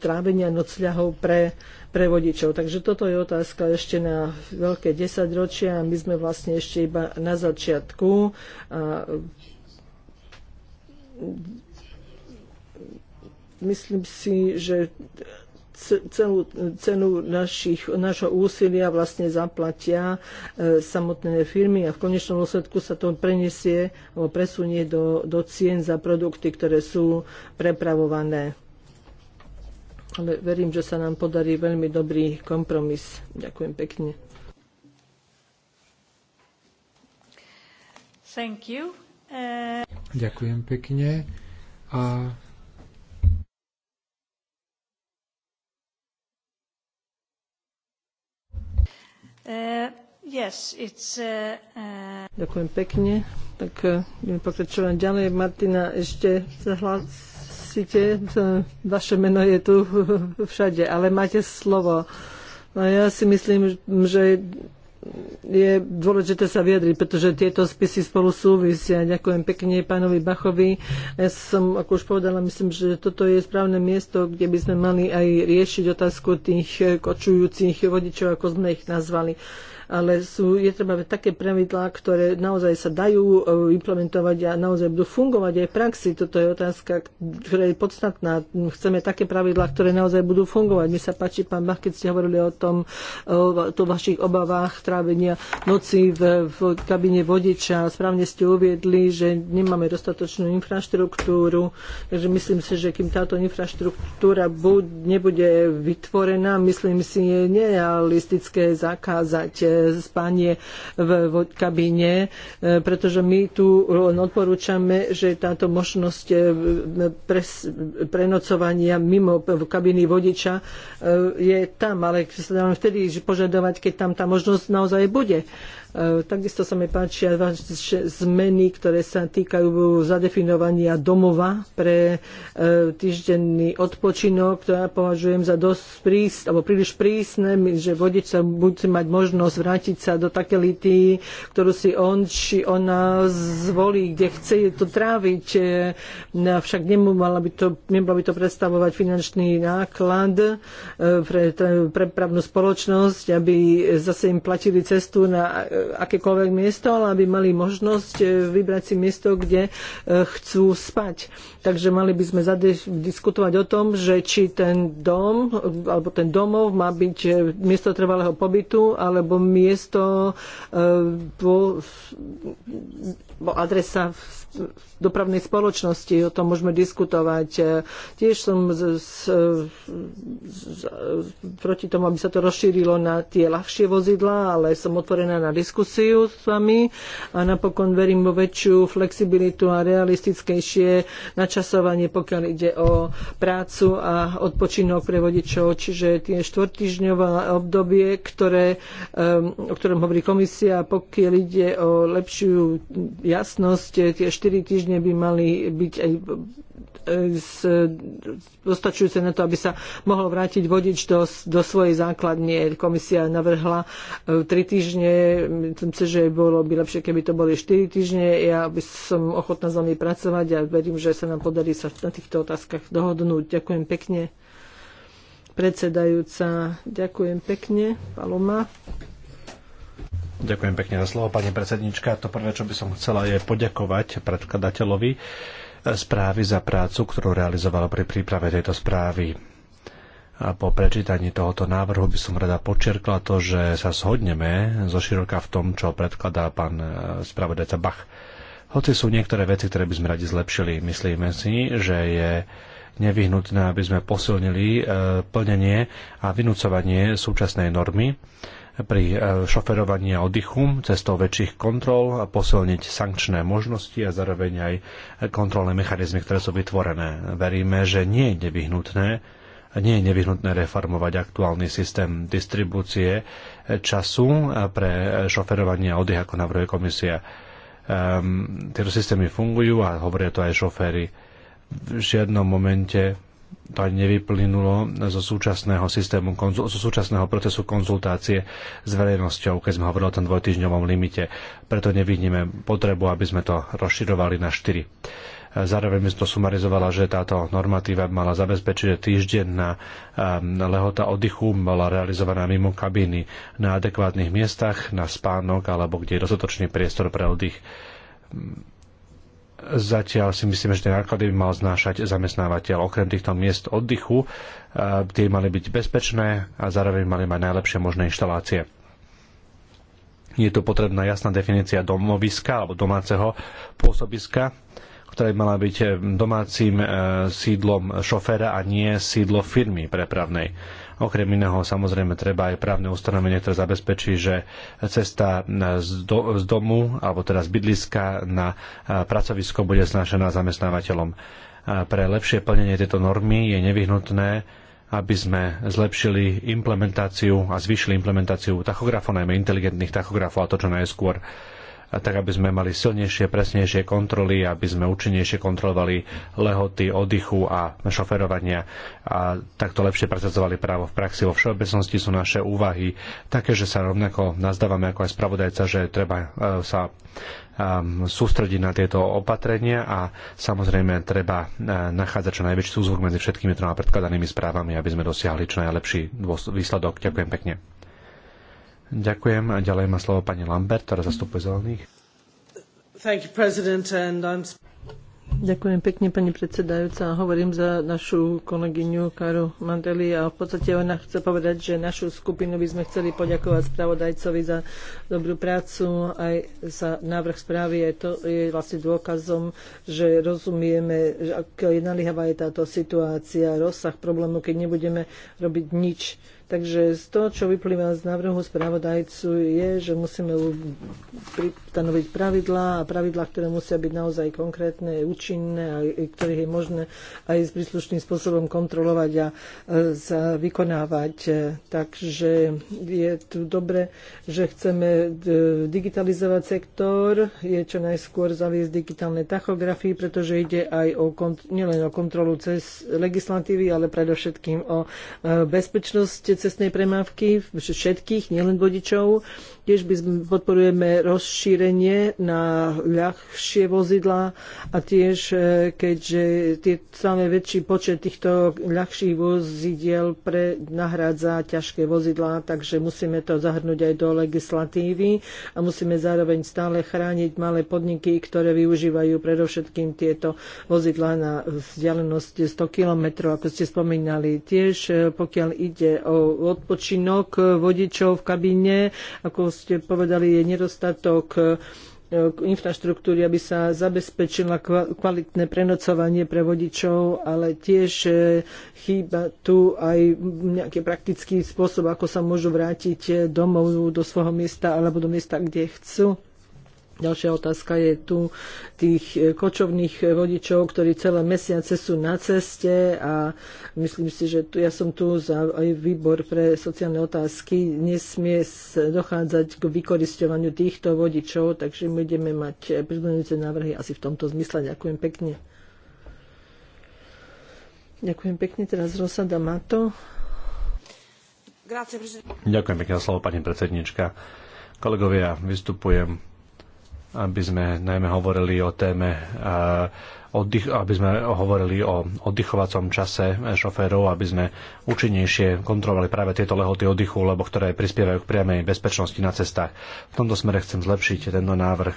trávenia nocľahov pre pre vodičov. Takže toto je otázka ešte na veľké desaťročia. My sme vlastne ešte iba na začiatku. A myslím si, že celú cenu našich, našho úsilia vlastne zaplatia e, samotné firmy a v konečnom dôsledku sa to preniesie alebo presunie do, do cien za produkty, ktoré sú prepravované ale verím, že sa nám podarí veľmi dobrý kompromis. Ďakujem pekne. Thank you. Uh... Ďakujem pekne. A Uh, yes, uh, uh... Ďakujem pekne. Tak budeme pokračovať ďalej. Martina ešte sa hlas, súhlasíte, vaše meno je tu všade, ale máte slovo. A ja si myslím, že je dôležité sa vyjadriť, pretože tieto spisy spolu súvisia. Ďakujem pekne pánovi Bachovi. Ja som, ako už povedala, myslím, že toto je správne miesto, kde by sme mali aj riešiť otázku tých kočujúcich vodičov, ako sme ich nazvali ale sú, je treba také pravidlá, ktoré naozaj sa dajú e, implementovať a naozaj budú fungovať aj v praxi. Toto je otázka, ktorá je podstatná. Chceme také pravidlá, ktoré naozaj budú fungovať. Mi sa páči, pán Bach, keď ste hovorili o tom, o, vašich obavách trávenia noci v, v kabine vodiča. Správne ste uviedli, že nemáme dostatočnú infraštruktúru, takže myslím si, že kým táto infraštruktúra bude, nebude vytvorená, myslím si, je nerealistické zakázať e, spanie v, v kabíne, e, pretože my tu len odporúčame, že táto možnosť e, pres, prenocovania mimo kabiny vodiča e, je tam, ale vtedy požadovať, keď tam tá možnosť naozaj bude. Takisto sa mi páčia zmeny, ktoré sa týkajú zadefinovania domova pre týždenný odpočinok, ktorá považujem za dosť prísne, alebo príliš prísne, že vodič sa bude mať možnosť vrátiť sa do také lity, ktorú si on či ona zvolí, kde chce to tráviť. Však nemala by to, nemala by to predstavovať finančný náklad pre prepravnú spoločnosť, aby zase im platili cestu na akékoľvek miesto, ale aby mali možnosť e, vybrať si miesto, kde e, chcú spať. Takže mali by sme diskutovať o tom, že či ten dom alebo ten domov má byť e, miesto trvalého pobytu alebo miesto po, po adresa v dopravnej spoločnosti, o tom môžeme diskutovať. E, tiež som z, z, z, proti tomu, aby sa to rozšírilo na tie ľahšie vozidlá, ale som otvorená na diskusiu s vami a napokon verím vo väčšiu flexibilitu a realistickejšie načasovanie, pokiaľ ide o prácu a odpočinok pre vodičov, čiže tie štvrtýždňové obdobie, ktoré, e, o ktorom hovorí komisia, pokiaľ ide o lepšiu jasnosť, tie 4 týždne by mali byť aj postačujúce e, na to, aby sa mohol vrátiť vodič do, do svojej základne. Komisia navrhla 3 e, týždne, myslím si, že bolo by lepšie, keby to boli 4 týždne. Ja by som ochotná s vami pracovať a verím, že sa nám podarí sa na týchto otázkach dohodnúť. Ďakujem pekne. Predsedajúca, ďakujem pekne. Paloma. Ďakujem pekne za slovo, pani predsednička. To prvé, čo by som chcela, je poďakovať predkladateľovi e, správy za prácu, ktorú realizovala pri príprave tejto správy. A po prečítaní tohoto návrhu by som rada počerkla to, že sa shodneme zo široka v tom, čo predkladá pán e, spravodajca Bach. Hoci sú niektoré veci, ktoré by sme radi zlepšili, myslíme si, že je nevyhnutné, aby sme posilnili e, plnenie a vynúcovanie súčasnej normy pri e, šoferovaní a oddychu cestou väčších kontrol, a posilniť sankčné možnosti a zároveň aj kontrolné mechanizmy, ktoré sú vytvorené. Veríme, že nie je nevyhnutné, nie je nevyhnutné reformovať aktuálny systém distribúcie e, času pre šoferovanie a oddych, ako navrhuje komisia. Um, tieto systémy fungujú a hovoria to aj šoféry. V žiadnom momente to aj nevyplynulo zo súčasného systému, zo súčasného procesu konzultácie s verejnosťou, keď sme hovorili o tom dvojtyžňovom limite. Preto nevidíme potrebu, aby sme to rozširovali na 4. Zároveň by som to sumarizovala, že táto normatíva mala zabezpečiť, že týždenná ehm, lehota oddychu bola realizovaná mimo kabíny na adekvátnych miestach, na spánok alebo kde je dostatočný priestor pre oddych Zatiaľ si myslíme, že tie náklady by mal znášať zamestnávateľ. Okrem týchto miest oddychu, e, tie mali byť bezpečné a zároveň mali mať najlepšie možné inštalácie. Je tu potrebná jasná definícia domoviska alebo domáceho pôsobiska, ktorá by mala byť e, domácim e, sídlom šoféra a nie sídlo firmy prepravnej. Okrem iného samozrejme treba aj právne ustanovenie, ktoré zabezpečí, že cesta z, do, z domu alebo teda z bydliska na pracovisko bude znášaná zamestnávateľom. Pre lepšie plnenie tejto normy je nevyhnutné aby sme zlepšili implementáciu a zvýšili implementáciu tachografov, najmä inteligentných tachografov a to čo najskôr tak aby sme mali silnejšie, presnejšie kontroly, aby sme účinnejšie kontrolovali lehoty oddychu a šoferovania a takto lepšie presadzovali právo v praxi. Vo všeobecnosti sú naše úvahy také, že sa rovnako nazdávame ako aj spravodajca, že treba e, sa e, sústrediť na tieto opatrenia a samozrejme treba e, nachádzať čo najväčší súzvuk medzi všetkými troma predkladanými správami, aby sme dosiahli čo najlepší výsledok. Ďakujem pekne. Ďakujem. A ďalej má slovo pani Lambert, ktorá zastupuje zelených. Thank you, President, and I'm... Ďakujem pekne, pani predsedajúca. Hovorím za našu kolegyňu Karu Mandeli a v podstate ona chce povedať, že našu skupinu by sme chceli poďakovať spravodajcovi za dobrú prácu aj za návrh správy. Aj to je vlastne dôkazom, že rozumieme, že ako je naliehavá je táto situácia, rozsah problému, keď nebudeme robiť nič Takže z toho, čo vyplýva z návrhu správodajcu, je, že musíme stanoviť pravidlá a pravidlá, ktoré musia byť naozaj konkrétne, účinné a ktorých je možné aj s príslušným spôsobom kontrolovať a sa e, vykonávať. E, takže je tu dobre, že chceme e, digitalizovať sektor, je čo najskôr zaviesť digitálne tachografie, pretože ide aj o nielen o kontrolu cez legislatívy, ale predovšetkým o bezpečnosť cestnej premávky, všetkých, nielen vodičov. Tiež by podporujeme rozšírenie na ľahšie vozidlá a tiež, e, keďže tie samé väčší počet týchto ľahších vozidiel pre, nahrádza ťažké vozidlá, takže musíme to zahrnúť aj do legislatívy a musíme zároveň stále chrániť malé podniky, ktoré využívajú predovšetkým tieto vozidlá na vzdialenosť 100 km, ako ste spomínali. Tiež e, pokiaľ ide o odpočinok vodičov v kabíne, ako ste povedali, je nedostatok e, infraštruktúry, aby sa zabezpečila kvalitné prenocovanie pre vodičov, ale tiež e, chýba tu aj nejaký praktický spôsob, ako sa môžu vrátiť e, domov do svojho miesta alebo do miesta, kde chcú. Ďalšia otázka je tu tých e, kočovných vodičov, ktorí celé mesiace sú na ceste a myslím si, že tu, ja som tu za aj výbor pre sociálne otázky. Nesmie dochádzať k vykoristovaniu týchto vodičov, takže my budeme mať e, prizmenujúce návrhy asi v tomto zmysle. Ďakujem pekne. Ďakujem pekne. Teraz Rosada Mato. Ďakujem pekne za slovo, pani predsednička. Kolegovia, vystupujem aby sme najmä hovorili o téme oddych, aby sme hovorili o oddychovacom čase šoférov, aby sme účinnejšie kontrolovali práve tieto lehoty oddychu, lebo ktoré prispievajú k priamej bezpečnosti na cestách. V tomto smere chcem zlepšiť tento návrh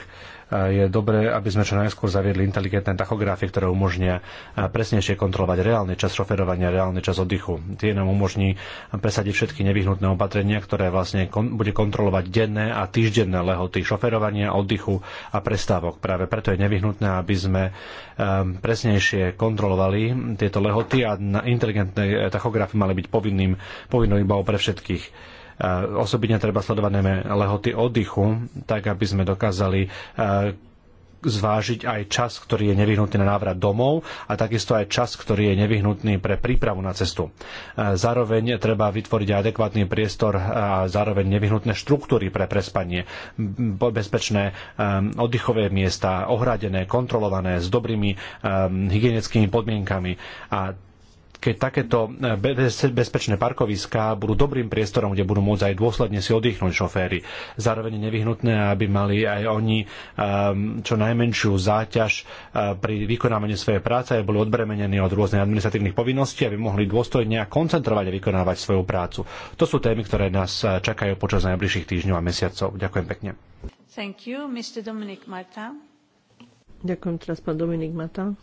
je dobré, aby sme čo najskôr zaviedli inteligentné tachografie, ktoré umožnia presnejšie kontrolovať reálny čas šoferovania, reálny čas oddychu. Tie nám umožní presadiť všetky nevyhnutné opatrenia, ktoré vlastne kon- bude kontrolovať denné a týždenné lehoty šoferovania, oddychu a prestávok. Práve preto je nevyhnutné, aby sme um, presnejšie kontrolovali tieto lehoty a inteligentné tachografy mali byť povinným, povinným iba pre všetkých Osobitne treba sledovať najmä lehoty oddychu, tak aby sme dokázali e, zvážiť aj čas, ktorý je nevyhnutný na návrat domov a takisto aj čas, ktorý je nevyhnutný pre prípravu na cestu. E, zároveň treba vytvoriť aj adekvátny priestor a zároveň nevyhnutné štruktúry pre prespanie, bezpečné e, oddychové miesta, ohradené, kontrolované, s dobrými hygienickými podmienkami a keď takéto e, bezpečné parkoviská budú dobrým priestorom, kde budú môcť aj dôsledne si oddychnúť šoféry. Zároveň je nevyhnutné, aby mali aj oni ehm, čo najmenšiu záťaž e, pri vykonávaní svojej práce, aby boli odbremenení od rôznych administratívnych povinností, aby mohli dôstojne a koncentrovať a vykonávať svoju prácu. To sú témy, ktoré nás e, čakajú počas najbližších týždňov a mesiacov. Ďakujem pekne. Thank you, Mr. Dominic Martin. Ďakujem teraz pán Dominik Mata.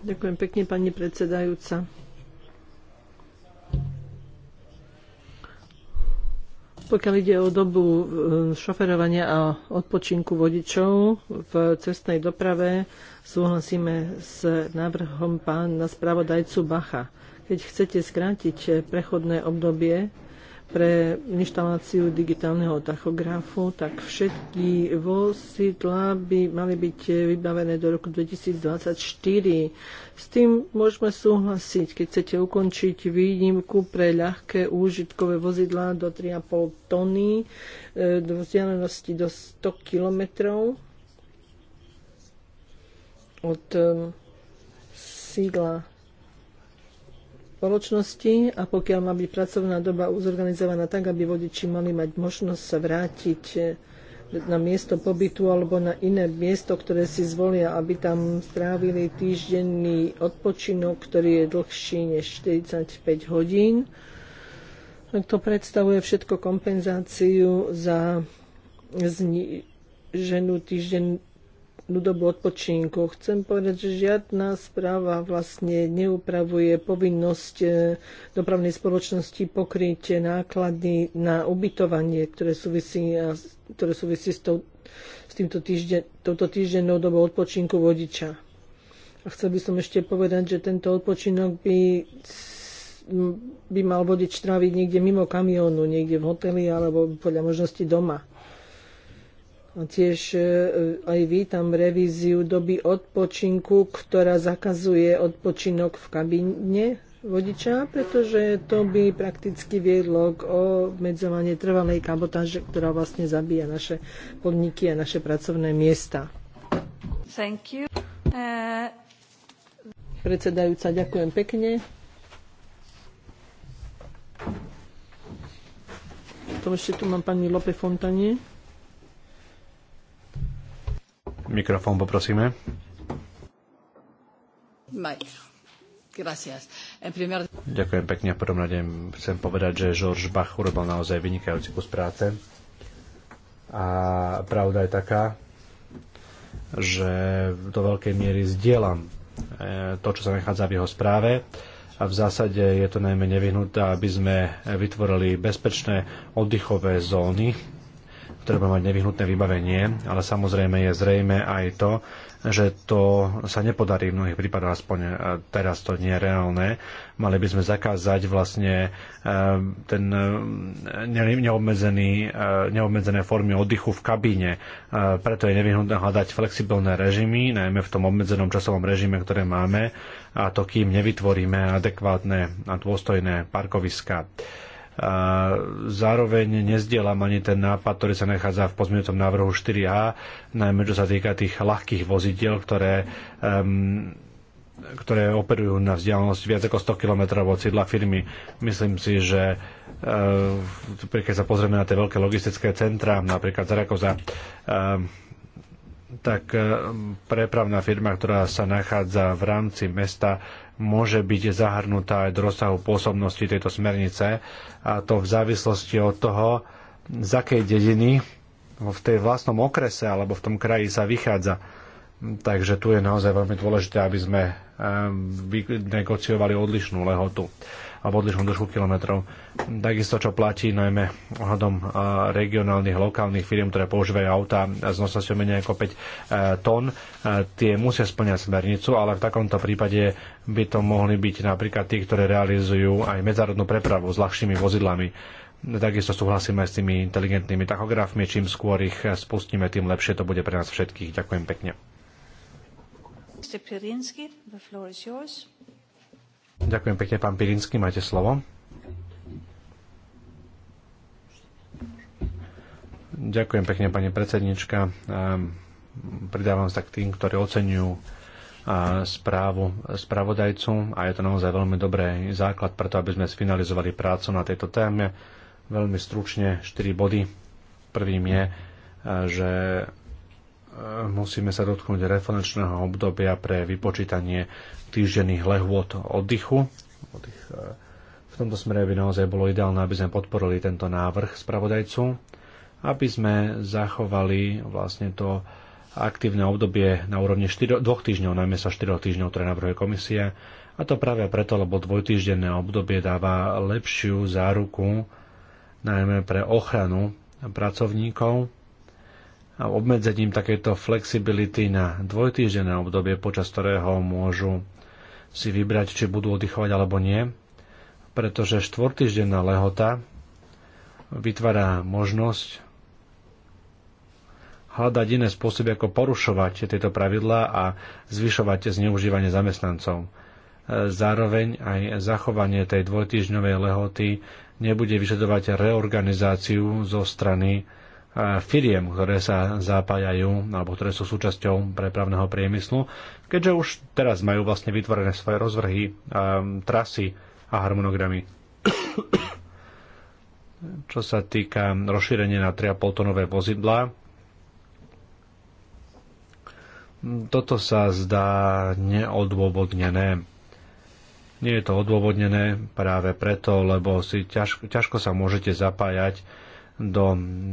Ďakujem pekne, pani predsedajúca. Pokiaľ ide o dobu e, šoferovania a odpočinku vodičov v cestnej doprave, súhlasíme s návrhom pána spravodajcu Bacha. Keď chcete skrátiť e, prechodné obdobie, pre inštaláciu digitálneho tachografu, tak všetky vozidlá by mali byť vybavené do roku 2024. S tým môžeme súhlasiť, keď chcete ukončiť výnimku pre ľahké úžitkové vozidlá do 3,5 tony e, do vzdialenosti do 100 km od e, sídla spoločnosti a pokiaľ má byť pracovná doba uzorganizovaná tak, aby vodiči mali mať možnosť sa vrátiť e, na miesto pobytu alebo na iné miesto, ktoré si zvolia, aby tam strávili týždenný odpočinok, ktorý je dlhší než 45 hodín. To predstavuje všetko kompenzáciu za zni- ženu dobu odpočinku. Chcem povedať, že žiadna správa vlastne neupravuje povinnosť e, dopravnej spoločnosti pokryť náklady na ubytovanie, ktoré súvisí, ktoré súvisí s, to, s týmto týžden, touto týždennou dobou odpočinku vodiča. A chcel by som ešte povedať, že tento odpočinok by by mal vodič tráviť niekde mimo kamionu, niekde v hoteli alebo podľa možnosti doma tiež e, aj vítam revíziu doby odpočinku, ktorá zakazuje odpočinok v kabíne vodiča, pretože to by prakticky viedlo k obmedzovanie trvalej kabotáže, ktorá vlastne zabíja naše podniky a naše pracovné miesta. Thank you. Uh... Predsedajúca, ďakujem pekne. To ešte tu mám pani Lope Fontanie. Mikrofón poprosíme. Ďakujem pekne. V prvom rade chcem povedať, že George Bach urobil naozaj vynikajúci kus práce. A pravda je taká, že do veľkej miery zdieľam eh, to, čo sa nachádza v jeho správe a v zásade je to najmä nevyhnutá, aby sme vytvorili bezpečné oddychové zóny treba mať nevyhnutné vybavenie, ale samozrejme je zrejme aj to, že to sa nepodarí v mnohých prípadoch, aspoň e, teraz to nie je reálne. Mali by sme zakázať vlastne e, ten e, neobmedzený, neobmedzené formy oddychu v kabíne. Preto je nevyhnutné hľadať flexibilné režimy, najmä v tom obmedzenom časovom režime, ktoré máme, a to kým nevytvoríme adekvátne a dôstojné parkoviska. Zároveň nezdielam ani ten nápad, ktorý sa nachádza v pozmeňujúcom návrhu 4a, najmä čo sa týka tých ľahkých vozidiel, ktoré um, ktoré operujú na vzdialenosť viac ako 100 km od sídla firmy. Myslím si, že e, keď sa pozrieme na tie veľké logistické centra, napríklad Zarakoza, um, tak e, prepravná firma, ktorá sa nachádza v rámci mesta, môže byť zahrnutá aj do rozsahu pôsobnosti tejto smernice a to v závislosti od toho, z akej dediny v tej vlastnom okrese alebo v tom kraji sa vychádza. Takže tu je naozaj veľmi dôležité, aby sme e, negociovali odlišnú lehotu alebo odlišom do kilometrov. Takisto, čo platí najmä ohľadom regionálnych, lokálnych firm, ktoré používajú auta s nosnosťou menej ako 5 e, tón, e, tie musia splňať smernicu, ale v takomto prípade by to mohli byť napríklad tí, ktoré realizujú aj medzárodnú prepravu s ľahšími vozidlami. Takisto súhlasíme s tými inteligentnými tachografmi. Čím skôr ich spustíme, tým lepšie to bude pre nás všetkých. Ďakujem pekne. Mr. Pirinsky, the floor is yours. Ďakujem pekne, pán Pirinsky, máte slovo. Ďakujem pekne, pani predsednička. Ehm, pridávam sa k tým, ktorí oceňujú správu spravodajcu a je to naozaj veľmi dobrý základ preto, aby sme sfinalizovali prácu na tejto téme. Veľmi stručne 4 body. Prvým je, že e, musíme sa dotknúť referenčného obdobia pre vypočítanie týždenných lehôd oddychu. Oddych. E, v tomto smere by naozaj bolo ideálne, aby sme podporili tento návrh spravodajcu, aby sme zachovali vlastne to aktívne obdobie na úrovni 4, dvoch týždňov, najmä sa 4 týždňov, ktoré navrhuje komisia. A to práve preto, lebo dvojtýždenné obdobie dáva lepšiu záruku, najmä pre ochranu pracovníkov. A obmedzením takéto flexibility na dvojtýždenné obdobie, počas ktorého môžu si vybrať, či budú oddychovať alebo nie, pretože štvortýždenná lehota vytvára možnosť hľadať iné spôsoby, ako porušovať tieto pravidlá a zvyšovať zneužívanie zamestnancov. E, zároveň aj zachovanie tej dvojtýždňovej lehoty nebude vyžadovať reorganizáciu zo strany firiem, ktoré sa zapájajú alebo ktoré sú súčasťou prepravného priemyslu, keďže už teraz majú vlastne vytvorené svoje rozvrhy, trasy a harmonogramy. Čo sa týka rozšírenia na 3,5 tonové vozidla, toto sa zdá neodôvodnené. Nie je to odôvodnené práve preto, lebo si ťažko, ťažko sa môžete zapájať do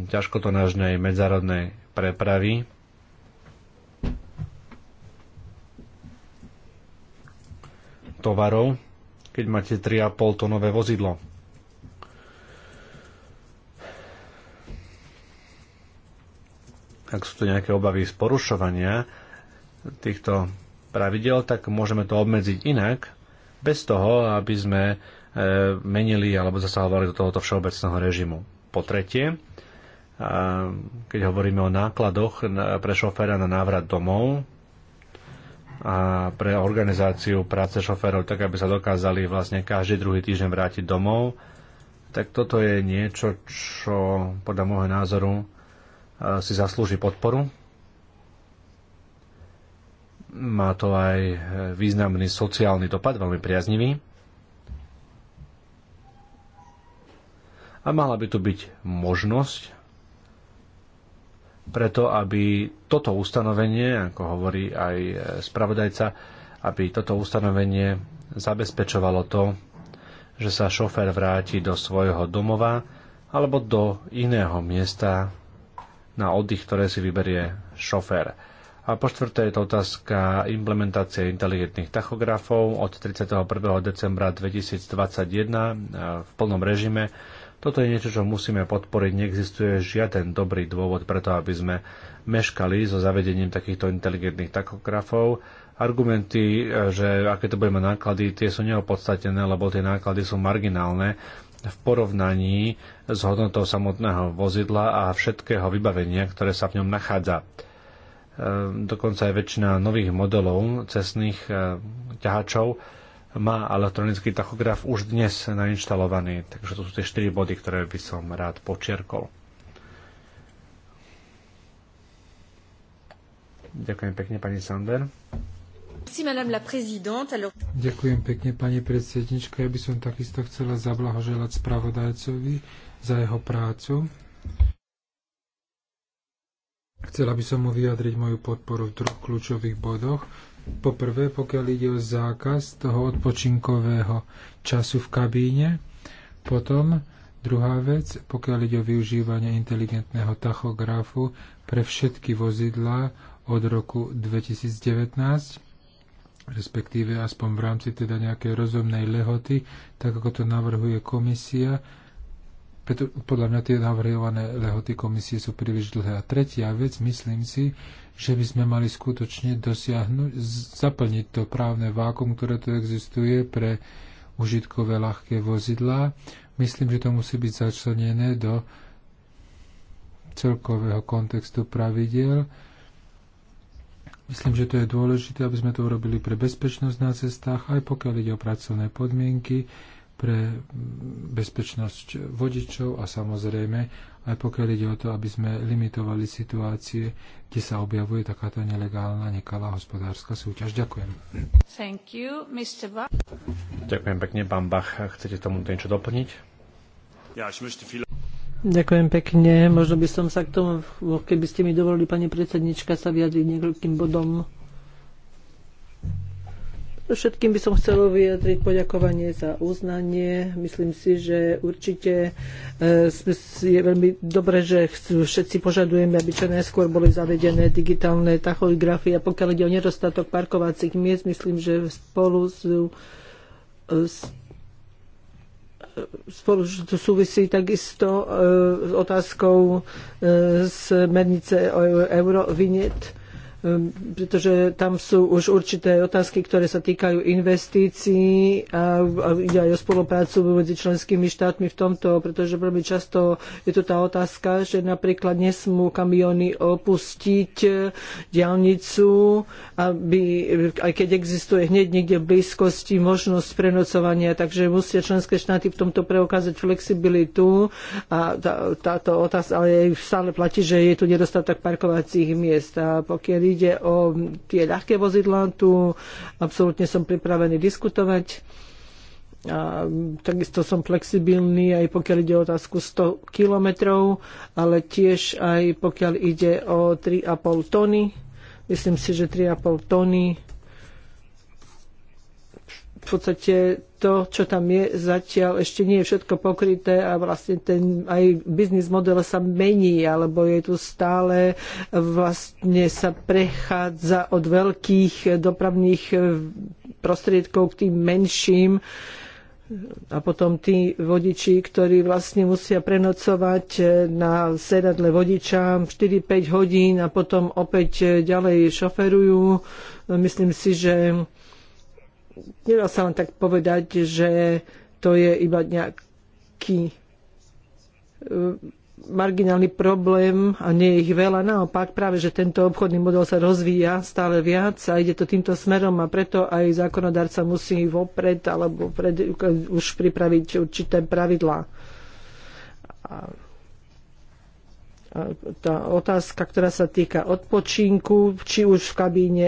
ťažkotonážnej medzárodnej prepravy. tovarov, keď máte 3,5 tonové vozidlo. Ak sú tu nejaké obavy z porušovania týchto pravidel, tak môžeme to obmedziť inak, bez toho, aby sme e, menili alebo zasahovali do tohoto všeobecného režimu po tretie, keď hovoríme o nákladoch pre šoféra na návrat domov a pre organizáciu práce šoférov, tak aby sa dokázali vlastne každý druhý týždeň vrátiť domov, tak toto je niečo, čo podľa môjho názoru e, si zaslúži podporu. Má to aj e, významný sociálny dopad, veľmi priaznivý. a mala by tu byť možnosť preto, aby toto ustanovenie, ako hovorí aj e, spravodajca, aby toto ustanovenie zabezpečovalo to, že sa šofér vráti do svojho domova alebo do iného miesta na oddych, ktoré si vyberie šofér. A po štvrté je to otázka implementácie inteligentných tachografov od 31. decembra 2021 e, v plnom režime toto je niečo, čo musíme podporiť. Neexistuje žiaden dobrý dôvod preto, aby sme meškali so zavedením takýchto inteligentných takografov. Argumenty, e, že aké to budeme náklady, tie sú neopodstatené, lebo tie náklady sú marginálne v porovnaní s hodnotou samotného vozidla a všetkého vybavenia, ktoré sa v ňom nachádza. E, dokonca aj väčšina nových modelov cestných e, ťahačov má elektronický tachograf už dnes nainštalovaný. Takže to sú tie 4 body, ktoré by som rád počiarkol. Ďakujem pekne, pani Sander. Ďakujem pekne, pani predsednička. Ja by som takisto chcela zablahoželať spravodajcovi za jeho prácu. Chcela by som mu vyjadriť moju podporu v troch kľúčových bodoch. Poprvé, pokiaľ ide o zákaz toho odpočinkového času v kabíne, potom druhá vec, pokiaľ ide o využívanie inteligentného tachografu pre všetky vozidlá od roku 2019, respektíve aspoň v rámci teda nejakej rozumnej lehoty, tak ako to navrhuje komisia. Preto podľa mňa tie navrhované lehoty komisie sú príliš dlhé. A tretia vec, myslím si, že by sme mali skutočne dosiahnuť, zaplniť to právne vákum, ktoré tu existuje pre užitkové ľahké vozidlá. Myslím, že to musí byť začlenené do celkového kontextu pravidel. Myslím, že to je dôležité, aby sme to urobili pre bezpečnosť na cestách, aj pokiaľ ide o pracovné podmienky, pre bezpečnosť vodičov a samozrejme aj pokiaľ ide o to, aby sme limitovali situácie, kde sa objavuje takáto nelegálna, nekalá hospodárska súťaž. Ďakujem. Thank you, Mr. Bach. Ďakujem pekne, pán Bach. Chcete tomu niečo doplniť? Ja, Ďakujem pekne. Možno by som sa k tomu, keby ste mi dovolili, pani predsednička, sa vyjadriť niekoľkým bodom Všetkým by som chcela vyjadriť poďakovanie za uznanie. Myslím si, že určite eh, je veľmi dobre, že všetci požadujeme, aby čo najskôr boli zavedené digitálne tachografie. A pokiaľ ide o nedostatok parkovacích miest, myslím, že spolu s, eh, to súvisí takisto e, s otázkou e, smernice o eurovinet. Ehm, pretože tam sú už určité otázky, ktoré sa týkajú investícií a, a ide aj o spoluprácu medzi členskými štátmi v tomto, pretože veľmi často je tu tá otázka, že napríklad nesmú kamiony opustiť e, diálnicu, aby, aj keď existuje hneď niekde v blízkosti možnosť prenocovania, takže musia členské štáty v tomto preukázať flexibilitu a tá, táto otázka, ale stále platí, že je tu nedostatok parkovacích miest a pokiaľ ide o tie ľahké vozidlá, tu absolútne som pripravený diskutovať. A takisto som flexibilný aj pokiaľ ide o otázku 100 kilometrov, ale tiež aj pokiaľ ide o 3,5 tony. Myslím si, že 3,5 tony v podstate to, čo tam je zatiaľ, ešte nie je všetko pokryté a vlastne ten aj biznis model sa mení, alebo je tu stále vlastne sa prechádza od veľkých dopravných prostriedkov k tým menším a potom tí vodiči, ktorí vlastne musia prenocovať e, na sedadle vodiča 4-5 hodín a potom opäť e, ďalej šoferujú. Myslím si, že nedá sa len tak povedať, že to je iba nejaký e, marginálny problém a nie je ich veľa. Naopak práve, že tento obchodný model sa rozvíja stále viac a ide to týmto smerom a preto aj zákonodárca musí vopred alebo pred, už pripraviť určité pravidlá. A tá otázka, ktorá sa týka odpočinku, či už v kabíne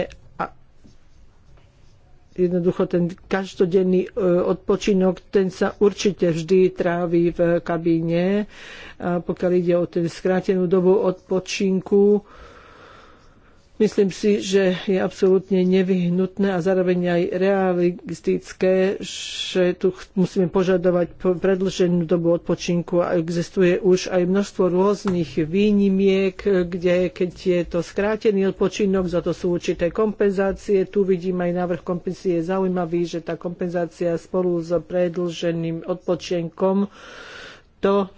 jednoducho ten každodenný e, odpočinok, ten sa určite vždy trávi v kabíne. pokiaľ ide o ten skrátenú dobu odpočinku, Myslím si, že je absolútne nevyhnutné a zároveň aj realistické, že tu musíme požadovať predlženú dobu odpočinku a existuje už aj množstvo rôznych výnimiek, kde keď je to skrátený odpočinok, za to sú určité kompenzácie. Tu vidím aj návrh kompenzácie je zaujímavý, že tá kompenzácia spolu s predlženým odpočinkom to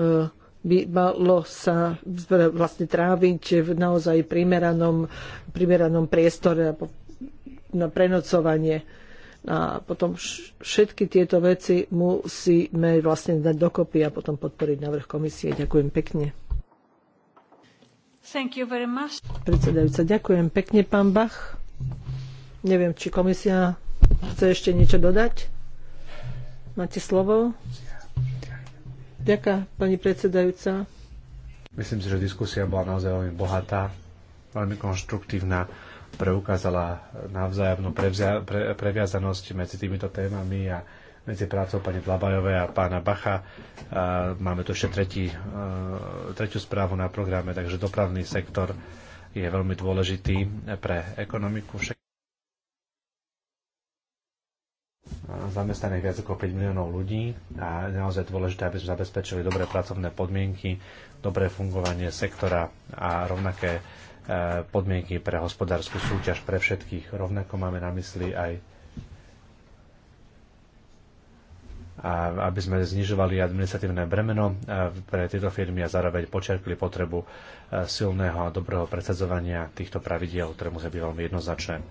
uh, by malo sa vlastne tráviť v naozaj primeranom, primeranom priestore na prenocovanie. A potom všetky tieto veci musíme vlastne dať dokopy a potom podporiť návrh komisie. Ďakujem pekne. Thank you very much. Predsedajúca, ďakujem pekne, pán Bach. Neviem, či komisia chce ešte niečo dodať. Máte slovo. Ďakujem, pani predsedajúca. Myslím si, že diskusia bola naozaj veľmi bohatá, veľmi konštruktívna, preukázala navzájomnú prevzia, pre, previazanosť medzi týmito témami a medzi prácou pani Dlabajové a pána Bacha. A máme tu ešte tretí, tretiu správu na programe, takže dopravný sektor je veľmi dôležitý pre ekonomiku. Však zamestnaných viac ako 5 miliónov ľudí a je naozaj dôležité, aby sme zabezpečili dobré pracovné podmienky, dobré fungovanie sektora a rovnaké eh, podmienky pre hospodárskú súťaž pre všetkých. Rovnako máme na mysli aj aby sme znižovali administratívne bremeno e, pre tieto firmy a zároveň počerpili potrebu e, silného a dobrého predsadzovania týchto pravidiel, ktoré musia byť veľmi jednoznačné. E,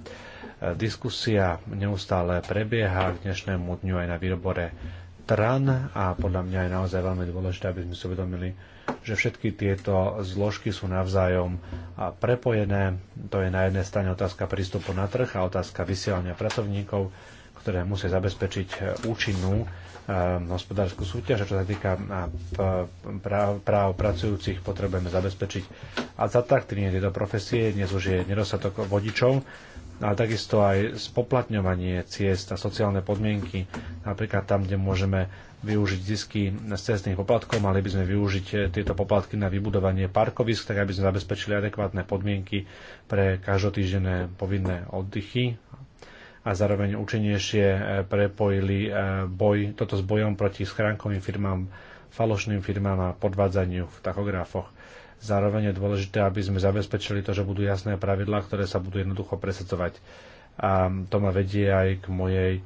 diskusia neustále prebieha k dnešnému dňu aj na výrobore TRAN a podľa mňa je naozaj veľmi dôležité, aby sme si uvedomili, že všetky tieto zložky sú navzájom prepojené. To je na jednej strane otázka prístupu na trh a otázka vysielania pracovníkov, ktoré musia zabezpečiť účinnú Ehm, hospodárskú súťaž a čo sa týka práv, práv pracujúcich potrebujeme zabezpečiť a je tieto profesie, dnes už je nedostatok vodičov a takisto aj spoplatňovanie ciest a sociálne podmienky, napríklad tam, kde môžeme využiť zisky z cestných poplatkov, mali by sme využiť e, tieto poplatky na vybudovanie parkovisk, tak aby sme zabezpečili adekvátne podmienky pre každotýždenné povinné oddychy a zároveň účinnejšie e, prepojili e, boj, toto s bojom proti schránkovým firmám, falošným firmám a podvádzaniu v tachografoch. Zároveň je dôležité, aby sme zabezpečili to, že budú jasné pravidlá, ktoré sa budú jednoducho presadzovať. A to ma vedie aj k mojej e,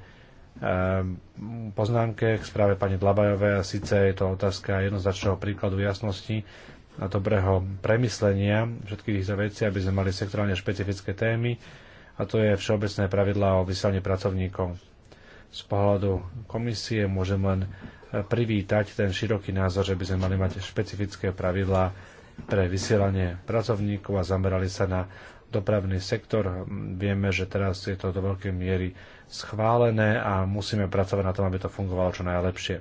poznámke k správe pani Dlabajovej a síce je to otázka jednoznačného príkladu jasnosti a dobrého premyslenia všetkých za veci, aby sme mali sektorálne špecifické témy, a to je všeobecné pravidlá o vysielaní pracovníkov. Z pohľadu komisie môžem len eh, privítať ten široký názor, že by sme mali mať špecifické pravidlá pre vysielanie pracovníkov a zamerali sa na dopravný sektor. Vieme, že teraz je to do veľkej miery schválené a musíme pracovať na tom, aby to fungovalo čo najlepšie.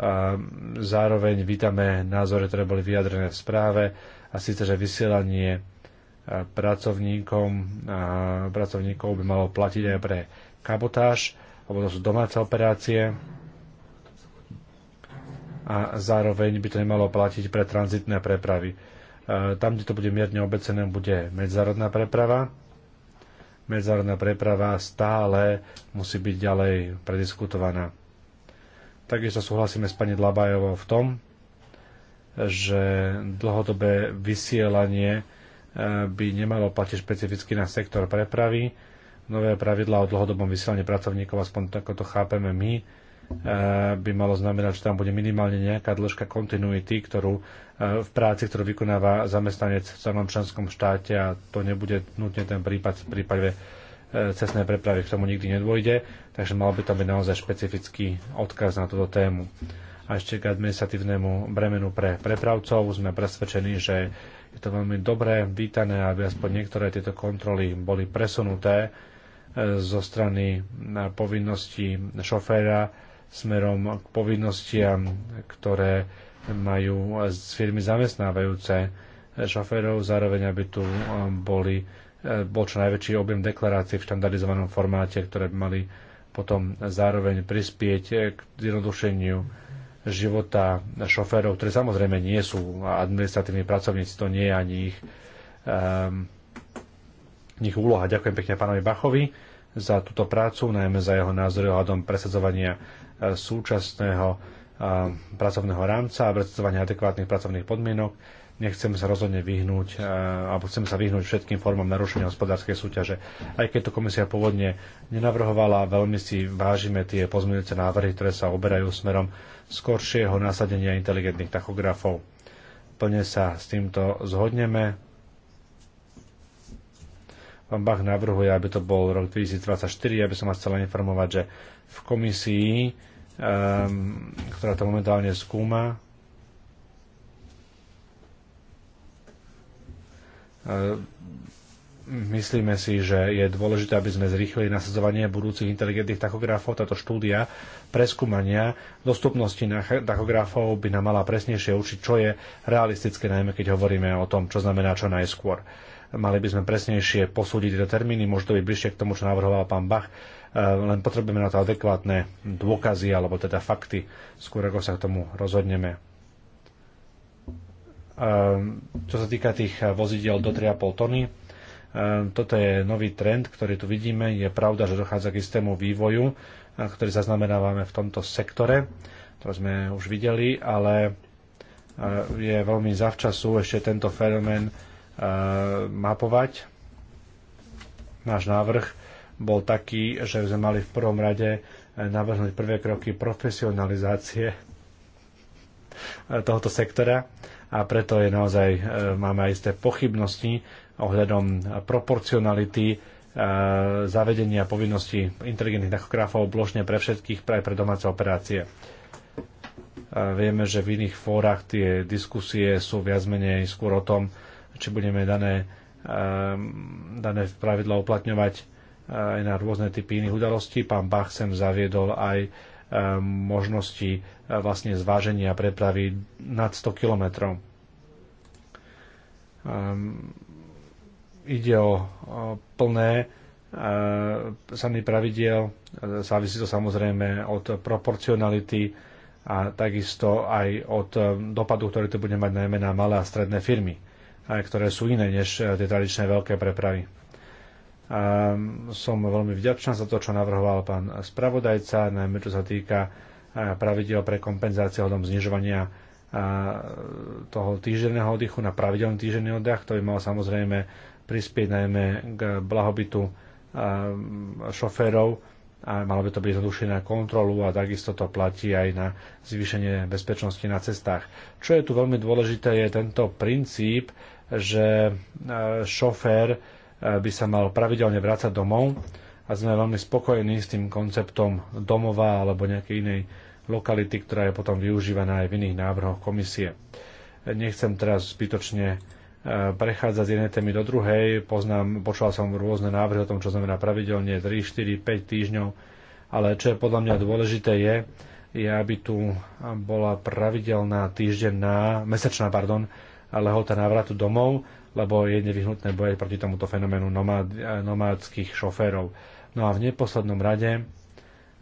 A eh, zároveň vítame názory, ktoré boli vyjadrené v správe a síce, že vysielanie pracovníkom, pracovníkov by malo platiť aj pre kabotáž, alebo to sú domáce operácie a zároveň by to nemalo platiť pre tranzitné prepravy. Tam, kde to bude mierne obecené, bude medzárodná preprava. Medzárodná preprava stále musí byť ďalej prediskutovaná. Takisto súhlasíme s pani Dlabajovou v tom, že dlhodobé vysielanie by nemalo platiť špecificky na sektor prepravy. Nové pravidlá o dlhodobom vysielaní pracovníkov, aspoň ako to chápeme my, eh, by malo znamenať, že tam bude minimálne nejaká dĺžka kontinuity, ktorú eh, v práci, ktorú vykonáva zamestnanec v samom členskom štáte a to nebude nutne ten prípad v prípade eh, cestnej prepravy k tomu nikdy nedôjde, takže mal by tam byť naozaj špecifický odkaz na túto tému. A ešte k administratívnemu bremenu pre prepravcov sme presvedčení, že je to veľmi dobré, vítané, aby aspoň niektoré tieto kontroly boli presunuté e, zo strany e, povinností šoféra smerom k povinnostiam, ktoré majú firmy zamestnávajúce šoférov, zároveň aby tu e, boli, bol čo najväčší objem deklarácií v štandardizovanom formáte, ktoré by mali potom zároveň prispieť k zjednodušeniu života šoférov, ktorí samozrejme nie sú administratívni pracovníci, to nie je ani ich, um, ich úloha. Ďakujem pekne pánovi Bachovi za túto prácu, najmä za jeho názory ohľadom presadzovania eh, súčasného eh, pracovného rámca a presadzovania adekvátnych pracovných podmienok. Nechceme sa rozhodne vyhnúť, eh, alebo chceme sa vyhnúť všetkým formám narušenia hospodárskej súťaže. Aj keď to komisia pôvodne nenavrhovala, veľmi si vážime tie pozmeňujúce návrhy, ktoré sa oberajú smerom skoršieho nasadenia inteligentných tachografov. Plne sa s týmto zhodneme. Pán Bach navrhuje, aby to bol rok 2024, aby som vás chcela informovať, že v komisii, um, ktorá to momentálne skúma, Myslíme si, že je dôležité, aby sme zrýchlili nasadzovanie budúcich inteligentných tachografov. Táto štúdia preskúmania dostupnosti tachografov by nám mala presnejšie učiť, čo je realistické, najmä keď hovoríme o tom, čo znamená čo najskôr. Mali by sme presnejšie posúdiť tieto termíny, môže to byť bližšie k tomu, čo navrhoval pán Bach, e, len potrebujeme na to adekvátne dôkazy alebo teda fakty, skôr ako sa k tomu rozhodneme. Ehm, čo sa týka tých vozidiel do 3,5 tony, E, toto je nový trend, ktorý tu vidíme. Je pravda, že dochádza k istému vývoju, e, ktorý zaznamenávame v tomto sektore. To sme už videli, ale e, je veľmi zavčasú ešte tento fenomén mapovať. Náš návrh bol taký, že sme mali v prvom rade navrhnúť prvé kroky profesionalizácie [laughs] tohoto sektora a preto je naozaj, máme aj isté pochybnosti ohľadom proporcionality e, zavedenia povinnosti inteligentných tachografov plošne pre všetkých, pre, pre domáce operácie. E, vieme, že v iných fórach tie diskusie sú viac menej skôr o tom, či budeme dané, e, dané pravidla uplatňovať aj na rôzne typy iných udalostí. Pán Bach sem zaviedol aj možnosti vlastne zváženia prepravy nad 100 kilometrov. Ehm, ide o plné e, samý pravidiel, e, závisí to samozrejme od proporcionality a takisto aj od e, dopadu, ktorý to bude mať najmä na malé a stredné firmy, ktoré sú iné než tie tradičné veľké prepravy. A som veľmi vďačná za to, čo navrhoval pán spravodajca, najmä čo sa týka pravidel pre kompenzácie hodom znižovania toho týždenného oddychu na pravidelný týždenný oddych. To by mal samozrejme prispieť najmä k blahobytu šoférov a malo by to byť jednoduchšie na kontrolu a takisto to platí aj na zvýšenie bezpečnosti na cestách. Čo je tu veľmi dôležité je tento princíp, že šofér by sa mal pravidelne vrácať domov a sme veľmi spokojení s tým konceptom domova alebo nejakej inej lokality, ktorá je potom využívaná aj v iných návrhoch komisie. Nechcem teraz zbytočne prechádzať z jednej témy do druhej. Poznám, počúval som rôzne návrhy o tom, čo znamená pravidelne 3, 4, 5 týždňov, ale čo je podľa mňa dôležité je, je, aby tu bola pravidelná týždenná, mesačná, pardon, lehota návratu domov, lebo je nevyhnutné bojať proti tomuto fenoménu nomád, nomádskych šoférov. No a v neposlednom rade eh,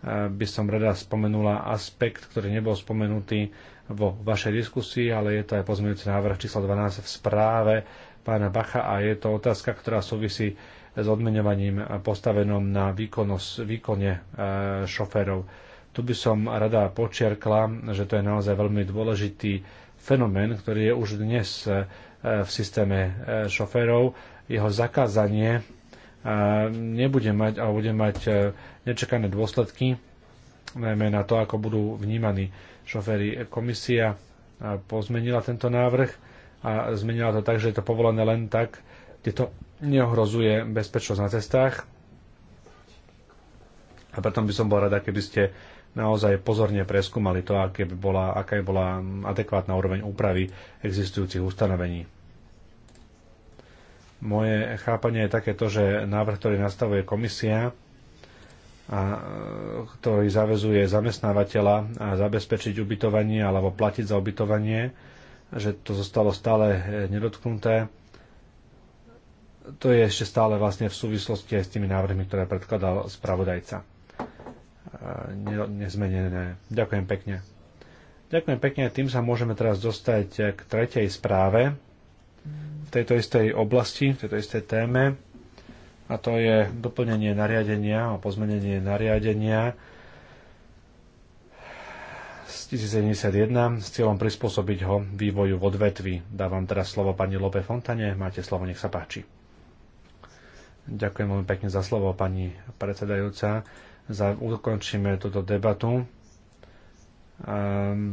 by som rada spomenula aspekt, ktorý nebol spomenutý vo vašej diskusii, ale je to aj pozmeňujúci návrh číslo 12 v správe pána Bacha a je to otázka, ktorá súvisí s odmenovaním postavenom na výkonos, výkone e, šoférov. Tu by som rada počiarkla, že to je naozaj veľmi dôležitý fenomén, ktorý je už dnes e, v systéme e, šoférov. Jeho zakázanie nebude mať a bude mať nečakané dôsledky, najmä na to, ako budú vnímaní šoféry. Komisia pozmenila tento návrh a zmenila to tak, že je to povolené len tak, kde to neohrozuje bezpečnosť na cestách. A preto by som bol rada, keby ste naozaj pozorne preskúmali to, aké by bola, aká by bola adekvátna úroveň úpravy existujúcich ustanovení. Moje chápanie je takéto, že návrh, ktorý nastavuje komisia, ktorý zavezuje zamestnávateľa zabezpečiť ubytovanie alebo platiť za ubytovanie, že to zostalo stále e, nedotknuté. To je ešte stále vlastne v súvislosti aj s tými návrhmi, ktoré predkladal spravodajca. Nezmenené. Ďakujem pekne. Ďakujem pekne. Tým sa môžeme teraz dostať e, k tretej správe v tejto istej oblasti, v tejto istej téme a to je doplnenie nariadenia a pozmenenie nariadenia z 1071 s cieľom prispôsobiť ho vývoju v odvetvi. Dávam teraz slovo pani Lope Fontane. Máte slovo, nech sa páči. Ďakujem veľmi pekne za slovo, pani predsedajúca. Za, ukončíme túto debatu um,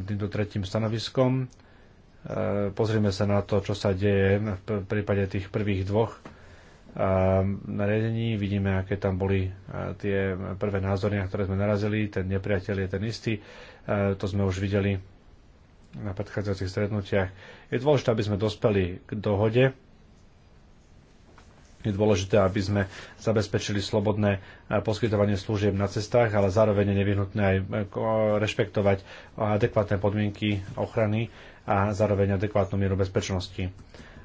týmto tretím stanoviskom. Uh, pozrieme sa na to, čo sa deje v prípade tých prvých dvoch nariadení. Vidíme, aké tam boli tie prvé názory, na ktoré sme narazili. Ten nepriateľ je ten istý. To sme už videli na predchádzajúcich stretnutiach. Je dôležité, aby sme dospeli k dohode. Je dôležité, aby sme zabezpečili slobodné poskytovanie služieb na cestách, ale zároveň je nevyhnutné aj e, rešpektovať adekvátne podmienky ochrany a zároveň adekvátnu mieru bezpečnosti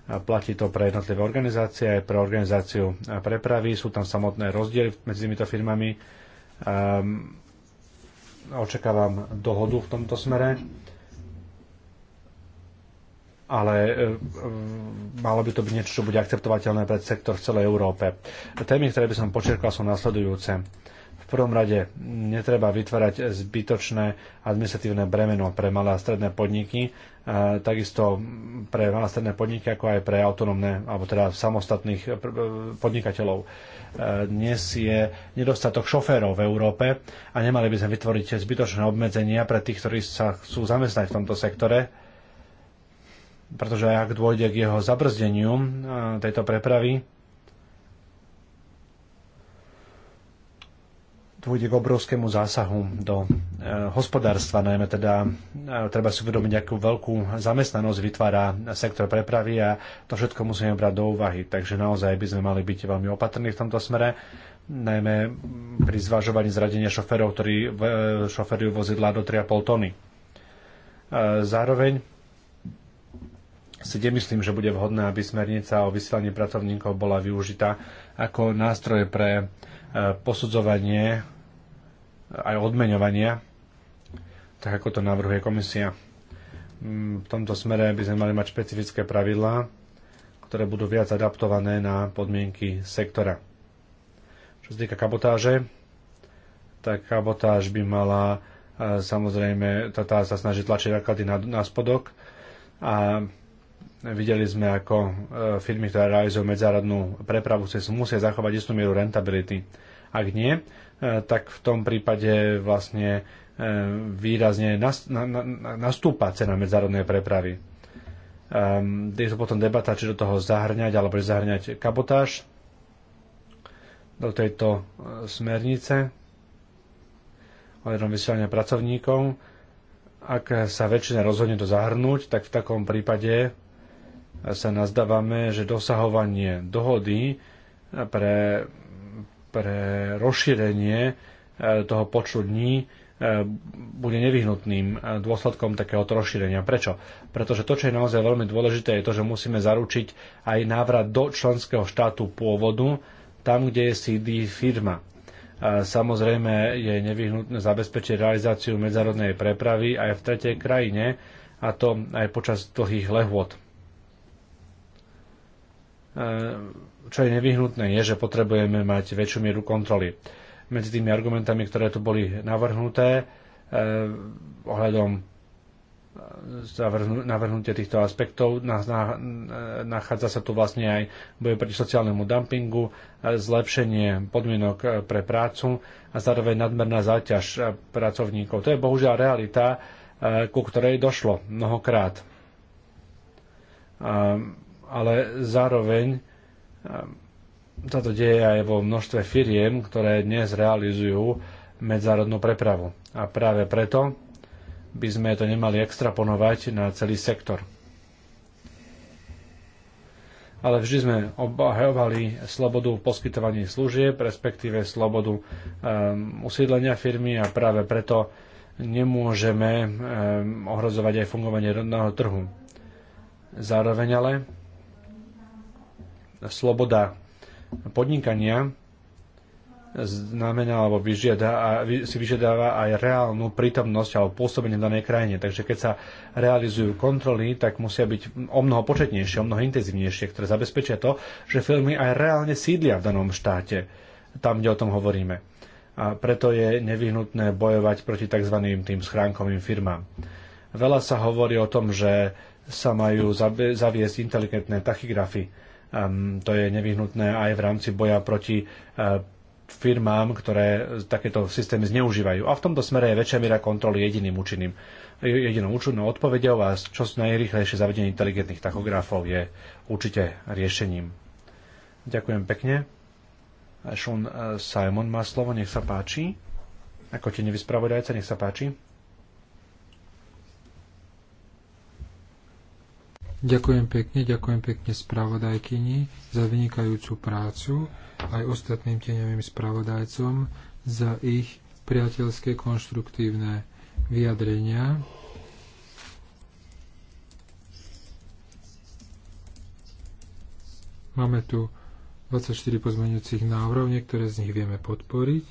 Platí to pre jednotlivé organizácie aj pre organizáciu prepravy. Sú tam samotné rozdiely medzi týmito firmami. Um, očakávam dohodu v tomto smere ale ehm, malo by to byť niečo, čo bude akceptovateľné pre sektor v celej Európe. Témy, ktoré by som počerkal, sú nasledujúce prvom rade netreba vytvárať zbytočné administratívne bremeno pre malé a stredné podniky, takisto pre malé a stredné podniky, ako aj pre autonómne, alebo teda samostatných e, e, podnikateľov. E, dnes je nedostatok šoférov v Európe a nemali by sme vytvoriť zbytočné obmedzenia pre tých, ktorí sa chcú zamestnať v tomto sektore, pretože ak dôjde k jeho zabrzdeniu tejto prepravy, dôjde k obrovskému zásahu do e, hospodárstva, najmä teda e, treba si uvedomiť, akú veľkú zamestnanosť vytvára sektor prepravy a to všetko musíme brať do úvahy. Takže naozaj by sme mali byť veľmi opatrní v tomto smere, najmä pri zvažovaní zradenia šoferov, ktorí e, šoferujú vozidla do 3,5 tony. E, zároveň si nemyslím, že bude vhodné, aby smernica o vysielaní pracovníkov bola využitá ako nástroje pre e, posudzovanie aj odmeňovania, tak ako to navrhuje komisia. Mm, v tomto smere by sme mali mať špecifické pravidlá, ktoré budú viac adaptované na podmienky sektora. Čo sa týka kabotáže, tak kabotáž by mala e, samozrejme, tá sa snaží tlačiť náklady na, na spodok a videli sme, ako e, firmy, ktoré realizujú medzárodnú prepravu, si musia zachovať istú mieru rentability. Ak nie, E, tak v tom prípade vlastne e, výrazne nastúpa cena medzárodnej prepravy. Ehm, je to potom debata, či do toho zahrňať alebo zahrňať kabotáž do tejto e, smernice o jednom vysielania pracovníkov. Ak sa väčšina rozhodne to zahrnúť, tak v takom prípade sa nazdávame, že dosahovanie dohody pre pre rozšírenie e, toho počtu dní e, bude nevyhnutným e, dôsledkom takéhoto rozšírenia. Prečo? Pretože to, čo je naozaj veľmi dôležité, je to, že musíme zaručiť aj návrat do členského štátu pôvodu, tam, kde je CD firma. Samozrejme je nevyhnutné zabezpečiť realizáciu medzárodnej prepravy aj v tretej krajine, a to aj počas dlhých lehôd čo je nevyhnutné, je, že potrebujeme mať väčšiu mieru kontroly. Medzi tými argumentami, ktoré tu boli navrhnuté, eh, ohľadom eh, navrhnutie týchto aspektov. Eh, nachádza sa tu vlastne aj boje proti sociálnemu dumpingu, eh, zlepšenie podmienok pre prácu a zároveň nadmerná záťaž pracovníkov. To je bohužiaľ realita, ku ktorej došlo mnohokrát. Ehm, ale zároveň Ehm, toto deje aj vo množstve firiem, ktoré dnes realizujú medzárodnú prepravu. A práve preto by sme to nemali extraponovať na celý sektor. Ale vždy sme obhajovali slobodu poskytovaní služieb, respektíve slobodu um, usídlenia firmy a práve preto nemôžeme um, ohrozovať aj fungovanie rodného trhu. Zároveň ale sloboda podnikania znamená alebo vyžiada a, si vyžiadáva aj reálnu prítomnosť alebo pôsobenie v danej krajine. Takže keď sa realizujú kontroly, tak musia byť o mnoho početnejšie, o mnoho intenzívnejšie, ktoré zabezpečia to, že firmy aj reálne sídlia v danom štáte, tam, kde o tom hovoríme. A preto je nevyhnutné bojovať proti tzv. tým schránkovým firmám. Veľa sa hovorí o tom, že sa majú zaviesť inteligentné tachygrafy Ehm, to je nevyhnutné aj v rámci boja proti e, firmám, ktoré takéto systémy zneužívajú. A v tomto smere je väčšia miera kontroly jediným účinným. E, jedinou účinnou odpovedou a čo najrychlejšie zavedenie inteligentných tachografov je určite riešením. Ďakujem pekne. Šun e, Simon má slovo, nech sa páči. Ako ti nevyspravodajca, nech sa páči. Ďakujem pekne, ďakujem pekne spravodajkyni za vynikajúcu prácu, aj ostatným tieňovým spravodajcom za ich priateľské konštruktívne vyjadrenia. Máme tu 24 pozmeňujúcich návrhov, niektoré z nich vieme podporiť,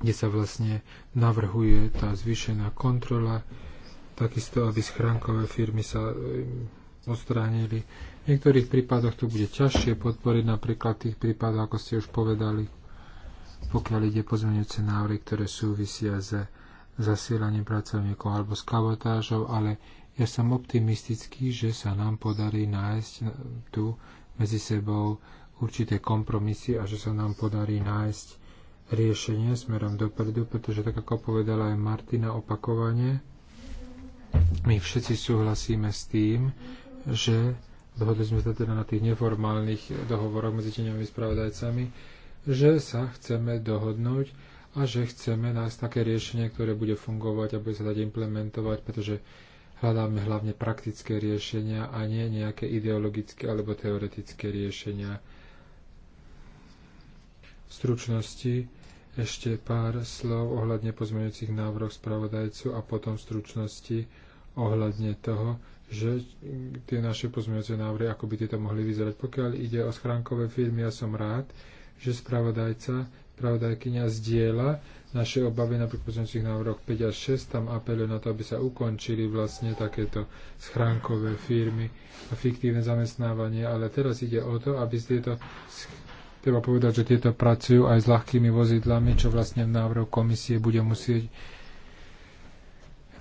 kde sa vlastne navrhuje tá zvýšená kontrola, takisto aby schránkové firmy sa e, odstránili. V niektorých prípadoch to bude ťažšie podporiť, napríklad tých prípadov, ako ste už povedali, pokiaľ ide pozmeňujúce návrhy, ktoré súvisia s zasielaním pracovníkov alebo s kabotážou, ale ja som optimistický, že sa nám podarí nájsť e, tu medzi sebou určité kompromisy a že sa nám podarí nájsť riešenie smerom dopredu, pretože tak ako povedala aj Martina opakovane, my všetci súhlasíme s tým, že dohodli sme sa teda na tých neformálnych dohovoroch medzi teňovými spravodajcami, že sa chceme dohodnúť a že chceme nájsť také riešenie, ktoré bude fungovať a bude sa dať implementovať, pretože hľadáme hlavne praktické riešenia a nie nejaké ideologické alebo teoretické riešenia. V stručnosti ešte pár slov ohľadne pozmeňujúcich návrhov spravodajcu a potom stručnosti ohľadne toho, že tie naše pozmeňujúce návrhy, ako by tieto mohli vyzerať. Pokiaľ ide o schránkové firmy, ja som rád, že spravodajca, spravodajkynia zdieľa naše obavy na pozmeňujúcich návrhoch 5 a 6, tam apeluje na to, aby sa ukončili vlastne takéto schránkové firmy a fiktívne zamestnávanie, ale teraz ide o to, aby tieto Treba povedať, že tieto pracujú aj s ľahkými vozidlami, čo vlastne v návrhu komisie bude musieť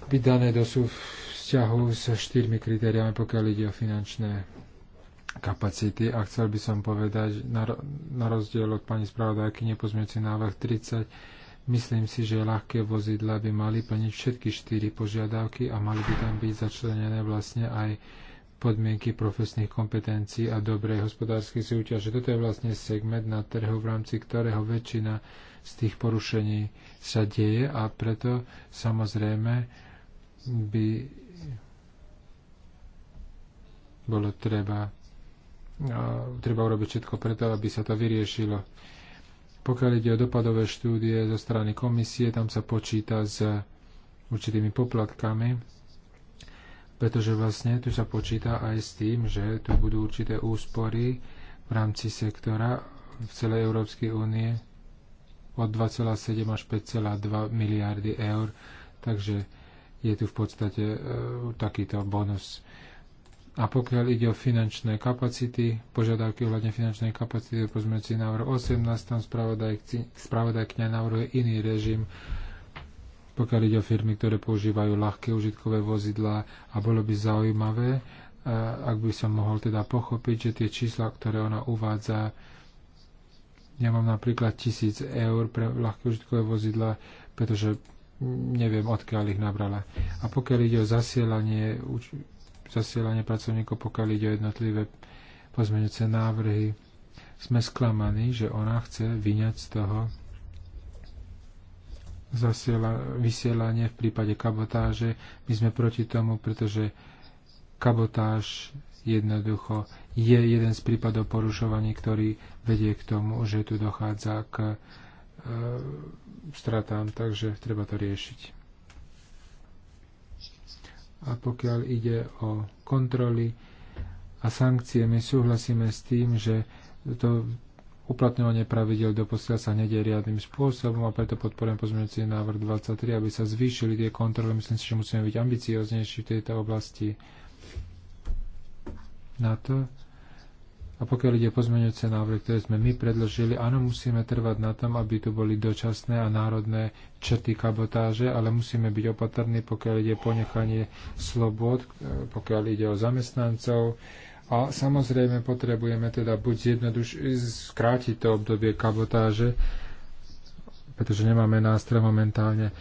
byť dané do súvzťahu s štyrmi kritériami, pokiaľ ide o finančné kapacity. A chcel by som povedať, na rozdiel od pani spravodajky, nepozmieci návrh 30, Myslím si, že ľahké vozidla by mali plniť všetky štyri požiadavky a mali by tam byť začlenené vlastne aj podmienky profesných kompetencií a dobrej hospodárskej súťaže. Toto je vlastne segment na trhu, v rámci ktorého väčšina z tých porušení sa deje a preto samozrejme by bolo treba, treba urobiť všetko preto, aby sa to vyriešilo. Pokiaľ ide o dopadové štúdie zo strany komisie, tam sa počíta s určitými poplatkami, pretože vlastne tu sa počíta aj s tým, že tu budú určité úspory v rámci sektora v celej Európskej únie od 2,7 až 5,2 miliardy eur, takže je tu v podstate e, takýto bonus. A pokiaľ ide o finančné kapacity, požiadavky ohľadne finančnej kapacity, pozmeňujúci návrh 18, tam spravodajkňa navrhuje iný režim pokiaľ ide o firmy, ktoré používajú ľahké užitkové vozidlá a bolo by zaujímavé, eh, ak by som mohol teda pochopiť, že tie čísla, ktoré ona uvádza, ja mám napríklad 1000 eur pre ľahké užitkové vozidla, pretože neviem, odkiaľ ich nabrala. A pokiaľ ide o zasielanie, zasielanie pracovníkov, pokiaľ ide o jednotlivé pozmeňujúce návrhy, sme sklamaní, že ona chce vyňať z toho zasiela, vysielanie v prípade kabotáže. My sme proti tomu, pretože kabotáž jednoducho je jeden z prípadov porušovaní, ktorý vedie k tomu, že tu dochádza k e, stratám, takže treba to riešiť. A pokiaľ ide o kontroly a sankcie, my súhlasíme s tým, že to Uplatňovanie pravidel doposiaľ sa nedie riadnym spôsobom a preto podporujem pozmeňujúci návrh 23, aby sa zvýšili tie kontroly. Myslím si, že musíme byť ambicioznejší v tejto oblasti na to. A pokiaľ ide pozmeňujúce návrhy, ktoré sme my predložili, áno, musíme trvať na tom, aby tu boli dočasné a národné črty kabotáže, ale musíme byť opatrní, pokiaľ ide ponechanie slobod, pokiaľ ide o zamestnancov, a samozrejme potrebujeme teda buď jednoduš- skrátiť to obdobie kabotáže, pretože nemáme nástroj momentálne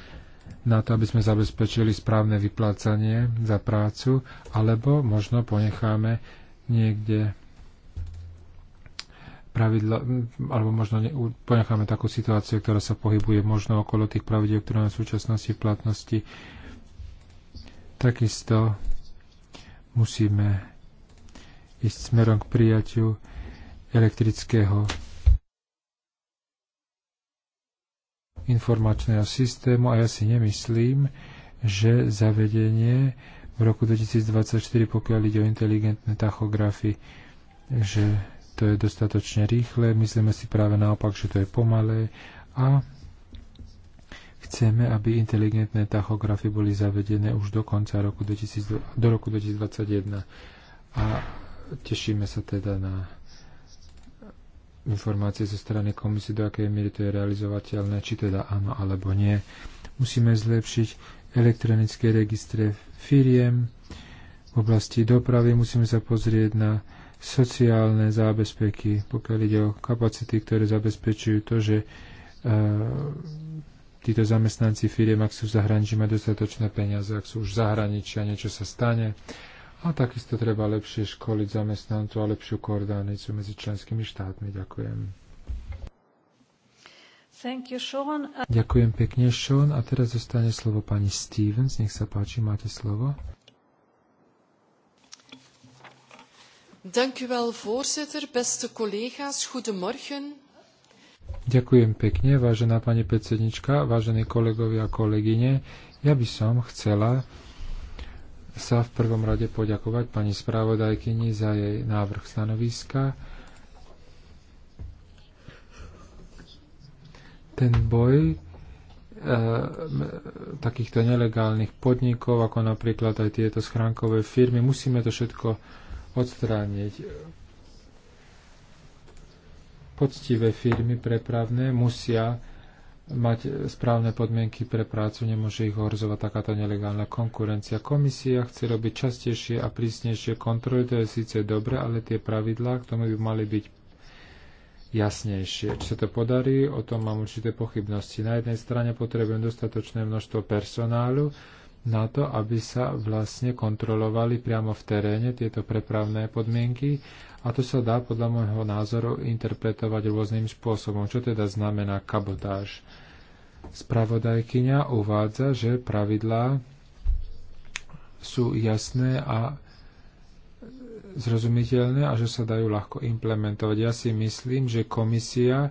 na to, aby sme zabezpečili správne vyplácanie za prácu, alebo možno ponecháme niekde pravidla, alebo možno ne, ponecháme takú situáciu, ktorá sa pohybuje možno okolo tých pravidel, ktoré máme v súčasnosti v platnosti. Takisto musíme ísť smerom k prijatiu elektrického informačného systému a ja si nemyslím, že zavedenie v roku 2024, pokiaľ ide o inteligentné tachografy, že to je dostatočne rýchle, myslíme si práve naopak, že to je pomalé a chceme, aby inteligentné tachografy boli zavedené už do konca roku 2000, do roku 2021. A tešíme sa teda na informácie zo strany komisie, do akej miery to je realizovateľné, či teda áno alebo nie. Musíme zlepšiť elektronické registre firiem v oblasti dopravy, musíme sa pozrieť na sociálne zábezpeky, pokiaľ ide o kapacity, ktoré zabezpečujú to, že e, títo zamestnanci firiem, ak sú v zahraničí, majú dostatočné peniaze, ak sú už v zahraničí a niečo sa stane, a takisto treba lepšie školiť zamestnancov a lepšiu koordináciu medzi členskými štátmi. Ďakujem. Thank you, Sean. Ďakujem pekne, Sean. A teraz zostane slovo pani Stevens. Nech sa páči, máte slovo. Dank u wel, voorzitter. Beste collega's, goedemorgen. Ďakujem pekne, vážená pani predsednička, vážení kolegovia a kolegyne. Ja by som chcela sa v prvom rade poďakovať pani spravodajkyni za jej návrh stanoviska. Ten boj e, takýchto nelegálnych podnikov, ako napríklad aj tieto schránkové firmy, musíme to všetko odstrániť. Poctivé firmy prepravné musia mať správne podmienky pre prácu, nemôže ich horzovať takáto nelegálna konkurencia. Komisia chce robiť častejšie a prísnejšie kontroly, to je síce dobre, ale tie pravidlá k tomu by mali byť jasnejšie. Či sa to podarí, o tom mám určité pochybnosti. Na jednej strane potrebujem dostatočné množstvo personálu na to, aby sa vlastne kontrolovali priamo v teréne tieto prepravné podmienky a to sa dá podľa môjho názoru interpretovať rôznym spôsobom. Čo teda znamená kabotáž? Spravodajkyňa uvádza, že pravidlá sú jasné a zrozumiteľné a že sa dajú ľahko implementovať. Ja si myslím, že komisia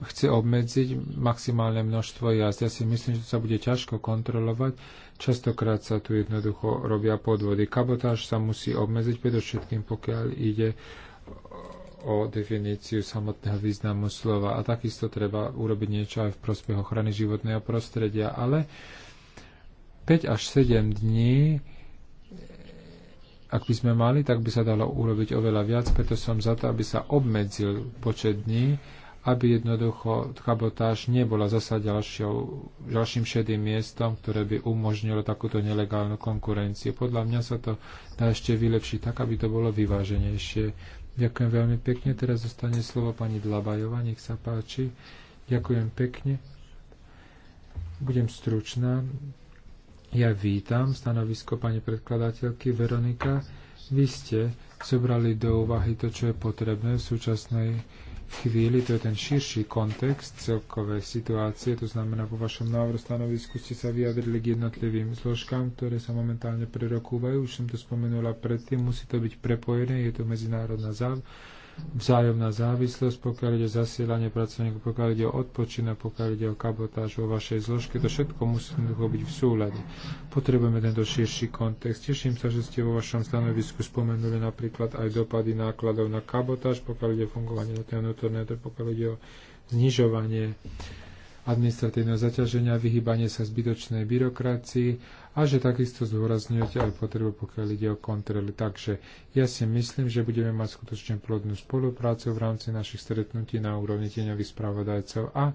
chce obmedziť maximálne množstvo jazd. Ja si myslím, že to sa bude ťažko kontrolovať. Častokrát sa tu jednoducho robia podvody. Kabotáž sa musí obmedziť, predovšetkým pokiaľ ide o definíciu samotného významu slova a takisto treba urobiť niečo aj v prospech ochrany životného prostredia, ale 5 až 7 dní ak by sme mali, tak by sa dalo urobiť oveľa viac, preto som za to, aby sa obmedzil počet dní, aby jednoducho kabotáž nebola zasa ďalšou, ďalším šedým miestom, ktoré by umožnilo takúto nelegálnu konkurenciu. Podľa mňa sa to dá ešte vylepšiť tak, aby to bolo vyváženejšie. Ďakujem veľmi pekne. Teraz zostane slovo pani Dlabajova. Nech sa páči. Ďakujem pekne. Budem stručná. Ja vítam stanovisko pani predkladateľky Veronika. Vy ste zobrali do úvahy to, čo je potrebné v súčasnej chvíli, to je ten širší kontext celkovej situácie, to znamená, vo vašom návrhu stanovisku ste sa vyjadrili k jednotlivým zložkám, ktoré sa momentálne prerokúvajú, už som to spomenula predtým, musí to byť prepojené, je to medzinárodná záv- vzájomná závislosť, pokiaľ ide o zasielanie pracovníkov, pokiaľ ide o odpočinok, pokiaľ ide o kabotáž vo vašej zložke. To všetko musí jednoducho byť v súlade. Potrebujeme tento širší kontext. Teším sa, že ste vo vašom stanovisku spomenuli napríklad aj dopady nákladov na kabotáž, pokiaľ ide o fungovanie vnútorného trhu, pokiaľ ide o znižovanie administratívneho zaťaženia, vyhýbanie sa zbytočnej byrokracii a že takisto zdôrazňujete aj potrebu, pokiaľ ide o kontroly. Takže ja si myslím, že budeme mať skutočne plodnú spoluprácu v rámci našich stretnutí na úrovni tieňových spravodajcov a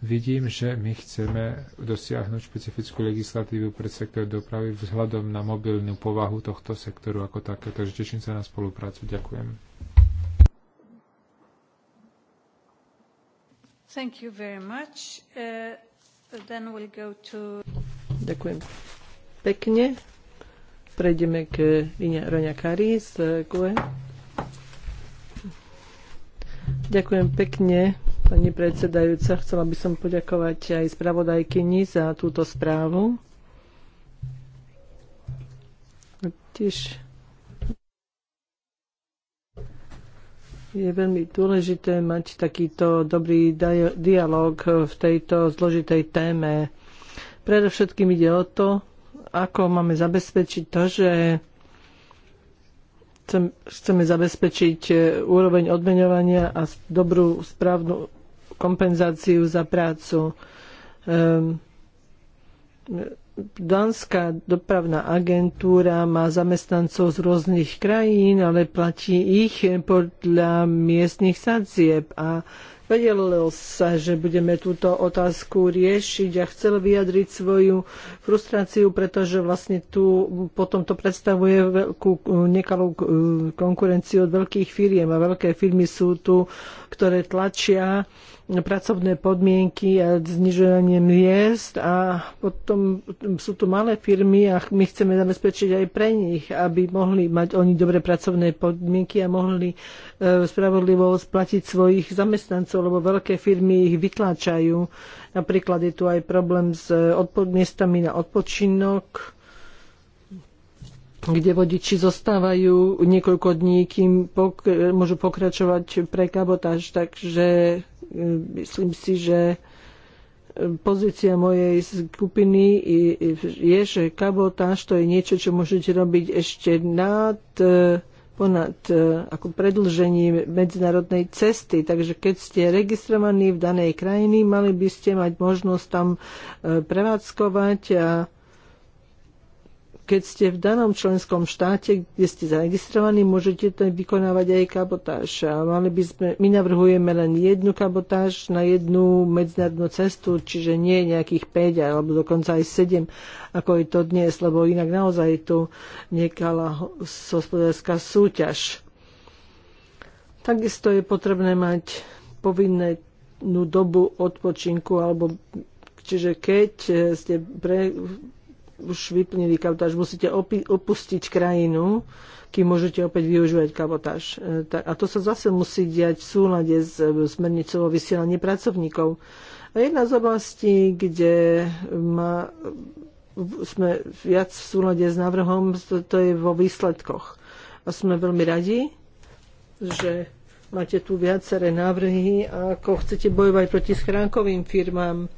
vidím, že my chceme dosiahnuť špecifickú legislatívu pre sektor dopravy vzhľadom na mobilnú povahu tohto sektoru ako také. Takže teším sa na spoluprácu. Ďakujem. Thank you very much. Uh, then we'll go to... Ďakujem pekne. Prejdeme k Roňa Kari z GUE. Ďakujem pekne, pani predsedajúca. Chcela by som poďakovať aj spravodajkyni za túto správu. Tiež je veľmi dôležité mať takýto dobrý dialog v tejto zložitej téme. Predovšetkým ide o to, ako máme zabezpečiť to, že chceme zabezpečiť e, úroveň odmeňovania a dobrú správnu kompenzáciu za prácu. Ehm, Dánska dopravná agentúra má zamestnancov z rôznych krajín, ale platí ich podľa miestnych sadzieb a Vedel sa, že budeme túto otázku riešiť a chcel vyjadriť svoju frustráciu, pretože vlastne tu potom to predstavuje veľkú nekalú e, konkurenciu od veľkých firiem a veľké firmy sú tu ktoré tlačia pracovné podmienky a znižovanie miest a potom sú tu malé firmy a my chceme zabezpečiť aj pre nich, aby mohli mať oni dobré pracovné podmienky a mohli e, spravodlivo splatiť svojich zamestnancov, lebo veľké firmy ich vytláčajú. Napríklad je tu aj problém s miestami na odpočinok, kde vodiči zostávajú niekoľko dní, kým pok- môžu pokračovať pre kabotáž. Takže e, myslím si, že e, pozícia mojej skupiny je, že kabotáž to je niečo, čo môžete robiť ešte nad e, ponad ako predlžení medzinárodnej cesty. Takže keď ste registrovaní v danej krajiny, mali by ste mať možnosť tam prevádzkovať a keď ste v danom členskom štáte, kde ste zaregistrovaní, môžete tam vykonávať aj kabotáž. A mali by sme, my navrhujeme len jednu kabotáž na jednu medzinárodnú cestu, čiže nie nejakých 5 alebo dokonca aj 7, ako je to dnes, lebo inak naozaj je tu nekala hospodárska súťaž. Takisto je potrebné mať povinnú dobu odpočinku, alebo čiže keď eh, ste pre, už vyplnili kabotáž, musíte opustiť krajinu, kým môžete opäť využívať kabotáž. E, a to sa zase musí diať v súlade s e, smernicou o vysielaní pracovníkov. A jedna z oblastí, kde má, sme viac v súlade s návrhom, to, to je vo výsledkoch. A sme veľmi radi, že máte tu viaceré návrhy, ako chcete bojovať proti schránkovým firmám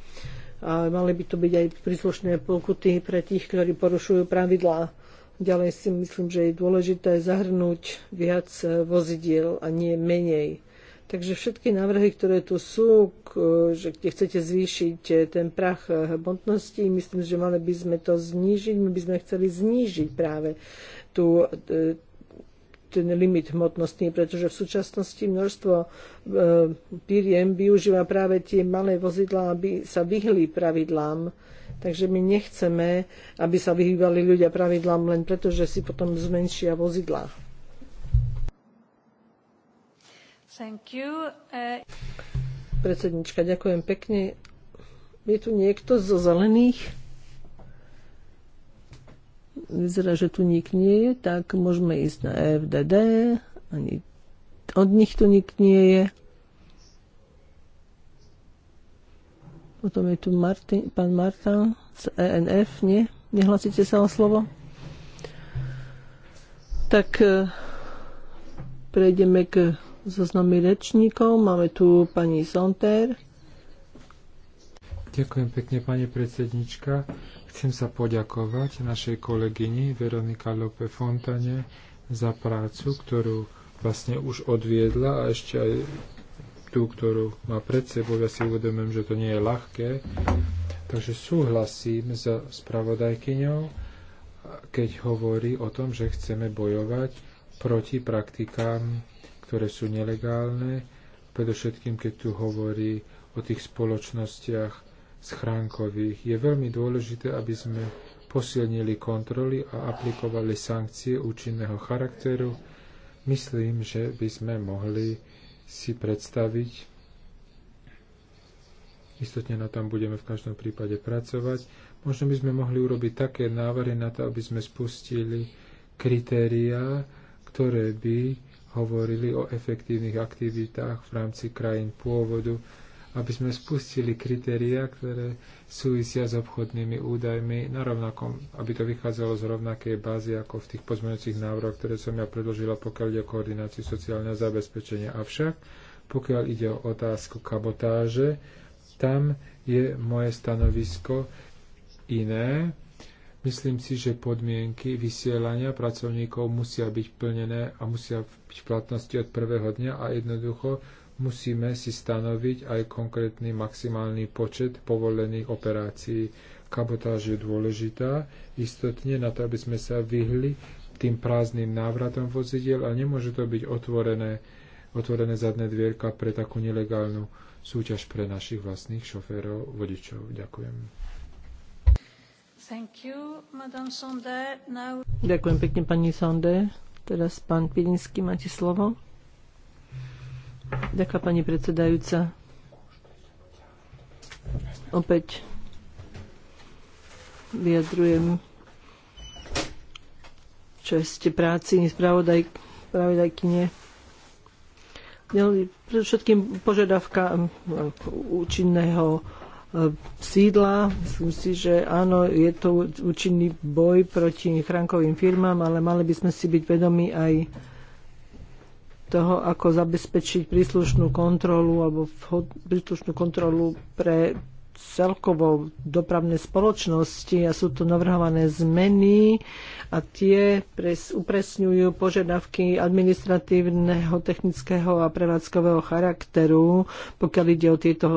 ale mali by to byť aj príslušné pokuty pre tých, ktorí porušujú pravidlá. Ďalej si myslím, že je dôležité zahrnúť viac e, vozidiel a nie menej. Takže všetky návrhy, ktoré tu sú, e, že kde chcete zvýšiť e, ten prach hmotnosti, myslím, že mali by sme to znížiť. My by sme chceli znížiť práve tú, ten limit hmotnostný, pretože v súčasnosti množstvo e, firiem využíva práve tie malé vozidlá, aby sa vyhli pravidlám. Takže my nechceme, aby sa vyhýbali ľudia pravidlám len preto, že si potom zmenšia vozidlá. Thank you. Uh... Predsednička, ďakujem pekne. Je tu niekto zo zelených? vyzerá, že tu nik nie je, tak môžeme ísť na e FDD. Ani od nich tu nik nie je. Potom je tu Martin, pán Martin z ENF, nie? Nehlasíte sa o slovo? Tak e, prejdeme k zoznamy rečníkov. Máme tu pani Sonter. Ďakujem pekne, pani predsednička. Chcem sa poďakovať našej kolegyni Veronika Lope Fontane za prácu, ktorú vlastne už odviedla a ešte aj tú, ktorú má pred sebou. Ja si uvedomujem, že to nie je ľahké. Takže súhlasím s spravodajkyňou, keď hovorí o tom, že chceme bojovať proti praktikám, ktoré sú nelegálne, predovšetkým keď tu hovorí o tých spoločnostiach, schránkových. Je veľmi dôležité, aby sme posilnili kontroly a aplikovali sankcie účinného charakteru. Myslím, že by sme mohli si predstaviť, istotne na tom budeme v každom prípade pracovať, možno by sme mohli urobiť také návrhy na to, aby sme spustili kritériá, ktoré by hovorili o efektívnych aktivitách v rámci krajín pôvodu, aby sme spustili kritériá, ktoré súvisia s obchodnými údajmi, na rovnakom, aby to vychádzalo z rovnakej bázy ako v tých pozmeňujúcich návrhoch, ktoré som ja predložila, pokiaľ ide o koordináciu sociálneho zabezpečenia. Avšak, pokiaľ ide o otázku kabotáže, tam je moje stanovisko iné. Myslím si, že podmienky vysielania pracovníkov musia byť plnené a musia byť v platnosti od prvého dňa a jednoducho musíme si stanoviť aj konkrétny maximálny počet povolených operácií. Kabotáž je dôležitá, istotne na to, aby sme sa vyhli tým prázdnym návratom vozidiel a nemôže to byť otvorené, otvorené zadné dvierka pre takú nelegálnu súťaž pre našich vlastných šoférov, vodičov. Ďakujem. Thank you, Madame Sonde. Now... Ďakujem pekne, pani Sonde. Teraz pán Pidinský, máte slovo. Ďakujem, pani predsedajúca. Opäť vyjadrujem čest práci spravodaj, spravodajkyne. Všetkým požiadavka účinného e, sídla. Myslím si, že áno, je to účinný boj proti chránkovým firmám, ale mali by sme si byť vedomi aj toho, ako zabezpečiť príslušnú kontrolu alebo vhod, príslušnú kontrolu pre celkovo dopravné spoločnosti a sú tu navrhované zmeny a tie pres, upresňujú požiadavky administratívneho, technického a prevádzkového charakteru, pokiaľ ide o tieto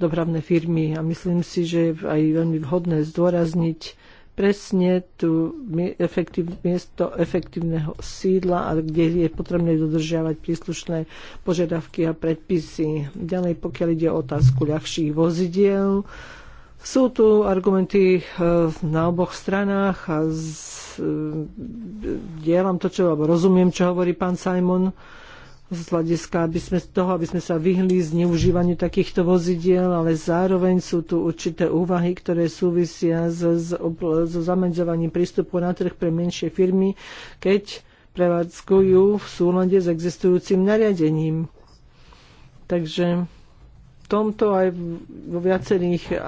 dopravné firmy. A myslím si, že je aj veľmi vhodné zdôrazniť presne tu efektív, miesto efektívneho sídla a kde je potrebné dodržiavať príslušné požiadavky a predpisy. Ďalej, pokiaľ ide o otázku ľahších vozidiel, sú tu argumenty eh, na oboch stranách a z, eh, dielam to, čo, alebo rozumiem, čo hovorí pán Simon z hľadiska aby sme, toho, aby sme sa vyhli zneužívaniu takýchto vozidiel, ale zároveň sú tu určité úvahy, ktoré súvisia so, so zamedzovaním prístupu na trh pre menšie firmy, keď prevádzkujú v súlade s existujúcim nariadením. Takže tomto aj vo viacerých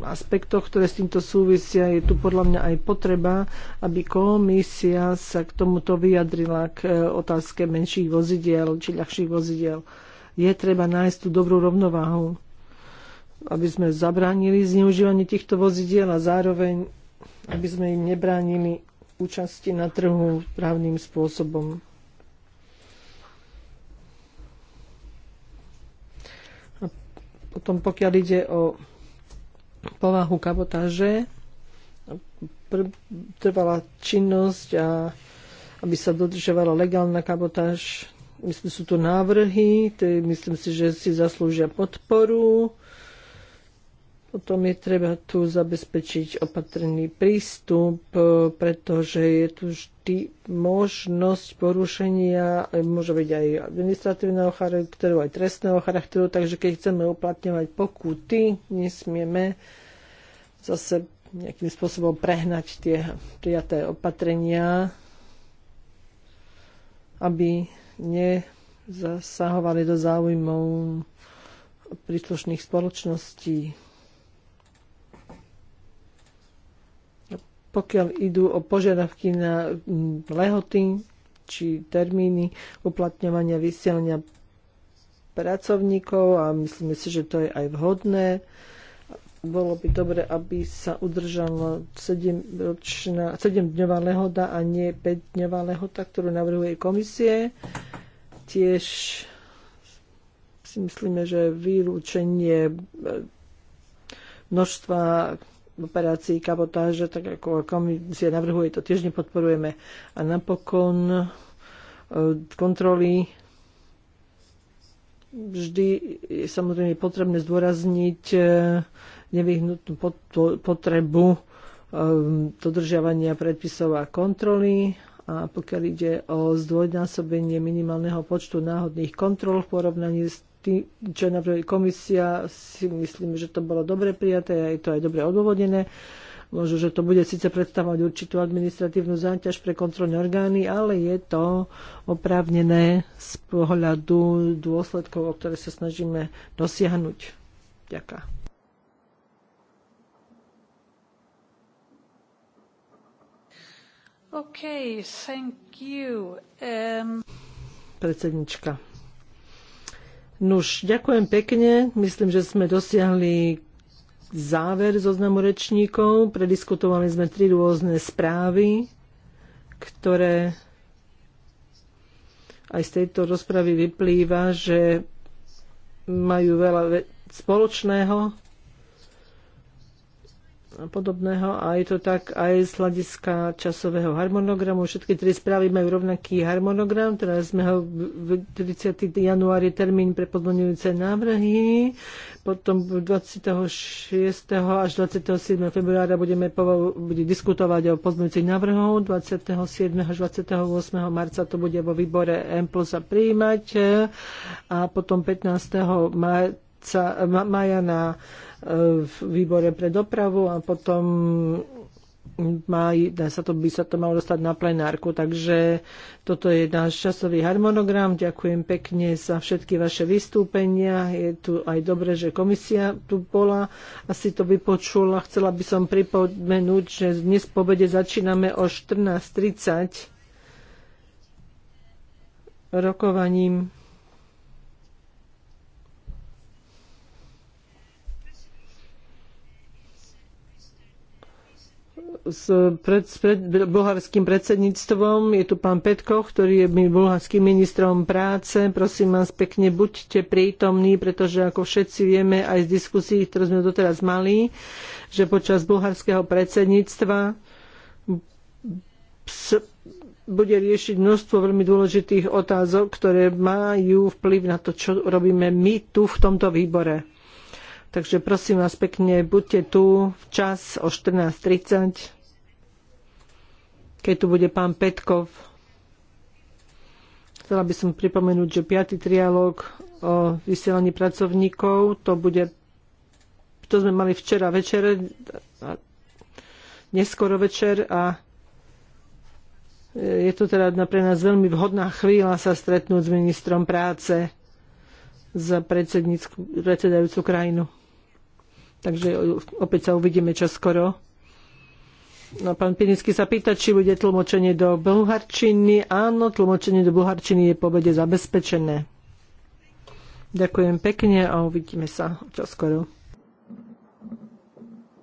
aspektoch, ktoré s týmto súvisia, je tu podľa mňa aj potreba, aby komisia sa k tomuto vyjadrila k e, otázke menších vozidiel či ľahších vozidiel. Je treba nájsť tú dobrú rovnováhu, aby sme zabránili zneužívanie týchto vozidiel a zároveň, aby sme im nebránili účasti na trhu právnym spôsobom. Potom pokiaľ ide o povahu kabotáže, trvalá činnosť a aby sa dodržovala legálna kabotáž. Myslím, sú tu návrhy, myslím si, že si zaslúžia podporu potom je treba tu zabezpečiť opatrný prístup, e, pretože je tu vždy možnosť porušenia, e, môže byť aj administratívneho charakteru, aj trestného charakteru, takže keď chceme uplatňovať pokuty, nesmieme zase nejakým spôsobom prehnať tie prijaté opatrenia, aby nezasahovali do záujmov príslušných spoločností. pokiaľ idú o požiadavky na mm, lehoty či termíny uplatňovania vysielania pracovníkov a myslíme si, že to je aj vhodné. Bolo by dobre, aby sa udržala 7-dňová lehoda a nie 5-dňová lehota, ktorú navrhuje komisie. Tiež si myslíme, že vylúčenie e, množstva operácií kabotáže, tak ako komisia navrhuje, to tiež nepodporujeme. A napokon e, kontroly vždy je samozrejme potrebné zdôrazniť e, nevyhnutnú potrebu e, dodržiavania predpisov a kontroly a pokiaľ ide o zdvojnásobenie minimálneho počtu náhodných kontrol v porovnaní s tým, čo napríklad komisia, si myslím, že to bolo dobre prijaté a je to aj dobre odôvodnené. Možno, že to bude síce predstavovať určitú administratívnu záťaž pre kontrolné orgány, ale je to oprávnené z pohľadu dôsledkov, o ktoré sa snažíme dosiahnuť. Ďakujem. Okay, um... Predsednička. Nuž, ďakujem pekne. Myslím, že sme dosiahli záver zoznamu rečníkov. Prediskutovali sme tri rôzne správy, ktoré aj z tejto rozpravy vyplýva, že majú veľa spoločného podobného a je to tak aj z hľadiska časového harmonogramu. Všetky tri správy majú rovnaký harmonogram. Teraz sme ho 30. január je termín pre podmenujúce návrhy. Potom 26. až 27. februára budeme bude diskutovať o podmenujúcich návrhov. 27. až 28. marca to bude vo výbore M plus a príjmať. A potom 15. marca marca, maja na e, výbore pre dopravu a potom maj, sa to, by sa to malo dostať na plenárku. Takže toto je náš časový harmonogram. Ďakujem pekne za všetky vaše vystúpenia. Je tu aj dobre, že komisia tu bola a si to vypočula. Chcela by som pripomenúť, že dnes po obede začíname o 14.30 rokovaním s, pred, pred bulharským predsedníctvom. Je tu pán Petko, ktorý je bulharským ministrom práce. Prosím vás pekne, buďte prítomní, pretože ako všetci vieme aj z diskusí, ktoré sme doteraz mali, že počas bulharského predsedníctva bude riešiť množstvo veľmi dôležitých otázok, ktoré majú vplyv na to, čo robíme my tu v tomto výbore. Takže prosím vás pekne, buďte tu včas o 14.30, keď tu bude pán Petkov. Chcela by som pripomenúť, že 5. trialóg o vysielaní pracovníkov, to bude, to sme mali včera večer, neskoro večer a je to teda pre nás veľmi vhodná chvíľa sa stretnúť s ministrom práce za predsedajúcu krajinu. Takže opäť sa uvidíme čoskoro. No, pán Pinický sa pýta, či bude tlmočenie do Bulharčiny. Áno, tlmočenie do Bulharčiny je povede zabezpečené. Ďakujem pekne a uvidíme sa čoskoro.